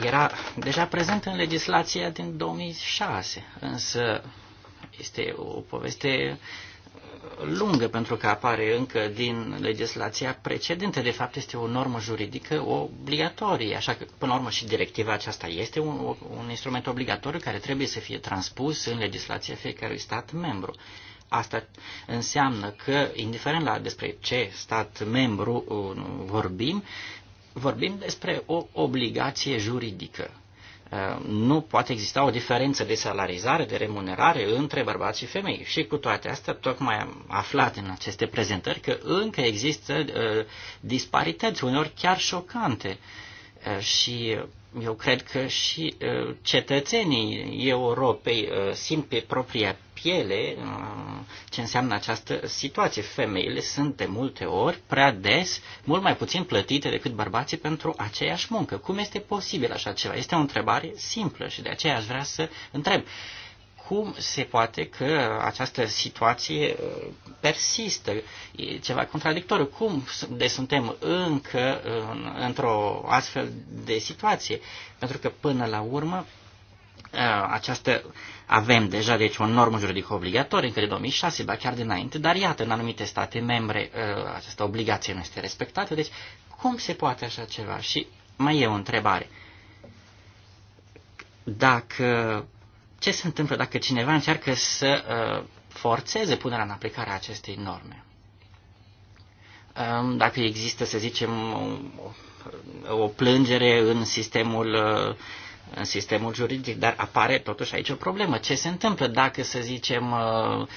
era deja prezent în legislația din 2006, însă este o poveste lungă pentru că apare încă din legislația precedentă. De fapt, este o normă juridică obligatorie, așa că, până la urmă, și directiva aceasta este un, un instrument obligatoriu care trebuie să fie transpus în legislația fiecărui stat membru. Asta înseamnă că, indiferent la despre ce stat membru uh, vorbim, vorbim despre o obligație juridică. Uh, nu poate exista o diferență de salarizare, de remunerare între bărbați și femei. Și cu toate astea, tocmai am aflat în aceste prezentări că încă există uh, disparități, uneori chiar șocante. Și eu cred că și uh, cetățenii Europei uh, simt pe propria piele uh, ce înseamnă această situație. Femeile sunt de multe ori, prea des, mult mai puțin plătite decât bărbații pentru aceeași muncă. Cum este posibil așa ceva? Este o întrebare simplă și de aceea aș vrea să întreb. Uh, cum se poate că această situație uh, persistă? E ceva contradictoriu. Cum de suntem încă în, într-o astfel de situație? Pentru că până la urmă uh, această, avem deja deci o normă juridică obligatorie încă de 2006, ba chiar dinainte, dar iată, în anumite state membre uh, această obligație nu este respectată, deci cum se poate așa ceva? Și mai e o întrebare. Dacă ce se întâmplă dacă cineva încearcă să uh, forțeze punerea în aplicare a acestei norme? Um, dacă există, să zicem, o, o plângere în sistemul uh, în sistemul juridic, dar apare totuși aici o problemă. Ce se întâmplă dacă, să zicem, uh, uh,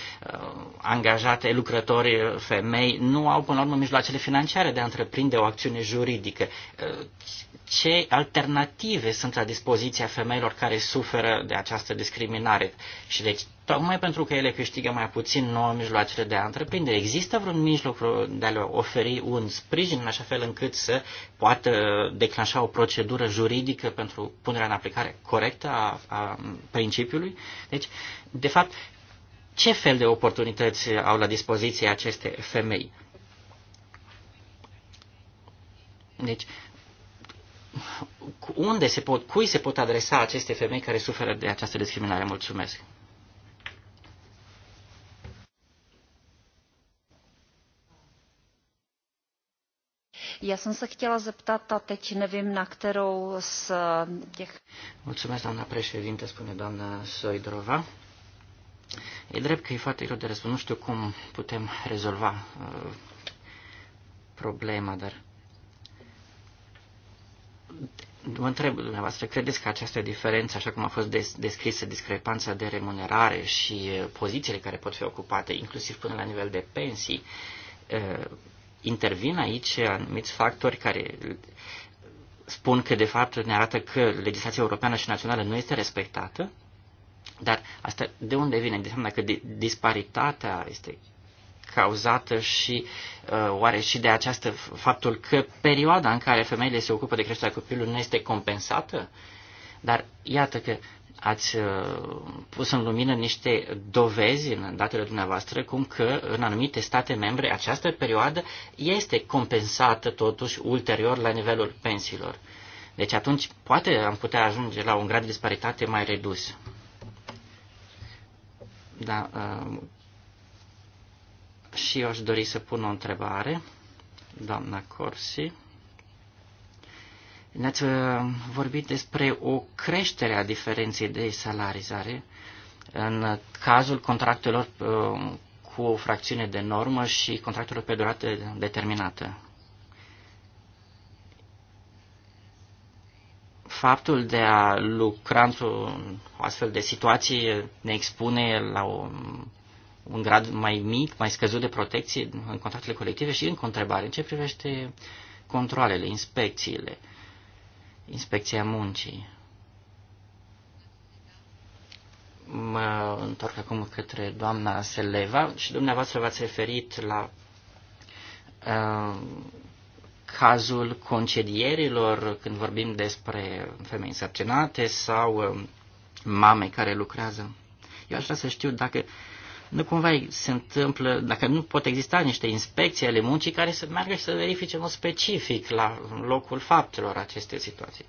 angajate, lucrători, femei nu au până la urmă mijloacele financiare de a întreprinde o acțiune juridică? Uh, ce alternative sunt la dispoziția femeilor care suferă de această discriminare? Și deci tocmai pentru că ele câștigă mai puțin nouă mijloacele de a întreprinde. Există vreun mijloc de a le oferi un sprijin în așa fel încât să poată declanșa o procedură juridică pentru punerea în aplicare corectă a, a principiului? Deci, de fapt, ce fel de oportunități au la dispoziție aceste femei? Deci, unde se pot, cui se pot adresa aceste femei care suferă de această discriminare? Mulțumesc! Já jsem se chtěla zeptat, a teď nevím, na kterou z eh, těch... Mulțumesc, doamna președinte, spune doamna Soidrova. E drept că e foarte greu de răspuns. Nu știu cum putem rezolva eh, problema, dar mă întreb dumneavoastră, credeți că această diferență, așa cum a fost des, descrisă, discrepanța de remunerare și eh, pozițiile care pot fi ocupate, inclusiv până la nivel de pensii, intervin aici anumiți factori care spun că de fapt ne arată că legislația europeană și națională nu este respectată, dar asta de unde vine? De Înseamnă că disparitatea este cauzată și uh, oare și de această faptul că perioada în care femeile se ocupă de creșterea copilului nu este compensată? Dar iată că ați uh, pus în lumină niște dovezi în datele dumneavoastră cum că în anumite state membre această perioadă este compensată totuși ulterior la nivelul pensiilor. Deci atunci poate am putea ajunge la un grad de disparitate mai redus. Da, uh, și eu aș dori să pun o întrebare, doamna Corsi. Ne-ați uh, vorbit despre o creștere a diferenței de salarizare în cazul contractelor uh, cu o fracțiune de normă și contractelor pe durată determinată. Faptul de a lucra într-o astfel de situație ne expune la o, un grad mai mic, mai scăzut de protecție în contractele colective și în întrebare în ce privește controlele, inspecțiile. Uh, Inspecția muncii. Mă întorc acum către doamna Seleva și dumneavoastră v-ați referit la uh, cazul concedierilor când vorbim despre femei însărcinate sau uh, mame care lucrează. Eu aș vrea să știu dacă uh, nu cumva se întâmplă, dacă nu pot exista niște inspecții ale muncii care să meargă și să verifice în specific la locul faptelor aceste situații.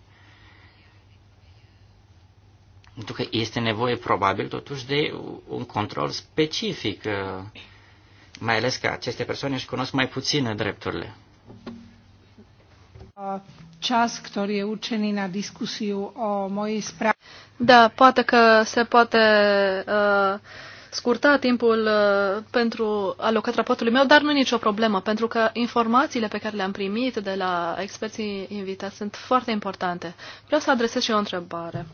Pentru că este nevoie probabil totuși de un control specific, uh, mai ales că aceste persoane își cunosc mai puțin drepturile. Ceas, ktorý je určený na diskusiu o mojej správe. Da, poate că se poate uh, scurta timpul uh, pentru alocat raportului meu, dar nu nicio problemă, pentru că informațiile pe care le-am primit de la experții invitați sunt foarte importante. Vreau să adresez și o întrebare.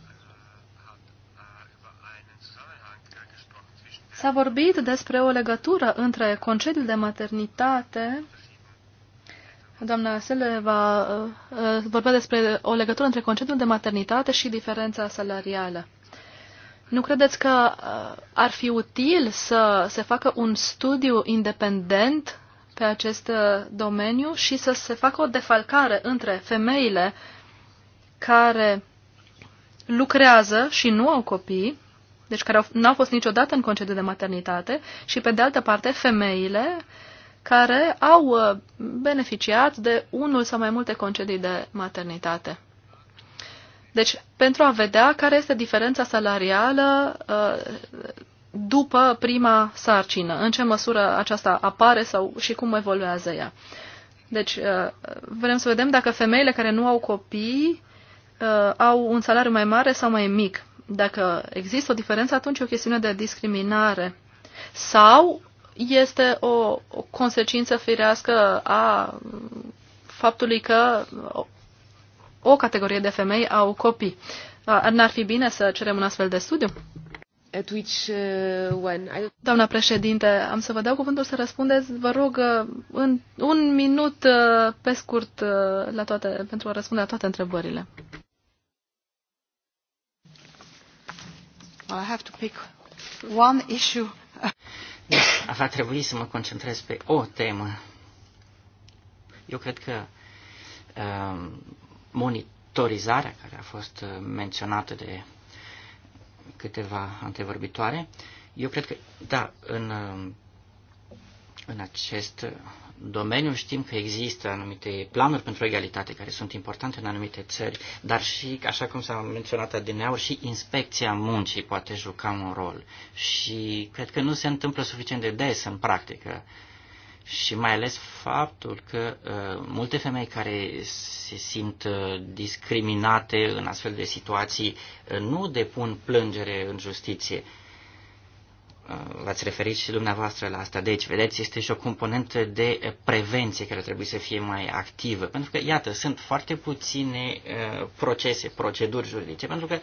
S-a vorbit despre o legătură între concediul de maternitate. Doamna Seleva uh, uh, vorbea despre o legătură între concediul de maternitate și diferența salarială. Nu credeți că uh, ar fi util să se facă un studiu independent pe acest uh, domeniu și să se facă o defalcare între femeile care lucrează și nu au copii, deci care nu au fost niciodată în concediu de maternitate, și pe de altă parte femeile care au uh, beneficiat de unul sau mai multe concedii de maternitate. Deci, pentru a vedea care este diferența salarială uh, după prima sarcină, în ce măsură aceasta apare sau și cum evoluează ea. Deci, uh, vrem să vedem dacă femeile care nu au copii uh, au un salariu mai mare sau mai mic. Dacă există o diferență, atunci e o chestiune de discriminare. Sau este o, o consecință firească a faptului că o categorie de femei au copii. Uh, N-ar fi bine să cerem un astfel de studiu? At which uh, when I... Doamna președinte, am să vă dau cuvântul să răspundeți. Vă rog, uh, în un minut uh, pe scurt la toate, pentru a răspunde la toate întrebările. Well, I have to pick one issue. Deci, va trebui să mă concentrez pe o temă. Eu cred că um, monitorizarea care a fost uh, menționată de câteva antevorbitoare, eu cred că, da, în, uh, în acest domeniu știm că există anumite planuri pentru egalitate care sunt importante în anumite țări, dar și, așa cum s-a menționat adineauri, și inspecția muncii poate juca un rol. Și cred că nu se întâmplă suficient de des în practică. Uh, și mai ales faptul că uh, multe femei care se simt uh, discriminate în astfel de situații uh, nu depun plângere în justiție. Uh, V-ați referit și dumneavoastră la asta. Deci, vedeți, este și o componentă de prevenție care trebuie să fie mai activă. Pentru că, iată, sunt foarte puține uh, procese, proceduri juridice, pentru că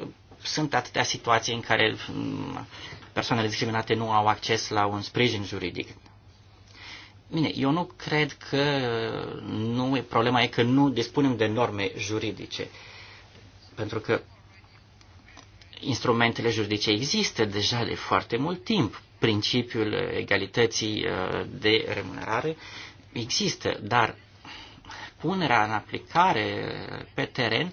uh, sunt atâtea situații în care mm, persoanele discriminate nu au acces la un sprijin juridic. Bine, eu nu cred că nu, problema e că nu dispunem de norme juridice. Pentru că instrumentele juridice există deja de foarte mult timp. Principiul egalității uh, de remunerare există, dar punerea în aplicare pe teren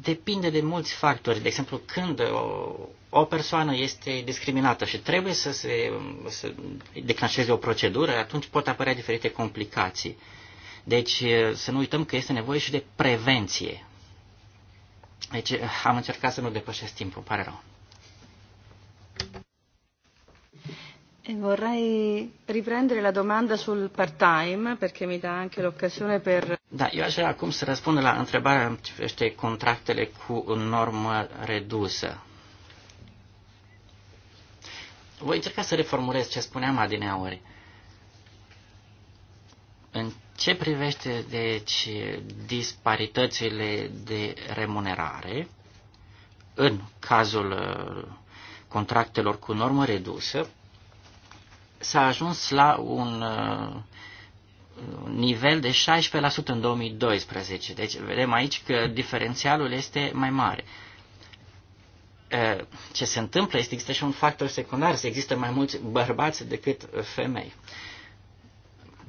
depinde de mulți factori. De exemplu, când o, o persoană este discriminată și trebuie să se să declanșeze o procedură, atunci pot apărea diferite complicații. Deci să nu uităm că este nevoie și de prevenție. Deci am încercat să nu depășesc timpul, pare rău. Vorrei riprendere la domanda sul part-time, perché mi dà anche l'occasione per... Da, io aș vrea acum să răspund la întrebarea ce privește contractele cu normă redusă. Voi încerca să reformulez ce spuneam adineauri. În ce privește, deci, disparitățile de remunerare, în cazul uh, contractelor cu normă redusă, s-a ajuns la un uh, nivel de 16% în 2012. Deci vedem aici că diferențialul este mai mare. Uh, ce se întâmplă este există și un factor secundar, se există mai mulți bărbați decât femei.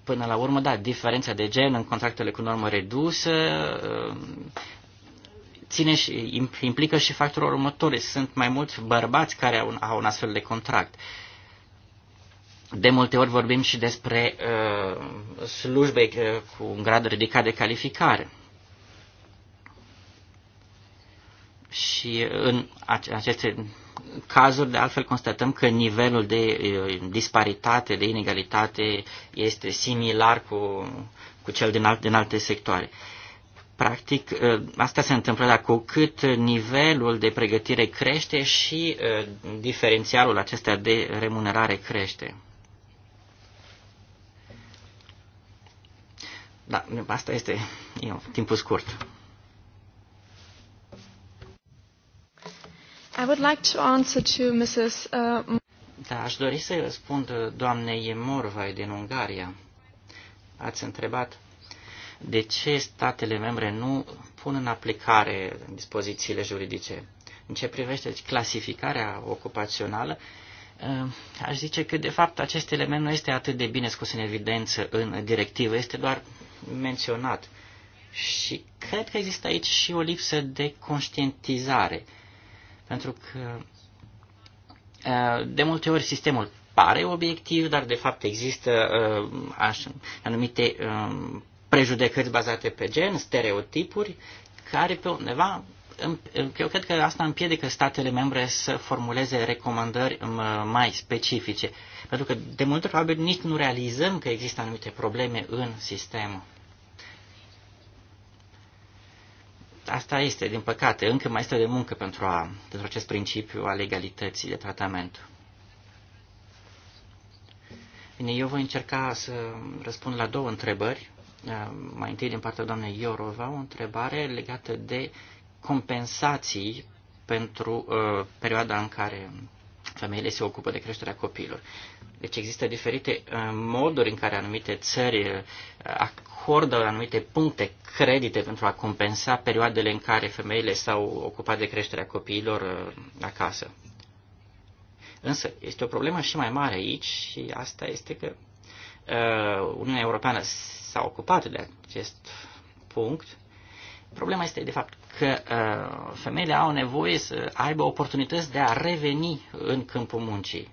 Până la urmă, da, diferența de gen în contractele cu normă redusă uh, ține și, implică și factorul următor. Sunt mai mulți bărbați care au un, au un astfel de contract. Uh, de multe ori vorbim și despre uh, slujbe uh, cu un grad ridicat de calificare. Și în aceste cazuri, de altfel, constatăm că nivelul de uh, disparitate, de inegalitate este similar cu, cu cel din, alt, din alte sectoare. Practic, uh, asta se întâmplă, dar cu cât nivelul de pregătire crește și diferențialul acesta de remunerare crește. Da, asta este eu, timpul scurt. I would like to answer to Mrs. Uh, da, aș dori să răspund doamnei Morvai din Ungaria. Ați întrebat de ce statele membre nu pun în aplicare dispozițiile juridice. În ce privește clasificarea ocupațională, uh, aș zice că, de fapt, acest element nu este atât de bine scos în evidență în directivă, este doar menționat. Și cred că există aici și o lipsă de conștientizare. Pentru că uh, de multe ori sistemul pare obiectiv, dar de fapt există uh, așa, anumite um, prejudecăți bazate pe gen, stereotipuri, care pe undeva eu cred că asta împiedică statele membre să formuleze recomandări mai specifice, pentru că de multe ori probabil nici nu realizăm că există anumite probleme în sistem. Asta este, din păcate, încă mai este de muncă pentru, a, pentru acest principiu al egalității de tratament. Bine, eu voi încerca să răspund la două întrebări mai întâi din partea doamnei Iorova o întrebare legată de compensații pentru uh, perioada în care femeile se ocupă de creșterea copiilor. Deci există diferite uh, moduri în care anumite țări uh, acordă anumite puncte, credite pentru a compensa perioadele în care femeile s-au ocupat de creșterea copiilor uh, acasă. Însă este o problemă și mai mare aici și asta este că uh, Uniunea Europeană s-a ocupat de acest punct. Problema este, de fapt, că uh, femeile au nevoie să aibă oportunități de a reveni în câmpul muncii.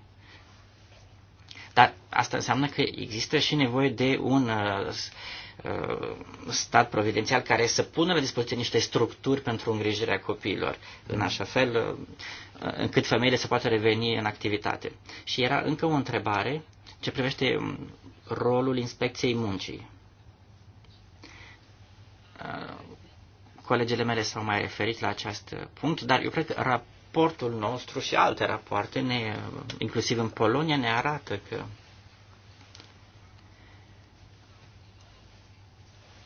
Dar asta înseamnă că există și nevoie de un uh, uh, stat providențial care să pună la dispoziție niște structuri pentru îngrijirea copiilor, în așa fel încât femeile să poată reveni în activitate. Și era încă o întrebare ce privește um, rolul inspecției muncii Colegele mele s-au mai referit la acest punct, dar eu cred că raportul nostru și alte rapoarte, ne, inclusiv în Polonia, ne arată că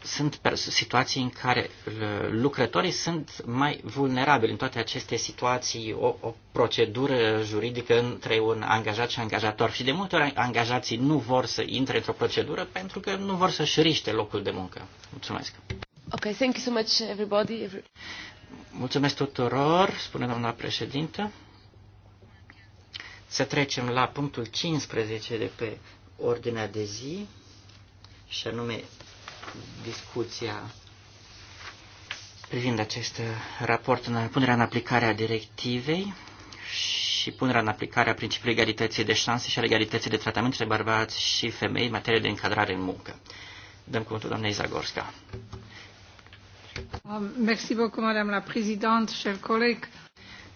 sunt situații în care lucrătorii sunt mai vulnerabili în toate aceste situații, o, o procedură juridică între un angajat și angajator. Și de multe ori angajații nu vor să intre într-o procedură pentru că nu vor să-și riște locul de muncă. Mulțumesc! Ok, thank you so much everybody. Mulțumesc tuturor, spune doamna președintă. Să trecem la punctul 15 de pe ordinea de zi, și anume discuția privind acest raport în punerea în aplicare a directivei și punerea în aplicare a principiului egalității de șanse și a egalității de tratament între bărbați și femei în materie de încadrare în muncă. Dăm cuvântul doamnei Zagorska doamnă um, președintă, madame la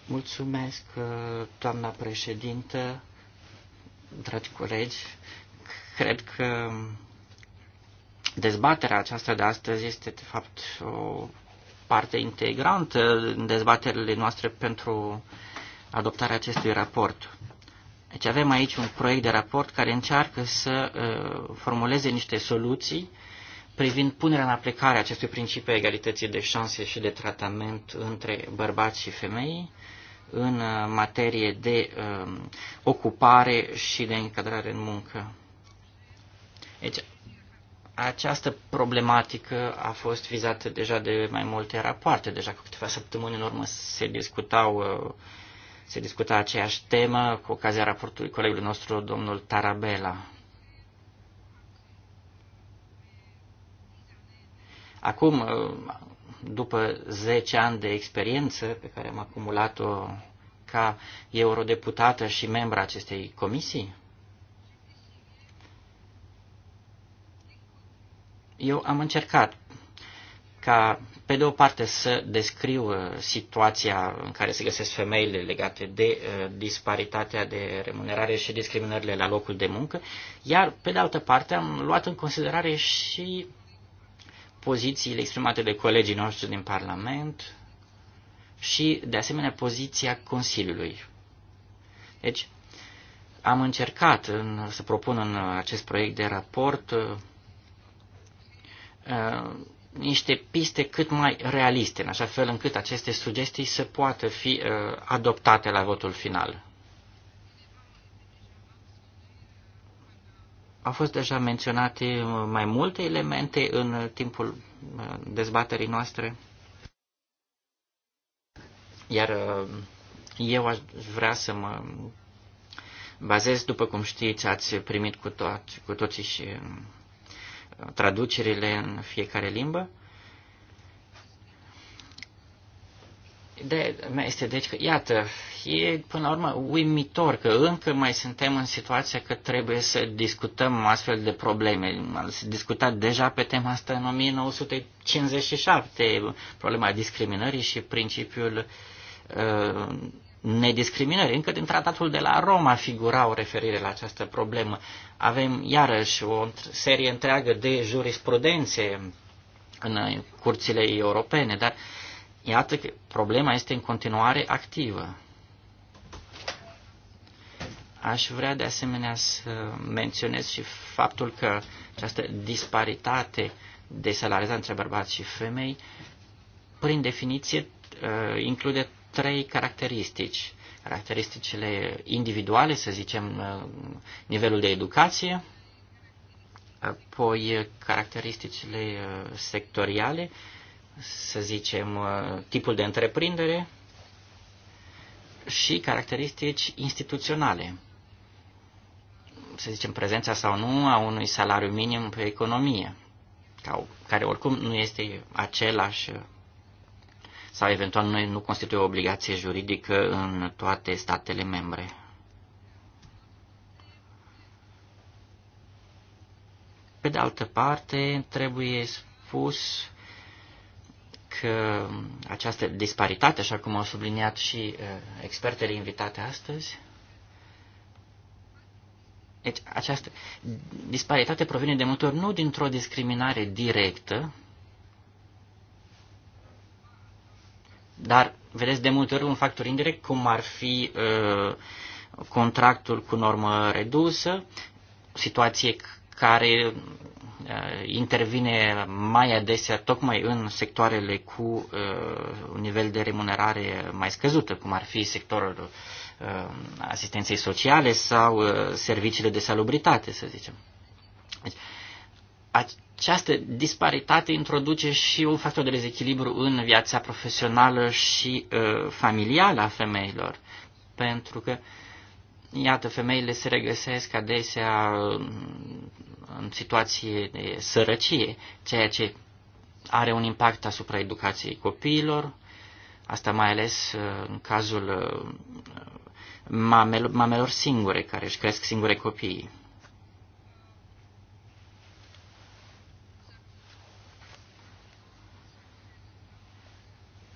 Mulțumesc, uh, doamna președintă, dragi colegi. Cred că dezbaterea aceasta de astăzi este, de fapt, o parte integrantă în dezbaterile noastre pentru adoptarea acestui raport. Deci avem aici un proiect de raport care încearcă să uh, formuleze niște soluții uh, privind punerea în aplicare acestui principiu a egalității de șanse și de tratament între bărbați și femei în uh, materie de um, ocupare și de încadrare în muncă. Deci, această problematică a fost vizată deja de mai multe rapoarte. Deja cu câteva săptămâni în urmă se discutau uh, se discuta aceeași temă cu ocazia raportului colegului nostru, domnul Tarabela. Acum, după 10 ani de experiență pe care am acumulat-o ca eurodeputată și membra acestei comisii, eu am încercat ca, pe de o parte, să descriu uh, situația în care se găsesc femeile legate de uh, disparitatea de remunerare și discriminările la locul de muncă, iar, pe de altă parte, am luat în considerare și pozițiile exprimate de colegii noștri din Parlament și, de asemenea, poziția Consiliului. Deci, am încercat în, să propun în acest proiect de raport uh, uh niște piste cât mai realiste, în așa fel încât aceste sugestii să poată fi uh, adoptate la votul final. Au fost deja menționate mai multe elemente în timpul uh, dezbaterii noastre, iar uh, eu aș vrea să mă bazez, după cum știți, ați primit cu, toți, cu toții și uh, traducerile în fiecare limbă. mea este deci că, iată, e până la urmă uimitor că încă mai suntem în situația că trebuie să discutăm astfel de probleme. Am discutat deja pe tema asta în 1957, problema discriminării și principiul uh, nediscriminării. Încă din tratatul de la Roma figura o referire la această problemă. Avem iarăși o serie întreagă de jurisprudențe în uh, curțile europene, dar Iată că problema este în continuare activă. Aș vrea de asemenea să menționez și faptul că această disparitate de salarizare între bărbați și femei, prin definiție, uh, include trei caracteristici. Caracteristicile individuale, să zicem, uh, nivelul de educație, apoi caracteristicile uh, sectoriale, să zicem, tipul de întreprindere și caracteristici instituționale să zicem, prezența sau nu a unui salariu minim pe economie, care oricum nu este același sau eventual nu, nu constituie o obligație juridică în toate statele membre. Pe de altă parte, trebuie spus că această disparitate, așa cum au subliniat și uh, expertele invitate astăzi, deci această disparitate provine de multe ori nu dintr-o discriminare directă, dar vedeți de multe ori un factor indirect, cum ar fi uh, contractul cu normă redusă, situație care uh, intervine mai adesea tocmai în sectoarele cu uh, un nivel de remunerare mai scăzută, cum ar fi sectorul Uh, asistenței sociale sau uh, serviciile de salubritate, să zicem. Deci, această disparitate introduce și un factor de dezechilibru în viața profesională și uh, familială a femeilor, pentru că, iată, femeile se regăsesc adesea um, în situație de sărăcie, ceea ce are un impact asupra educației copiilor, asta mai ales uh, în cazul mamel, mamelor singure care își cresc singure copiii.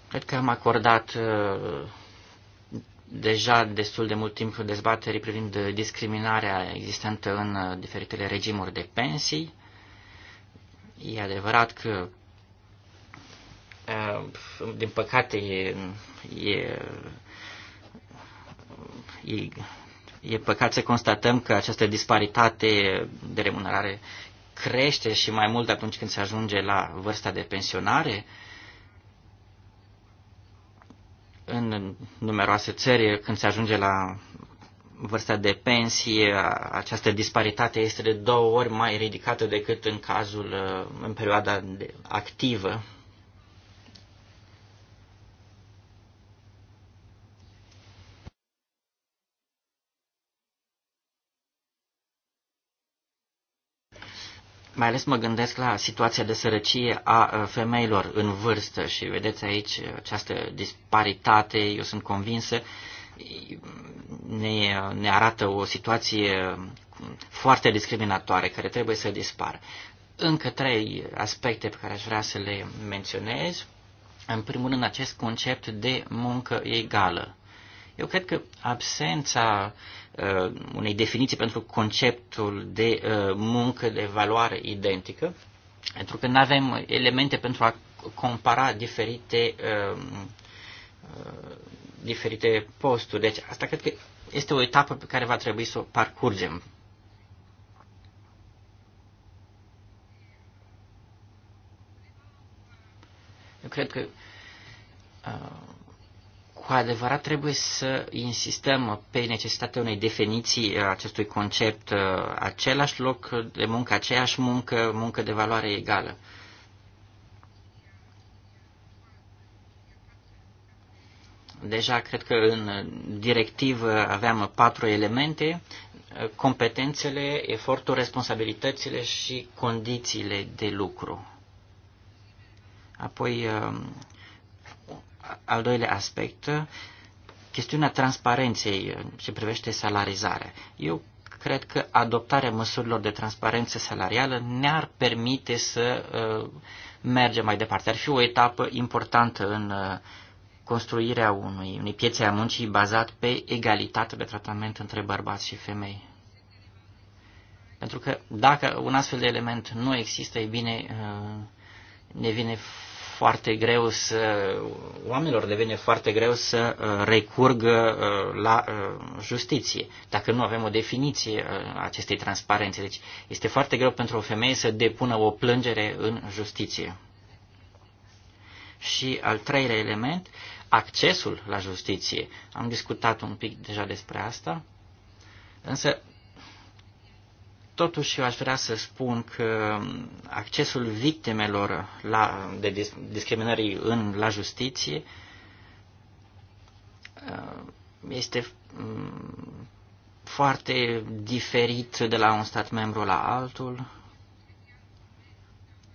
Cred că am acordat uh, deja destul de mult timp dezbaterii privind uh, discriminarea existentă în uh, diferitele regimuri de pensii. E adevărat că, din păcate, e, e E, e păcat să constatăm că această disparitate de remunerare crește și mai mult atunci când se ajunge la vârsta de pensionare. În numeroase țări, când se ajunge la vârsta de pensie, această disparitate este de două ori mai ridicată decât în cazul, în perioada activă Mai ales mă gândesc la situația de sărăcie a femeilor în vârstă și vedeți aici această disparitate, eu sunt convinsă, ne, ne arată o situație foarte discriminatoare care trebuie să dispară. Încă trei aspecte pe care aș vrea să le menționez. În primul rând, acest concept de muncă egală. Eu cred că absența uh, unei definiții pentru conceptul de uh, muncă de valoare identică, pentru că nu avem elemente pentru a compara diferite, uh, uh, diferite posturi. Deci asta cred că este o etapă pe care va trebui să o parcurgem Eu cred că uh, cu adevărat trebuie să insistăm pe necesitatea unei definiții uh, acestui concept, uh, același loc de muncă, aceeași muncă, muncă de valoare egală. Deja cred că în directivă aveam patru elemente, uh, competențele, efortul, responsabilitățile și condițiile de lucru. Apoi al doilea aspect, chestiunea transparenței uh, ce privește salarizarea. Eu cred că adoptarea măsurilor de transparență salarială ne-ar permite să uh, mergem mai departe. Ar fi o etapă importantă în uh, construirea unui, unei piețe a muncii bazat pe egalitate de tratament între bărbați și femei. Pentru că dacă un astfel de element nu există, e bine, ne vine foarte greu să, oamenilor devine foarte greu să uh, recurgă uh, la uh, justiție, dacă nu avem o definiție a acestei transparențe. Deci este foarte greu pentru o femeie să depună o plângere în justiție. Și al treilea element, accesul la justiție. Am discutat un pic deja despre asta, însă Totuși, eu aș vrea să spun că accesul victimelor la, de discriminării în, la justiție uh, este mm, foarte diferit de la un stat membru la altul.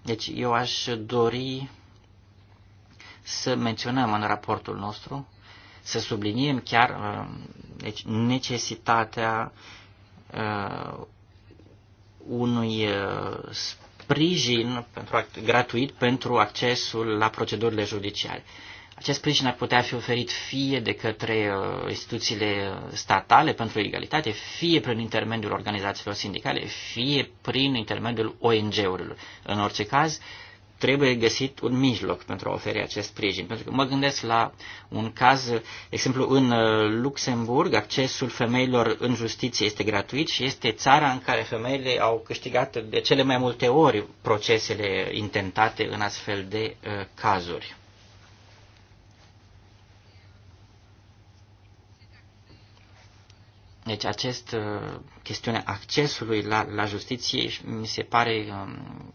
Deci eu aș dori să menționăm în raportul nostru, să subliniem chiar uh, deci, necesitatea uh, unui uh, sprijin pentru, gratuit pentru accesul la procedurile judiciare. Acest sprijin ar putea fi oferit fie de către uh, instituțiile statale pentru egalitate, fie prin intermediul organizațiilor sindicale, fie prin intermediul ONG-urilor. În orice caz, trebuie găsit un mijloc pentru a oferi acest sprijin. Pentru că mă gândesc la un caz, exemplu, în uh, Luxemburg, accesul femeilor în justiție este gratuit și este țara în care femeile au câștigat de cele mai multe ori procesele intentate în astfel de uh, cazuri. Deci acest, uh, chestiunea accesului la, la justiție mi se pare um,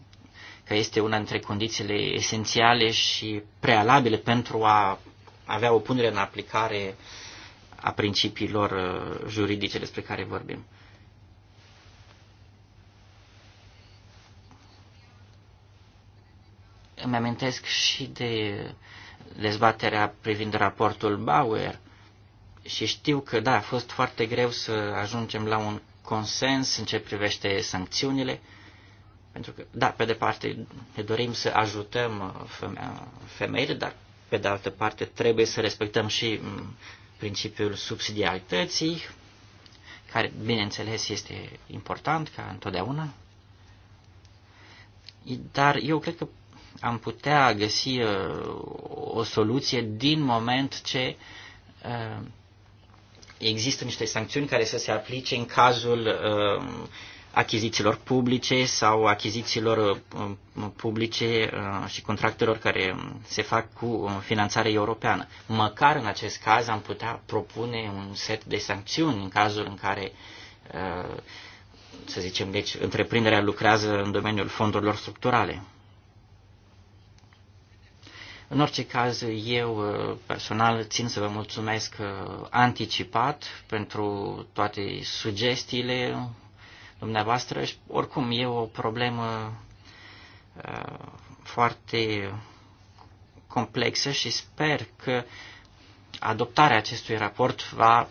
că este una dintre condițiile esențiale și prealabile pentru a avea o punere în aplicare a principiilor uh, juridice despre care vorbim. Îmi amintesc și de dezbaterea privind raportul Bauer și știu că, da, a fost foarte greu să ajungem la un consens în ce privește sancțiunile, pentru că, da, pe de parte ne dorim să ajutăm uh, femeile, dar pe de altă parte trebuie să respectăm și mm, principiul subsidiarității, care, bineînțeles, este important ca întotdeauna. Dar eu cred că am putea găsi uh, o soluție din moment ce uh, există niște sancțiuni care să se aplice în cazul achizițiilor publice sau achizițiilor uh, publice uh, și contractelor care se fac cu uh, finanțare europeană. Măcar în acest caz am putea propune un set de sancțiuni în cazul în care, să zicem, deci întreprinderea lucrează în domeniul fondurilor structurale. În orice caz, eu personal țin să vă mulțumesc anticipat pentru toate sugestiile dumneavoastră. Și, oricum, e o problemă uh, foarte complexă și sper că adoptarea acestui raport va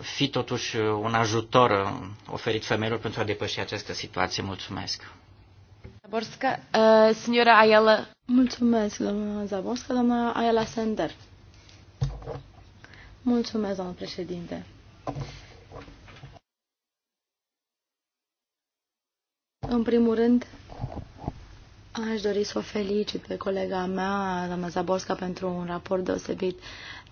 fi totuși un ajutor uh, oferit femeilor pentru a depăși această situație. Mulțumesc! Zaborska, uh, signora Ayala. Mulțumesc, doamna Zaborska, doamna Ayala Sender. Mulțumesc, doamna președinte. În primul rând, aș dori să o felicit pe colega mea, doamna Zaborska, pentru un raport deosebit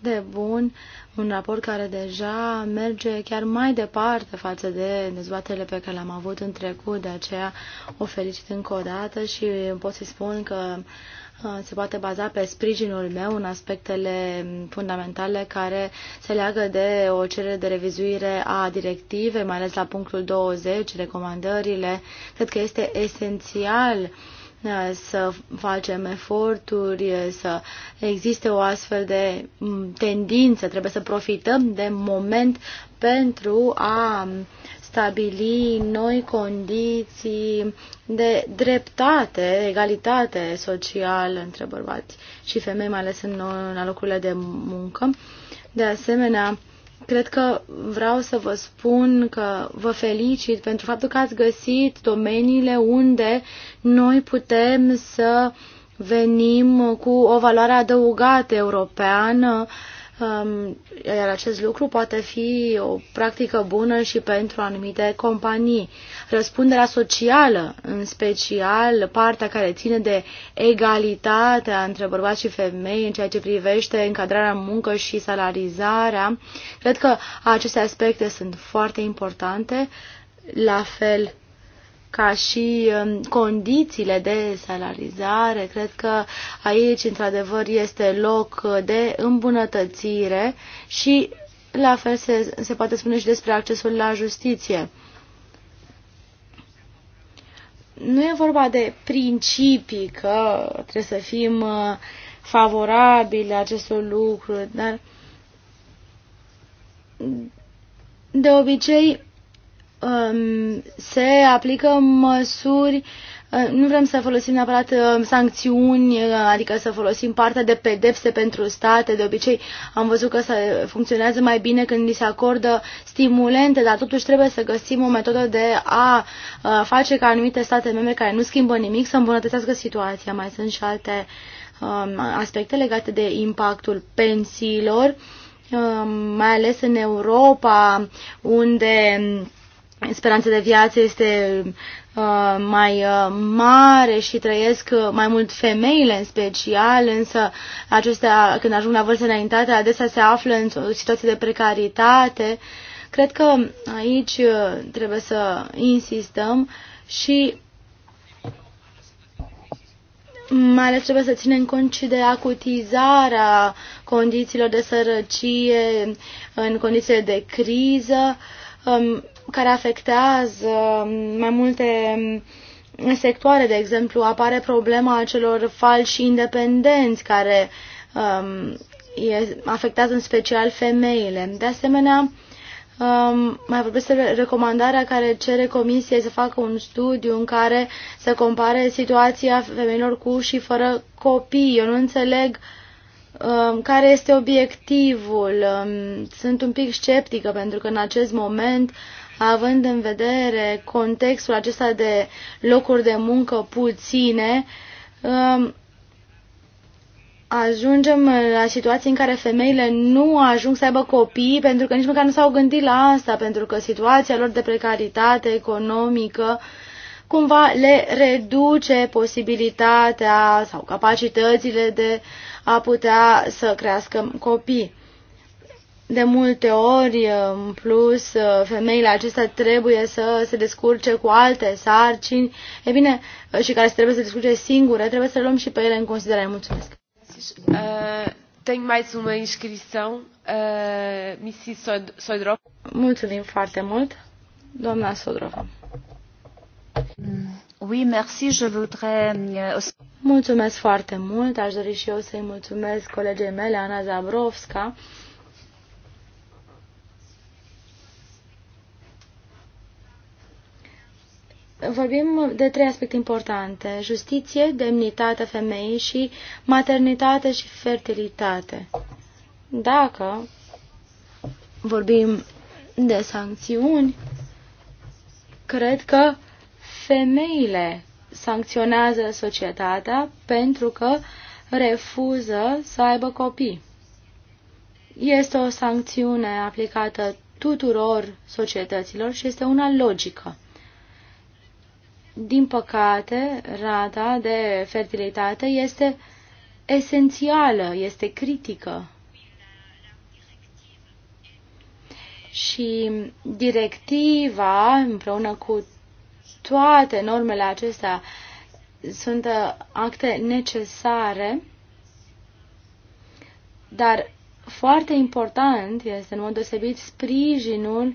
de bun, un raport care deja merge chiar mai departe față de dezbaterile pe care le-am avut în trecut, de aceea o felicit încă o dată și pot să spun că Uh, se poate baza pe sprijinul meu în aspectele fundamentale care se leagă de o cerere de revizuire a directivei, mai ales la punctul 20, recomandările. Cred că este esențial uh, să facem eforturi, uh, să existe o astfel de mm, tendință. Trebuie să profităm de moment pentru a stabili noi condiții de dreptate, egalitate socială între bărbați și femei, mai ales în, în locurile de muncă. De asemenea, cred că vreau să vă spun că vă felicit pentru faptul că ați găsit domeniile unde noi putem să venim cu o valoare adăugată europeană uh, Um, iar acest lucru poate fi o practică bună și pentru anumite companii. Răspunderea socială, în special partea care ține de egalitatea între bărbați și femei în ceea ce privește încadrarea în muncă și salarizarea, cred că aceste aspecte sunt foarte importante. La fel, ca și um, condițiile de salarizare. Cred că aici, într-adevăr, este loc de îmbunătățire și la fel se, se poate spune și despre accesul la justiție. Nu e vorba de principii că trebuie să fim uh, favorabili acestor lucruri, dar de obicei Um, se aplică măsuri, uh, nu vrem să folosim neapărat um, sancțiuni, uh, adică să folosim partea de pedepse pentru state. De obicei am văzut că se funcționează mai bine când li se acordă stimulente, dar totuși trebuie să găsim o metodă de a uh, face ca anumite state membre care nu schimbă nimic să îmbunătățească situația. Mai sunt și alte um, aspecte legate de impactul pensiilor, mai ales în Europa, unde speranța de viață este uh, mai uh, mare și trăiesc uh, mai mult femeile în special, însă acestea, când ajung la vârstă înaintate, adesea se află în o situație de precaritate. Cred că aici trebuie să insistăm și mai ales trebuie să ținem cont și de acutizarea condițiilor de sărăcie în condiții de criză. Um, care afectează mai multe sectoare, de exemplu, apare problema celor falși independenți care um, e, afectează în special femeile. De asemenea, um, mai vorbesc de recomandarea care cere comisiei să facă un studiu în care să compare situația femeilor cu și fără copii. Eu nu înțeleg um, care este obiectivul. Um, sunt un pic sceptică pentru că în acest moment uh, având în vedere contextul acesta de locuri de muncă puține, um, ajungem la situații în care femeile nu ajung să aibă copii pentru că nici măcar nu s-au gândit la asta, pentru că situația lor de precaritate economică cumva le reduce posibilitatea sau capacitățile de a putea să crească copii. De multe ori, în plus, femeile acestea trebuie să se descurce cu alte sarcini, e bine, și care trebuie să se descurce singure, trebuie să le luăm și pe ele în considerare. Mulțumesc! Uh, tenho mais uma inscrição, uh, Mrs. Sodrov. Mulțumim foarte mult, doamna Sodrov. Mm, oui, merci, je voudrais... Euh, mulțumesc foarte mult, aș dori și eu să-i mulțumesc colegei mele, Ana Zabrovska, vorbim de trei aspecte importante. Justiție, demnitate femeii și maternitate și fertilitate. Dacă vorbim de sancțiuni, cred că femeile sancționează societatea pentru că refuză să aibă copii. Este o sancțiune aplicată tuturor societăților și este una logică. Din păcate, rata de fertilitate este esențială, este critică. Și directiva, împreună cu toate normele acestea, sunt uh, acte necesare, dar foarte important este în mod deosebit sprijinul uh,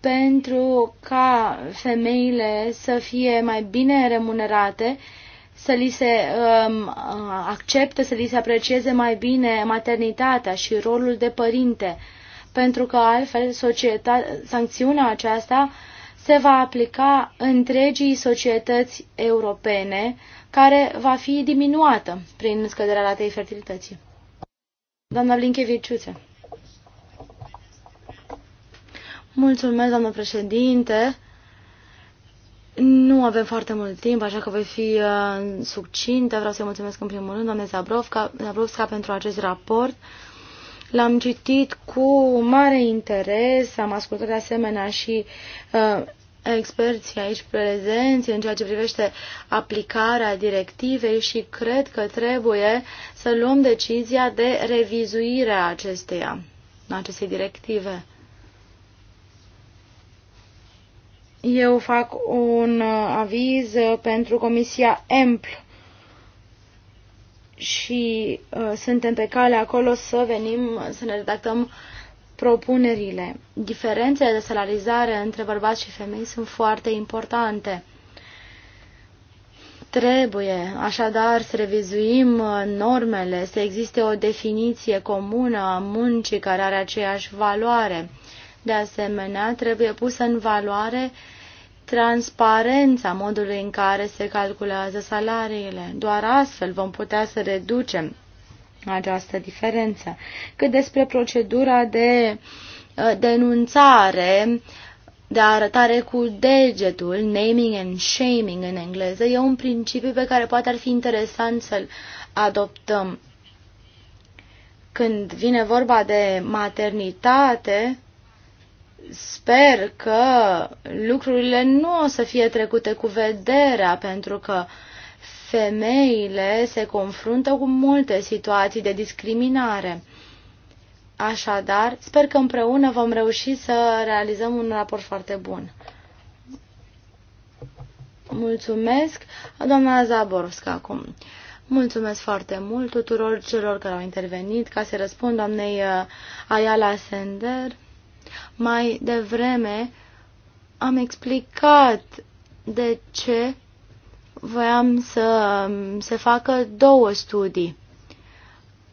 pentru ca femeile să fie mai bine remunerate, să li se um, uh, accepte, să li se aprecieze mai bine maternitatea și rolul de părinte, pentru că altfel societate, sancțiunea aceasta se va aplica întregii societăți europene, care va fi diminuată prin scăderea ratei fertilității. Doamna Blinkeviciuțe. Mulțumesc, doamnă președinte. Nu avem foarte mult timp, așa că voi fi uh, succintă. Vreau să-i mulțumesc în primul rând, doamne Zabrovska, Zabrovska pentru acest raport. L-am citit cu mare interes, am ascultat de asemenea și uh, experții aici prezenți în ceea ce privește aplicarea directivei și cred că trebuie să luăm decizia de revizuire a acesteia, acestei directive. Eu fac un uh, aviz uh, pentru Comisia EMPL și uh, suntem pe cale acolo să venim, să ne redactăm propunerile. Diferențele de salarizare între bărbați și femei sunt foarte importante. Trebuie așadar să revizuim uh, normele, să existe o definiție comună a muncii care are aceeași valoare. De asemenea, trebuie pusă în valoare uh, transparența modului în care se calculează salariile. Doar astfel vom putea să reducem această diferență. Cât despre procedura de uh, denunțare, de arătare cu degetul, naming and shaming în engleză, e un principiu pe care poate ar fi interesant să-l adoptăm. Când vine vorba de maternitate, sper că lucrurile nu o să fie trecute cu vederea, pentru că femeile se confruntă cu multe situații de discriminare. Așadar, sper că împreună vom reuși să realizăm un raport foarte bun. Mulțumesc, doamna Zaborska, acum. Mulțumesc foarte mult tuturor celor care au intervenit ca să răspund doamnei uh, Ayala Sender mai devreme am explicat de ce voiam să se facă două studii.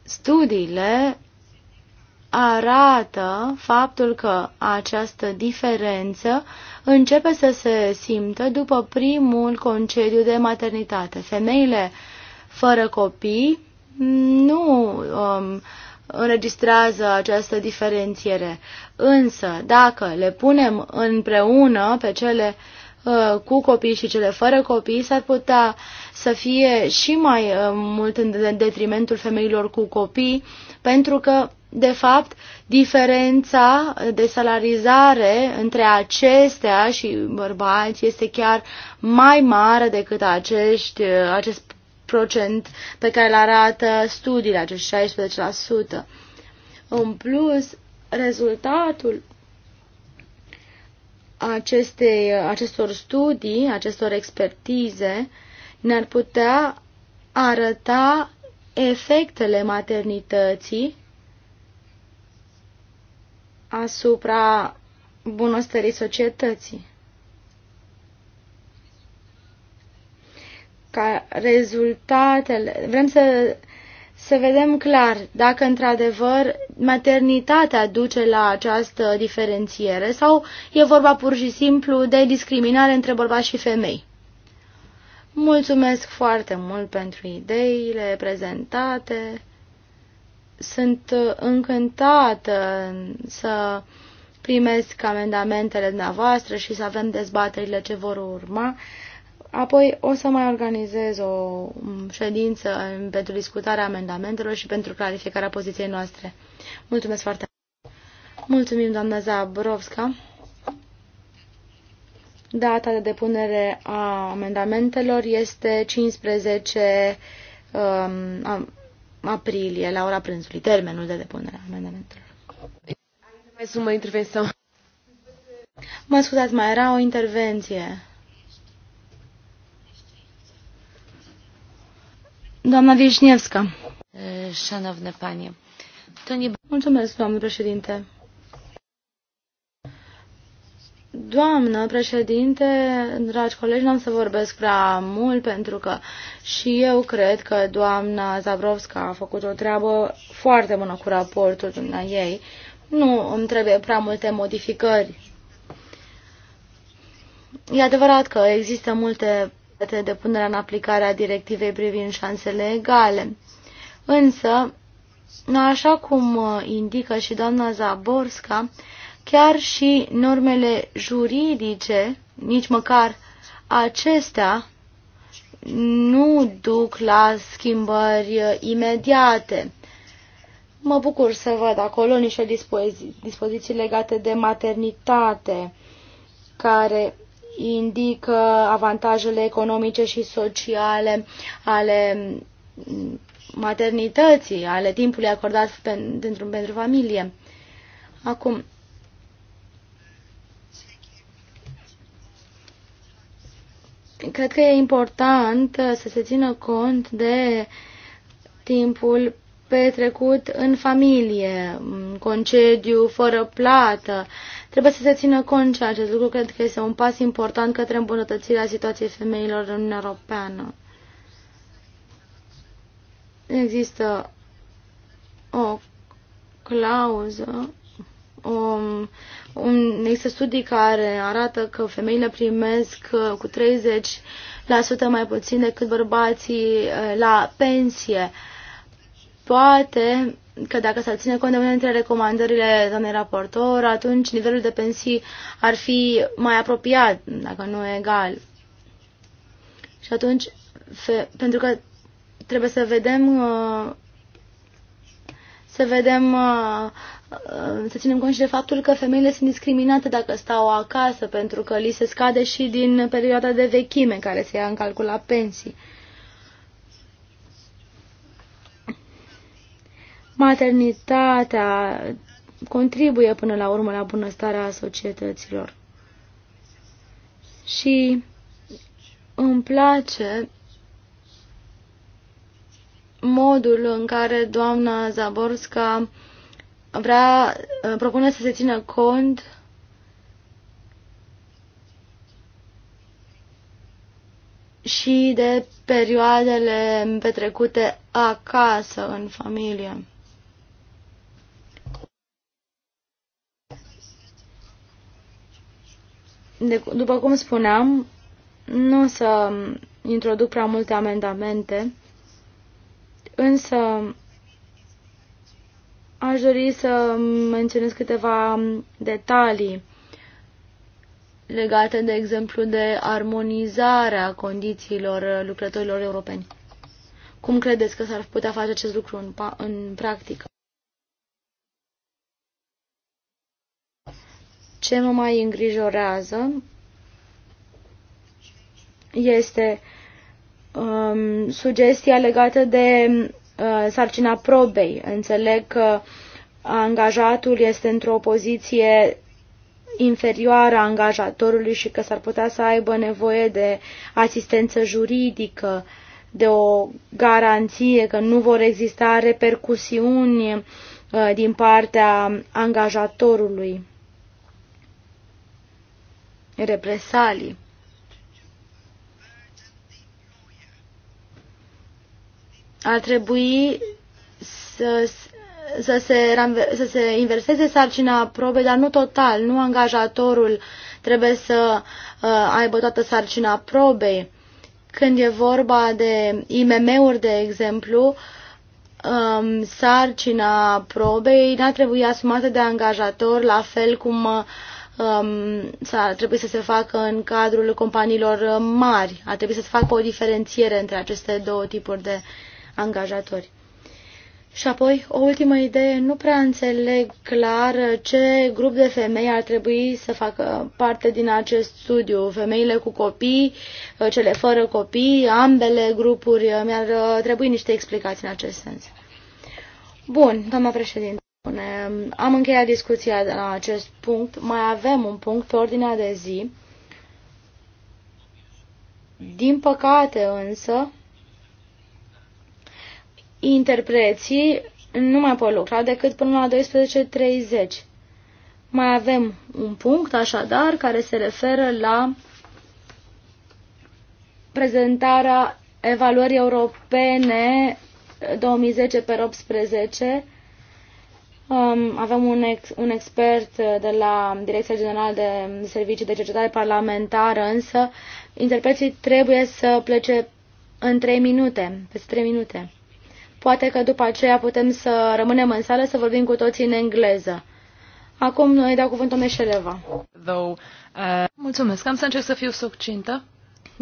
Studiile arată faptul că această diferență începe să se simtă după primul concediu de maternitate. Femeile fără copii nu um, înregistrează această diferențiere. Însă, dacă le punem împreună pe cele uh, cu copii și cele fără copii, s-ar putea să fie și mai uh, mult în detrimentul femeilor cu copii, pentru că, de fapt, diferența de salarizare între acestea și bărbați este chiar mai mare decât acești, uh, acest pe care îl arată studiile, acești 16%. În plus, rezultatul acestei, acestor studii, acestor expertize, ne-ar putea arăta efectele maternității asupra bunăstării societății. ca rezultatele, vrem să, să vedem clar dacă într-adevăr maternitatea duce la această diferențiere sau e vorba pur și simplu de discriminare între bărbați și femei. Mulțumesc foarte mult pentru ideile prezentate. Sunt uh, încântată uh, să primesc amendamentele dumneavoastră și să avem dezbaterile ce vor urma. Apoi o să mai organizez o ședință pentru discutarea amendamentelor și pentru clarificarea poziției noastre. Mulțumesc foarte mult! Mulțumim, doamna Zabrovska! Data de depunere a amendamentelor este 15 um, aprilie, la ora prânzului, termenul de depunere a amendamentelor. Mai sunt o intervenție. Mă scuzați, mai era o intervenție. Doamna Vișnievska. Șanovne panie. Mulțumesc, doamnă președinte. Doamnă președinte, dragi colegi, n-am să vorbesc prea mult pentru că și eu cred că doamna Zabrovska a făcut o treabă foarte bună cu raportul dumneavoastră ei. Nu îmi trebuie prea multe modificări. E adevărat că există multe de punerea în aplicare a directivei privind șansele egale. Însă, așa cum uh, indică și doamna Zaborska, chiar și normele juridice, nici măcar acestea, nu duc la schimbări uh, imediate. Mă bucur să văd acolo niște dispoziții, dispoziții legate de maternitate, care indică avantajele economice și sociale ale mm, maternității, ale timpului acordat pentru, pentru familie. Acum, cred că e important uh, să se țină cont de timpul petrecut în familie, concediu fără plată. Trebuie să se țină cont și acest lucru. Cred că este un pas important către îmbunătățirea situației femeilor în Uniunea Europeană. Există o clauză, o, un, există studii care arată că femeile primesc uh, cu 30% mai puțin decât bărbații uh, la pensie. Uh, poate că dacă s-ar ține cont de unele dintre recomandările doamnei raportor, atunci nivelul de pensii ar fi mai apropiat, dacă nu egal. Și atunci, fe, pentru că trebuie să vedem uh, să vedem uh, uh, să ținem cont și de faptul că femeile sunt discriminate dacă stau acasă, pentru că li se scade și din perioada de vechime care se ia în calcul la pensii. maternitatea contribuie până la urmă la bunăstarea societăților. Și îmi place modul în care doamna Zaborska vrea, propune să se țină cont și de perioadele petrecute acasă, în familie. de, după cum spuneam, nu o să introduc prea multe amendamente, însă aș dori să menționez câteva detalii legate, de exemplu, de armonizarea condițiilor lucrătorilor europeni. Cum credeți că s-ar putea face acest lucru în, în practică? Ce mă mai îngrijorează este um, sugestia legată de uh, sarcina probei. Înțeleg că angajatul este într-o poziție inferioară a angajatorului și că s-ar putea să aibă nevoie de asistență juridică, de o garanție că nu vor exista repercusiuni uh, din partea angajatorului represalii. Ar trebui să, să, se, să se inverseze sarcina probei, dar nu total. Nu angajatorul trebuie să uh, aibă toată sarcina probei. Când e vorba de IMM-uri, de exemplu, um, sarcina probei n-ar trebui asumată de angajator, la fel cum uh, Um, s-ar trebui să se facă în cadrul companiilor mari. Ar trebui să se facă o diferențiere între aceste două tipuri de angajatori. Și apoi, o ultimă idee, nu prea înțeleg clar ce grup de femei ar trebui să facă parte din acest studiu. Femeile cu copii, cele fără copii, ambele grupuri, mi-ar uh, trebui niște explicații în acest sens. Bun, doamna președinte. Am încheiat discuția la acest punct. Mai avem un punct pe ordinea de zi. Din păcate însă, interpreții nu mai pot lucra decât până la 12.30. Mai avem un punct, așadar, care se referă la prezentarea evaluării europene 2010 pe 18 Um, avem un, ex, un expert uh, de la Direcția Generală de Servicii de Cercetare Parlamentară, însă interpreții trebuie să plece în 3 minute, peste 3 minute. Poate că după aceea putem să rămânem în sală să vorbim cu toții în engleză. Acum noi dau cuvântul Meșeleva. Though, uh... Mulțumesc, am să încerc să fiu succintă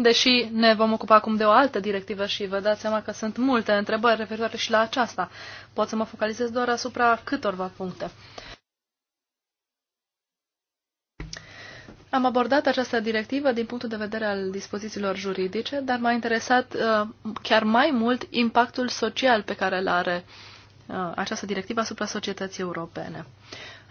deși ne vom ocupa acum de o altă directivă și vă dați seama că sunt multe întrebări referitoare și la aceasta. Pot să mă focalizez doar asupra câtorva puncte. Am abordat această directivă din punctul de vedere al dispozițiilor juridice, dar m-a interesat uh, chiar mai mult impactul social pe care îl are uh, această directivă asupra societății europene.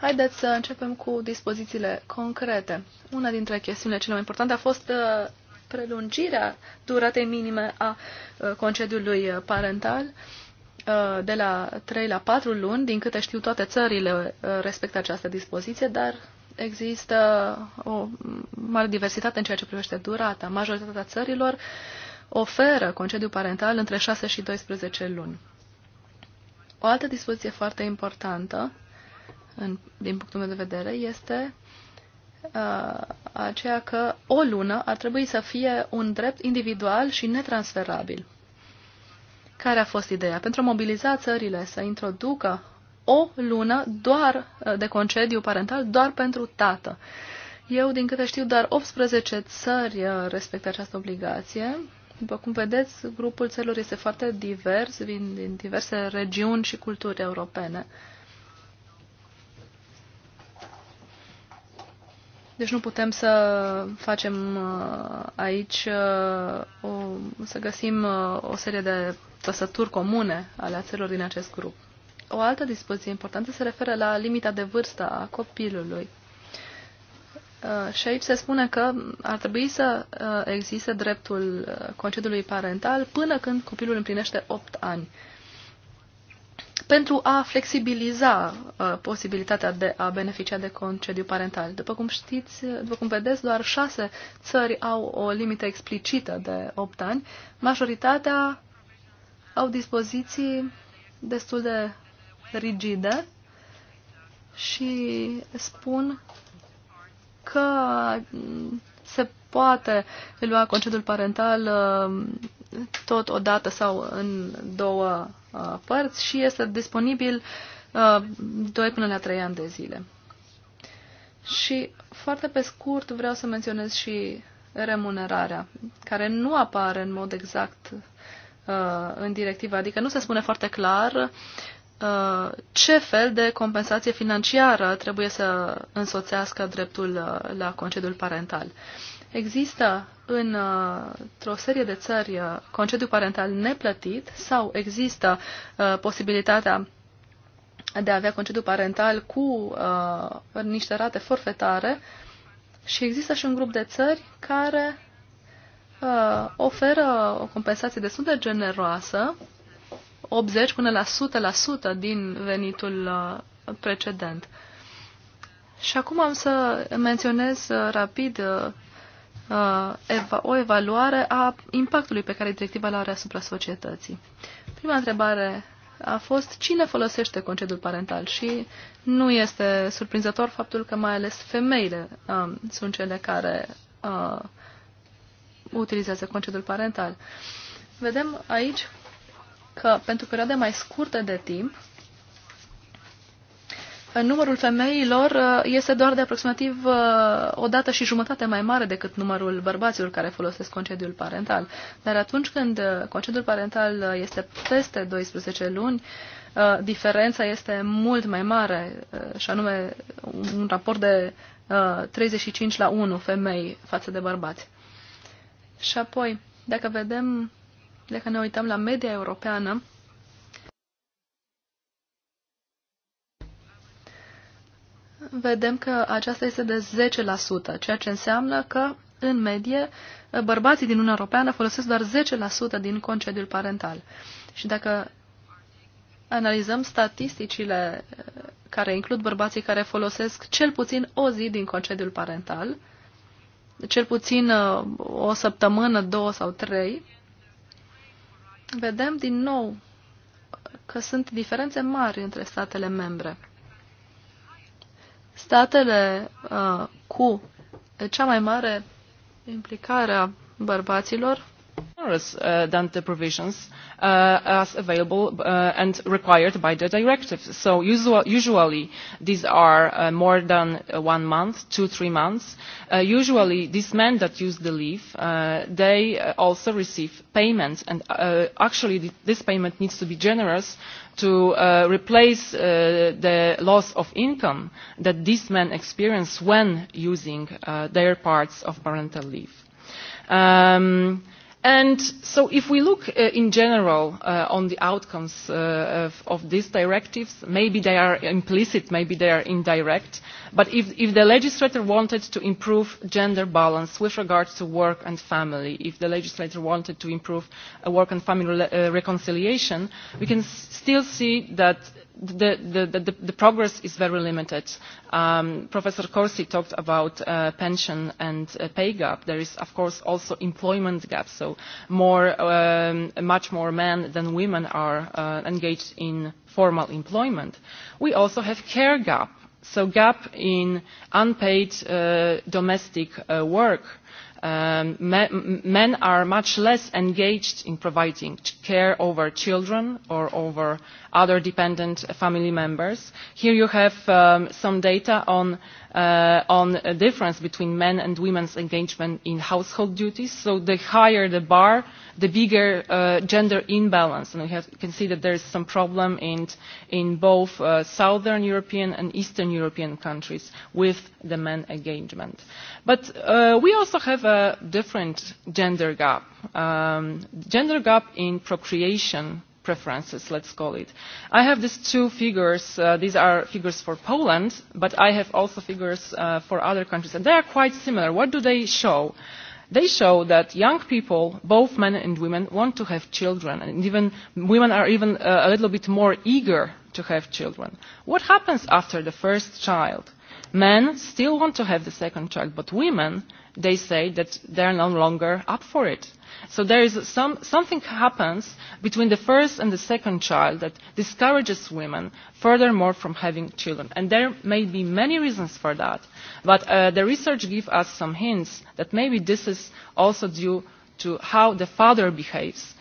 Haideți să începem cu dispozițiile concrete. Una dintre chestiunile cele mai importante a fost uh, prelungirea duratei minime a uh, concediului parental uh, de la 3 la 4 luni. Din câte știu, toate țările uh, respectă această dispoziție, dar există o mare diversitate în ceea ce privește durata. Majoritatea țărilor oferă concediu parental între 6 și 12 luni. O altă dispoziție foarte importantă, în, din punctul meu de vedere, este Uh, aceea că o lună ar trebui să fie un drept individual și netransferabil. Care a fost ideea? Pentru a mobiliza țările să introducă o lună doar uh, de concediu parental doar pentru tată. Eu, din câte știu, doar 18 țări uh, respectă această obligație. După cum vedeți, grupul țărilor este foarte divers, vin din diverse regiuni și culturi europene. Uh, Deci nu putem să facem uh, aici, uh, o, să găsim uh, o serie de trăsături comune ale țărilor din acest grup. O altă dispoziție importantă se referă la limita de vârstă a copilului. Și aici se spune că ar trebui să existe dreptul concediului parental până când copilul împlinește 8 ani pentru a flexibiliza uh, posibilitatea de a beneficia de concediu parental. După cum știți, după cum vedeți, doar șase țări au o limită explicită de 8 ani. Majoritatea au dispoziții destul de rigide și spun că mm, se poate lua concediul parental uh, tot odată sau în două Uh, părți și este disponibil 2 uh, până la 3 ani de zile. Și foarte pe scurt vreau să menționez și remunerarea, care nu apare în mod exact uh, în directivă, adică nu se spune foarte clar ce fel de compensație financiară trebuie să însoțească dreptul la concediul parental există într-o uh, serie de țări uh, concediu parental neplătit sau există uh, posibilitatea de a avea concediu parental cu uh, niște rate forfetare și există și un grup de țări care uh, oferă o compensație destul de generoasă, 80 până la 100% din venitul uh, precedent. Și acum am să menționez uh, rapid uh, Uh, o evaluare a impactului pe care directiva l are asupra societății. Prima întrebare a fost cine folosește concediul parental și nu este surprinzător faptul că mai ales femeile um, sunt cele care uh, utilizează concediul parental. Vedem aici că pentru perioade mai scurte de timp, numărul femeilor uh, este doar de aproximativ uh, o dată și jumătate mai mare decât numărul bărbaților care folosesc concediul parental. Dar atunci când uh, concediul parental este peste 12 luni, diferența este mult mai mare, și anume un raport de 35 la 1 femei față de bărbați. Și apoi, dacă vedem, dacă ne uităm la media europeană, vedem că aceasta este de 10%, ceea ce înseamnă că, în medie, bărbații din Uniunea Europeană folosesc doar 10% din concediul parental. Și dacă analizăm statisticile eh, care includ bărbații care folosesc cel puțin o zi din concediul parental, cel puțin eh, o săptămână, două sau trei, vedem din nou că sunt diferențe mari între statele membre. Statele uh, cu cea mai mare implicare a bărbaților generous uh, than the provisions uh, as available uh, and required by the directive. So usual, usually these are uh, more than uh, one month, two, three months. Uh, usually these men that use the leave, uh, they uh, also receive payment and uh, actually this payment needs to be generous to uh, replace uh, the loss of income that these men experience when using uh, their parts of parental leave. Um, And so if we look uh, in general uh, on the outcomes uh, of, of these directives, maybe they are implicit, maybe they are indirect, but if, if the legislator wanted to improve gender balance with regards to work and family, if the legislator wanted to improve uh, work and family re uh, reconciliation, we can s- still see that the, the, the, the progress is very limited. Um, Professor Corsi talked about uh, pension and uh, pay gap. There is, of course, also employment gap. So more, um, much more men than women are uh, engaged in formal employment. We also have care gap. So gap in unpaid uh, domestic uh, work. Um, me, men are much less engaged in providing care over children or over other dependent family members. Here you have um, some data on, uh, on a difference between men and women's engagement in household duties. So the higher the bar, the bigger uh, gender imbalance. And we have, can see that there is some problem in, in both uh, southern European and eastern European countries with the men engagement. But uh, we also have a different gender gap. Um, gender gap in procreation preferences, let's call it. I have these two figures. Uh, these are figures for Poland, but I have also figures uh, for other countries, and they are quite similar. What do they show? They show that young people, both men and women, want to have children, and even women are even uh, a little bit more eager to have children. What happens after the first child? men still want to have the second child but women they say that they are no longer up for it so there is some, something happens between the first and the second child that discourages women furthermore from having children and there may be many reasons for that but uh, the research gives us some hints that maybe this is also due to how the father behaves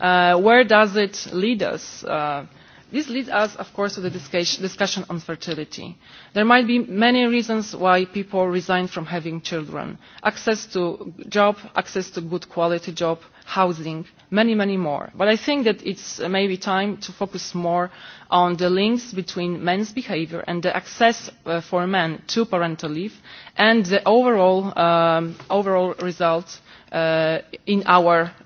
Uh, where does it lead us? Uh, this leads us, of course, to the discussion on fertility. There might be many reasons why people resign from having children. Access to job, access to good quality job, housing, many, many more. But I think that it's maybe time to focus more on the links between men's behavior and the access uh, for men to parental leave and the overall, um, overall result uh, in our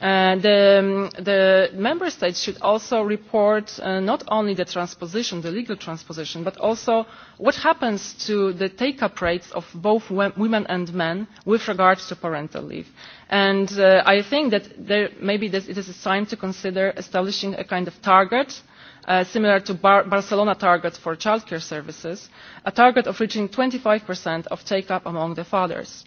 Uh, the, the member states should also report uh, not only the transposition the legal transposition but also what happens to the take up rates of both women and men with regard to parental leave and uh, i think that there, maybe this, it is time to consider establishing a kind of target Uh, similar to Bar Barcelona target for childcare services, a target of reaching 25% of take-up among the fathers.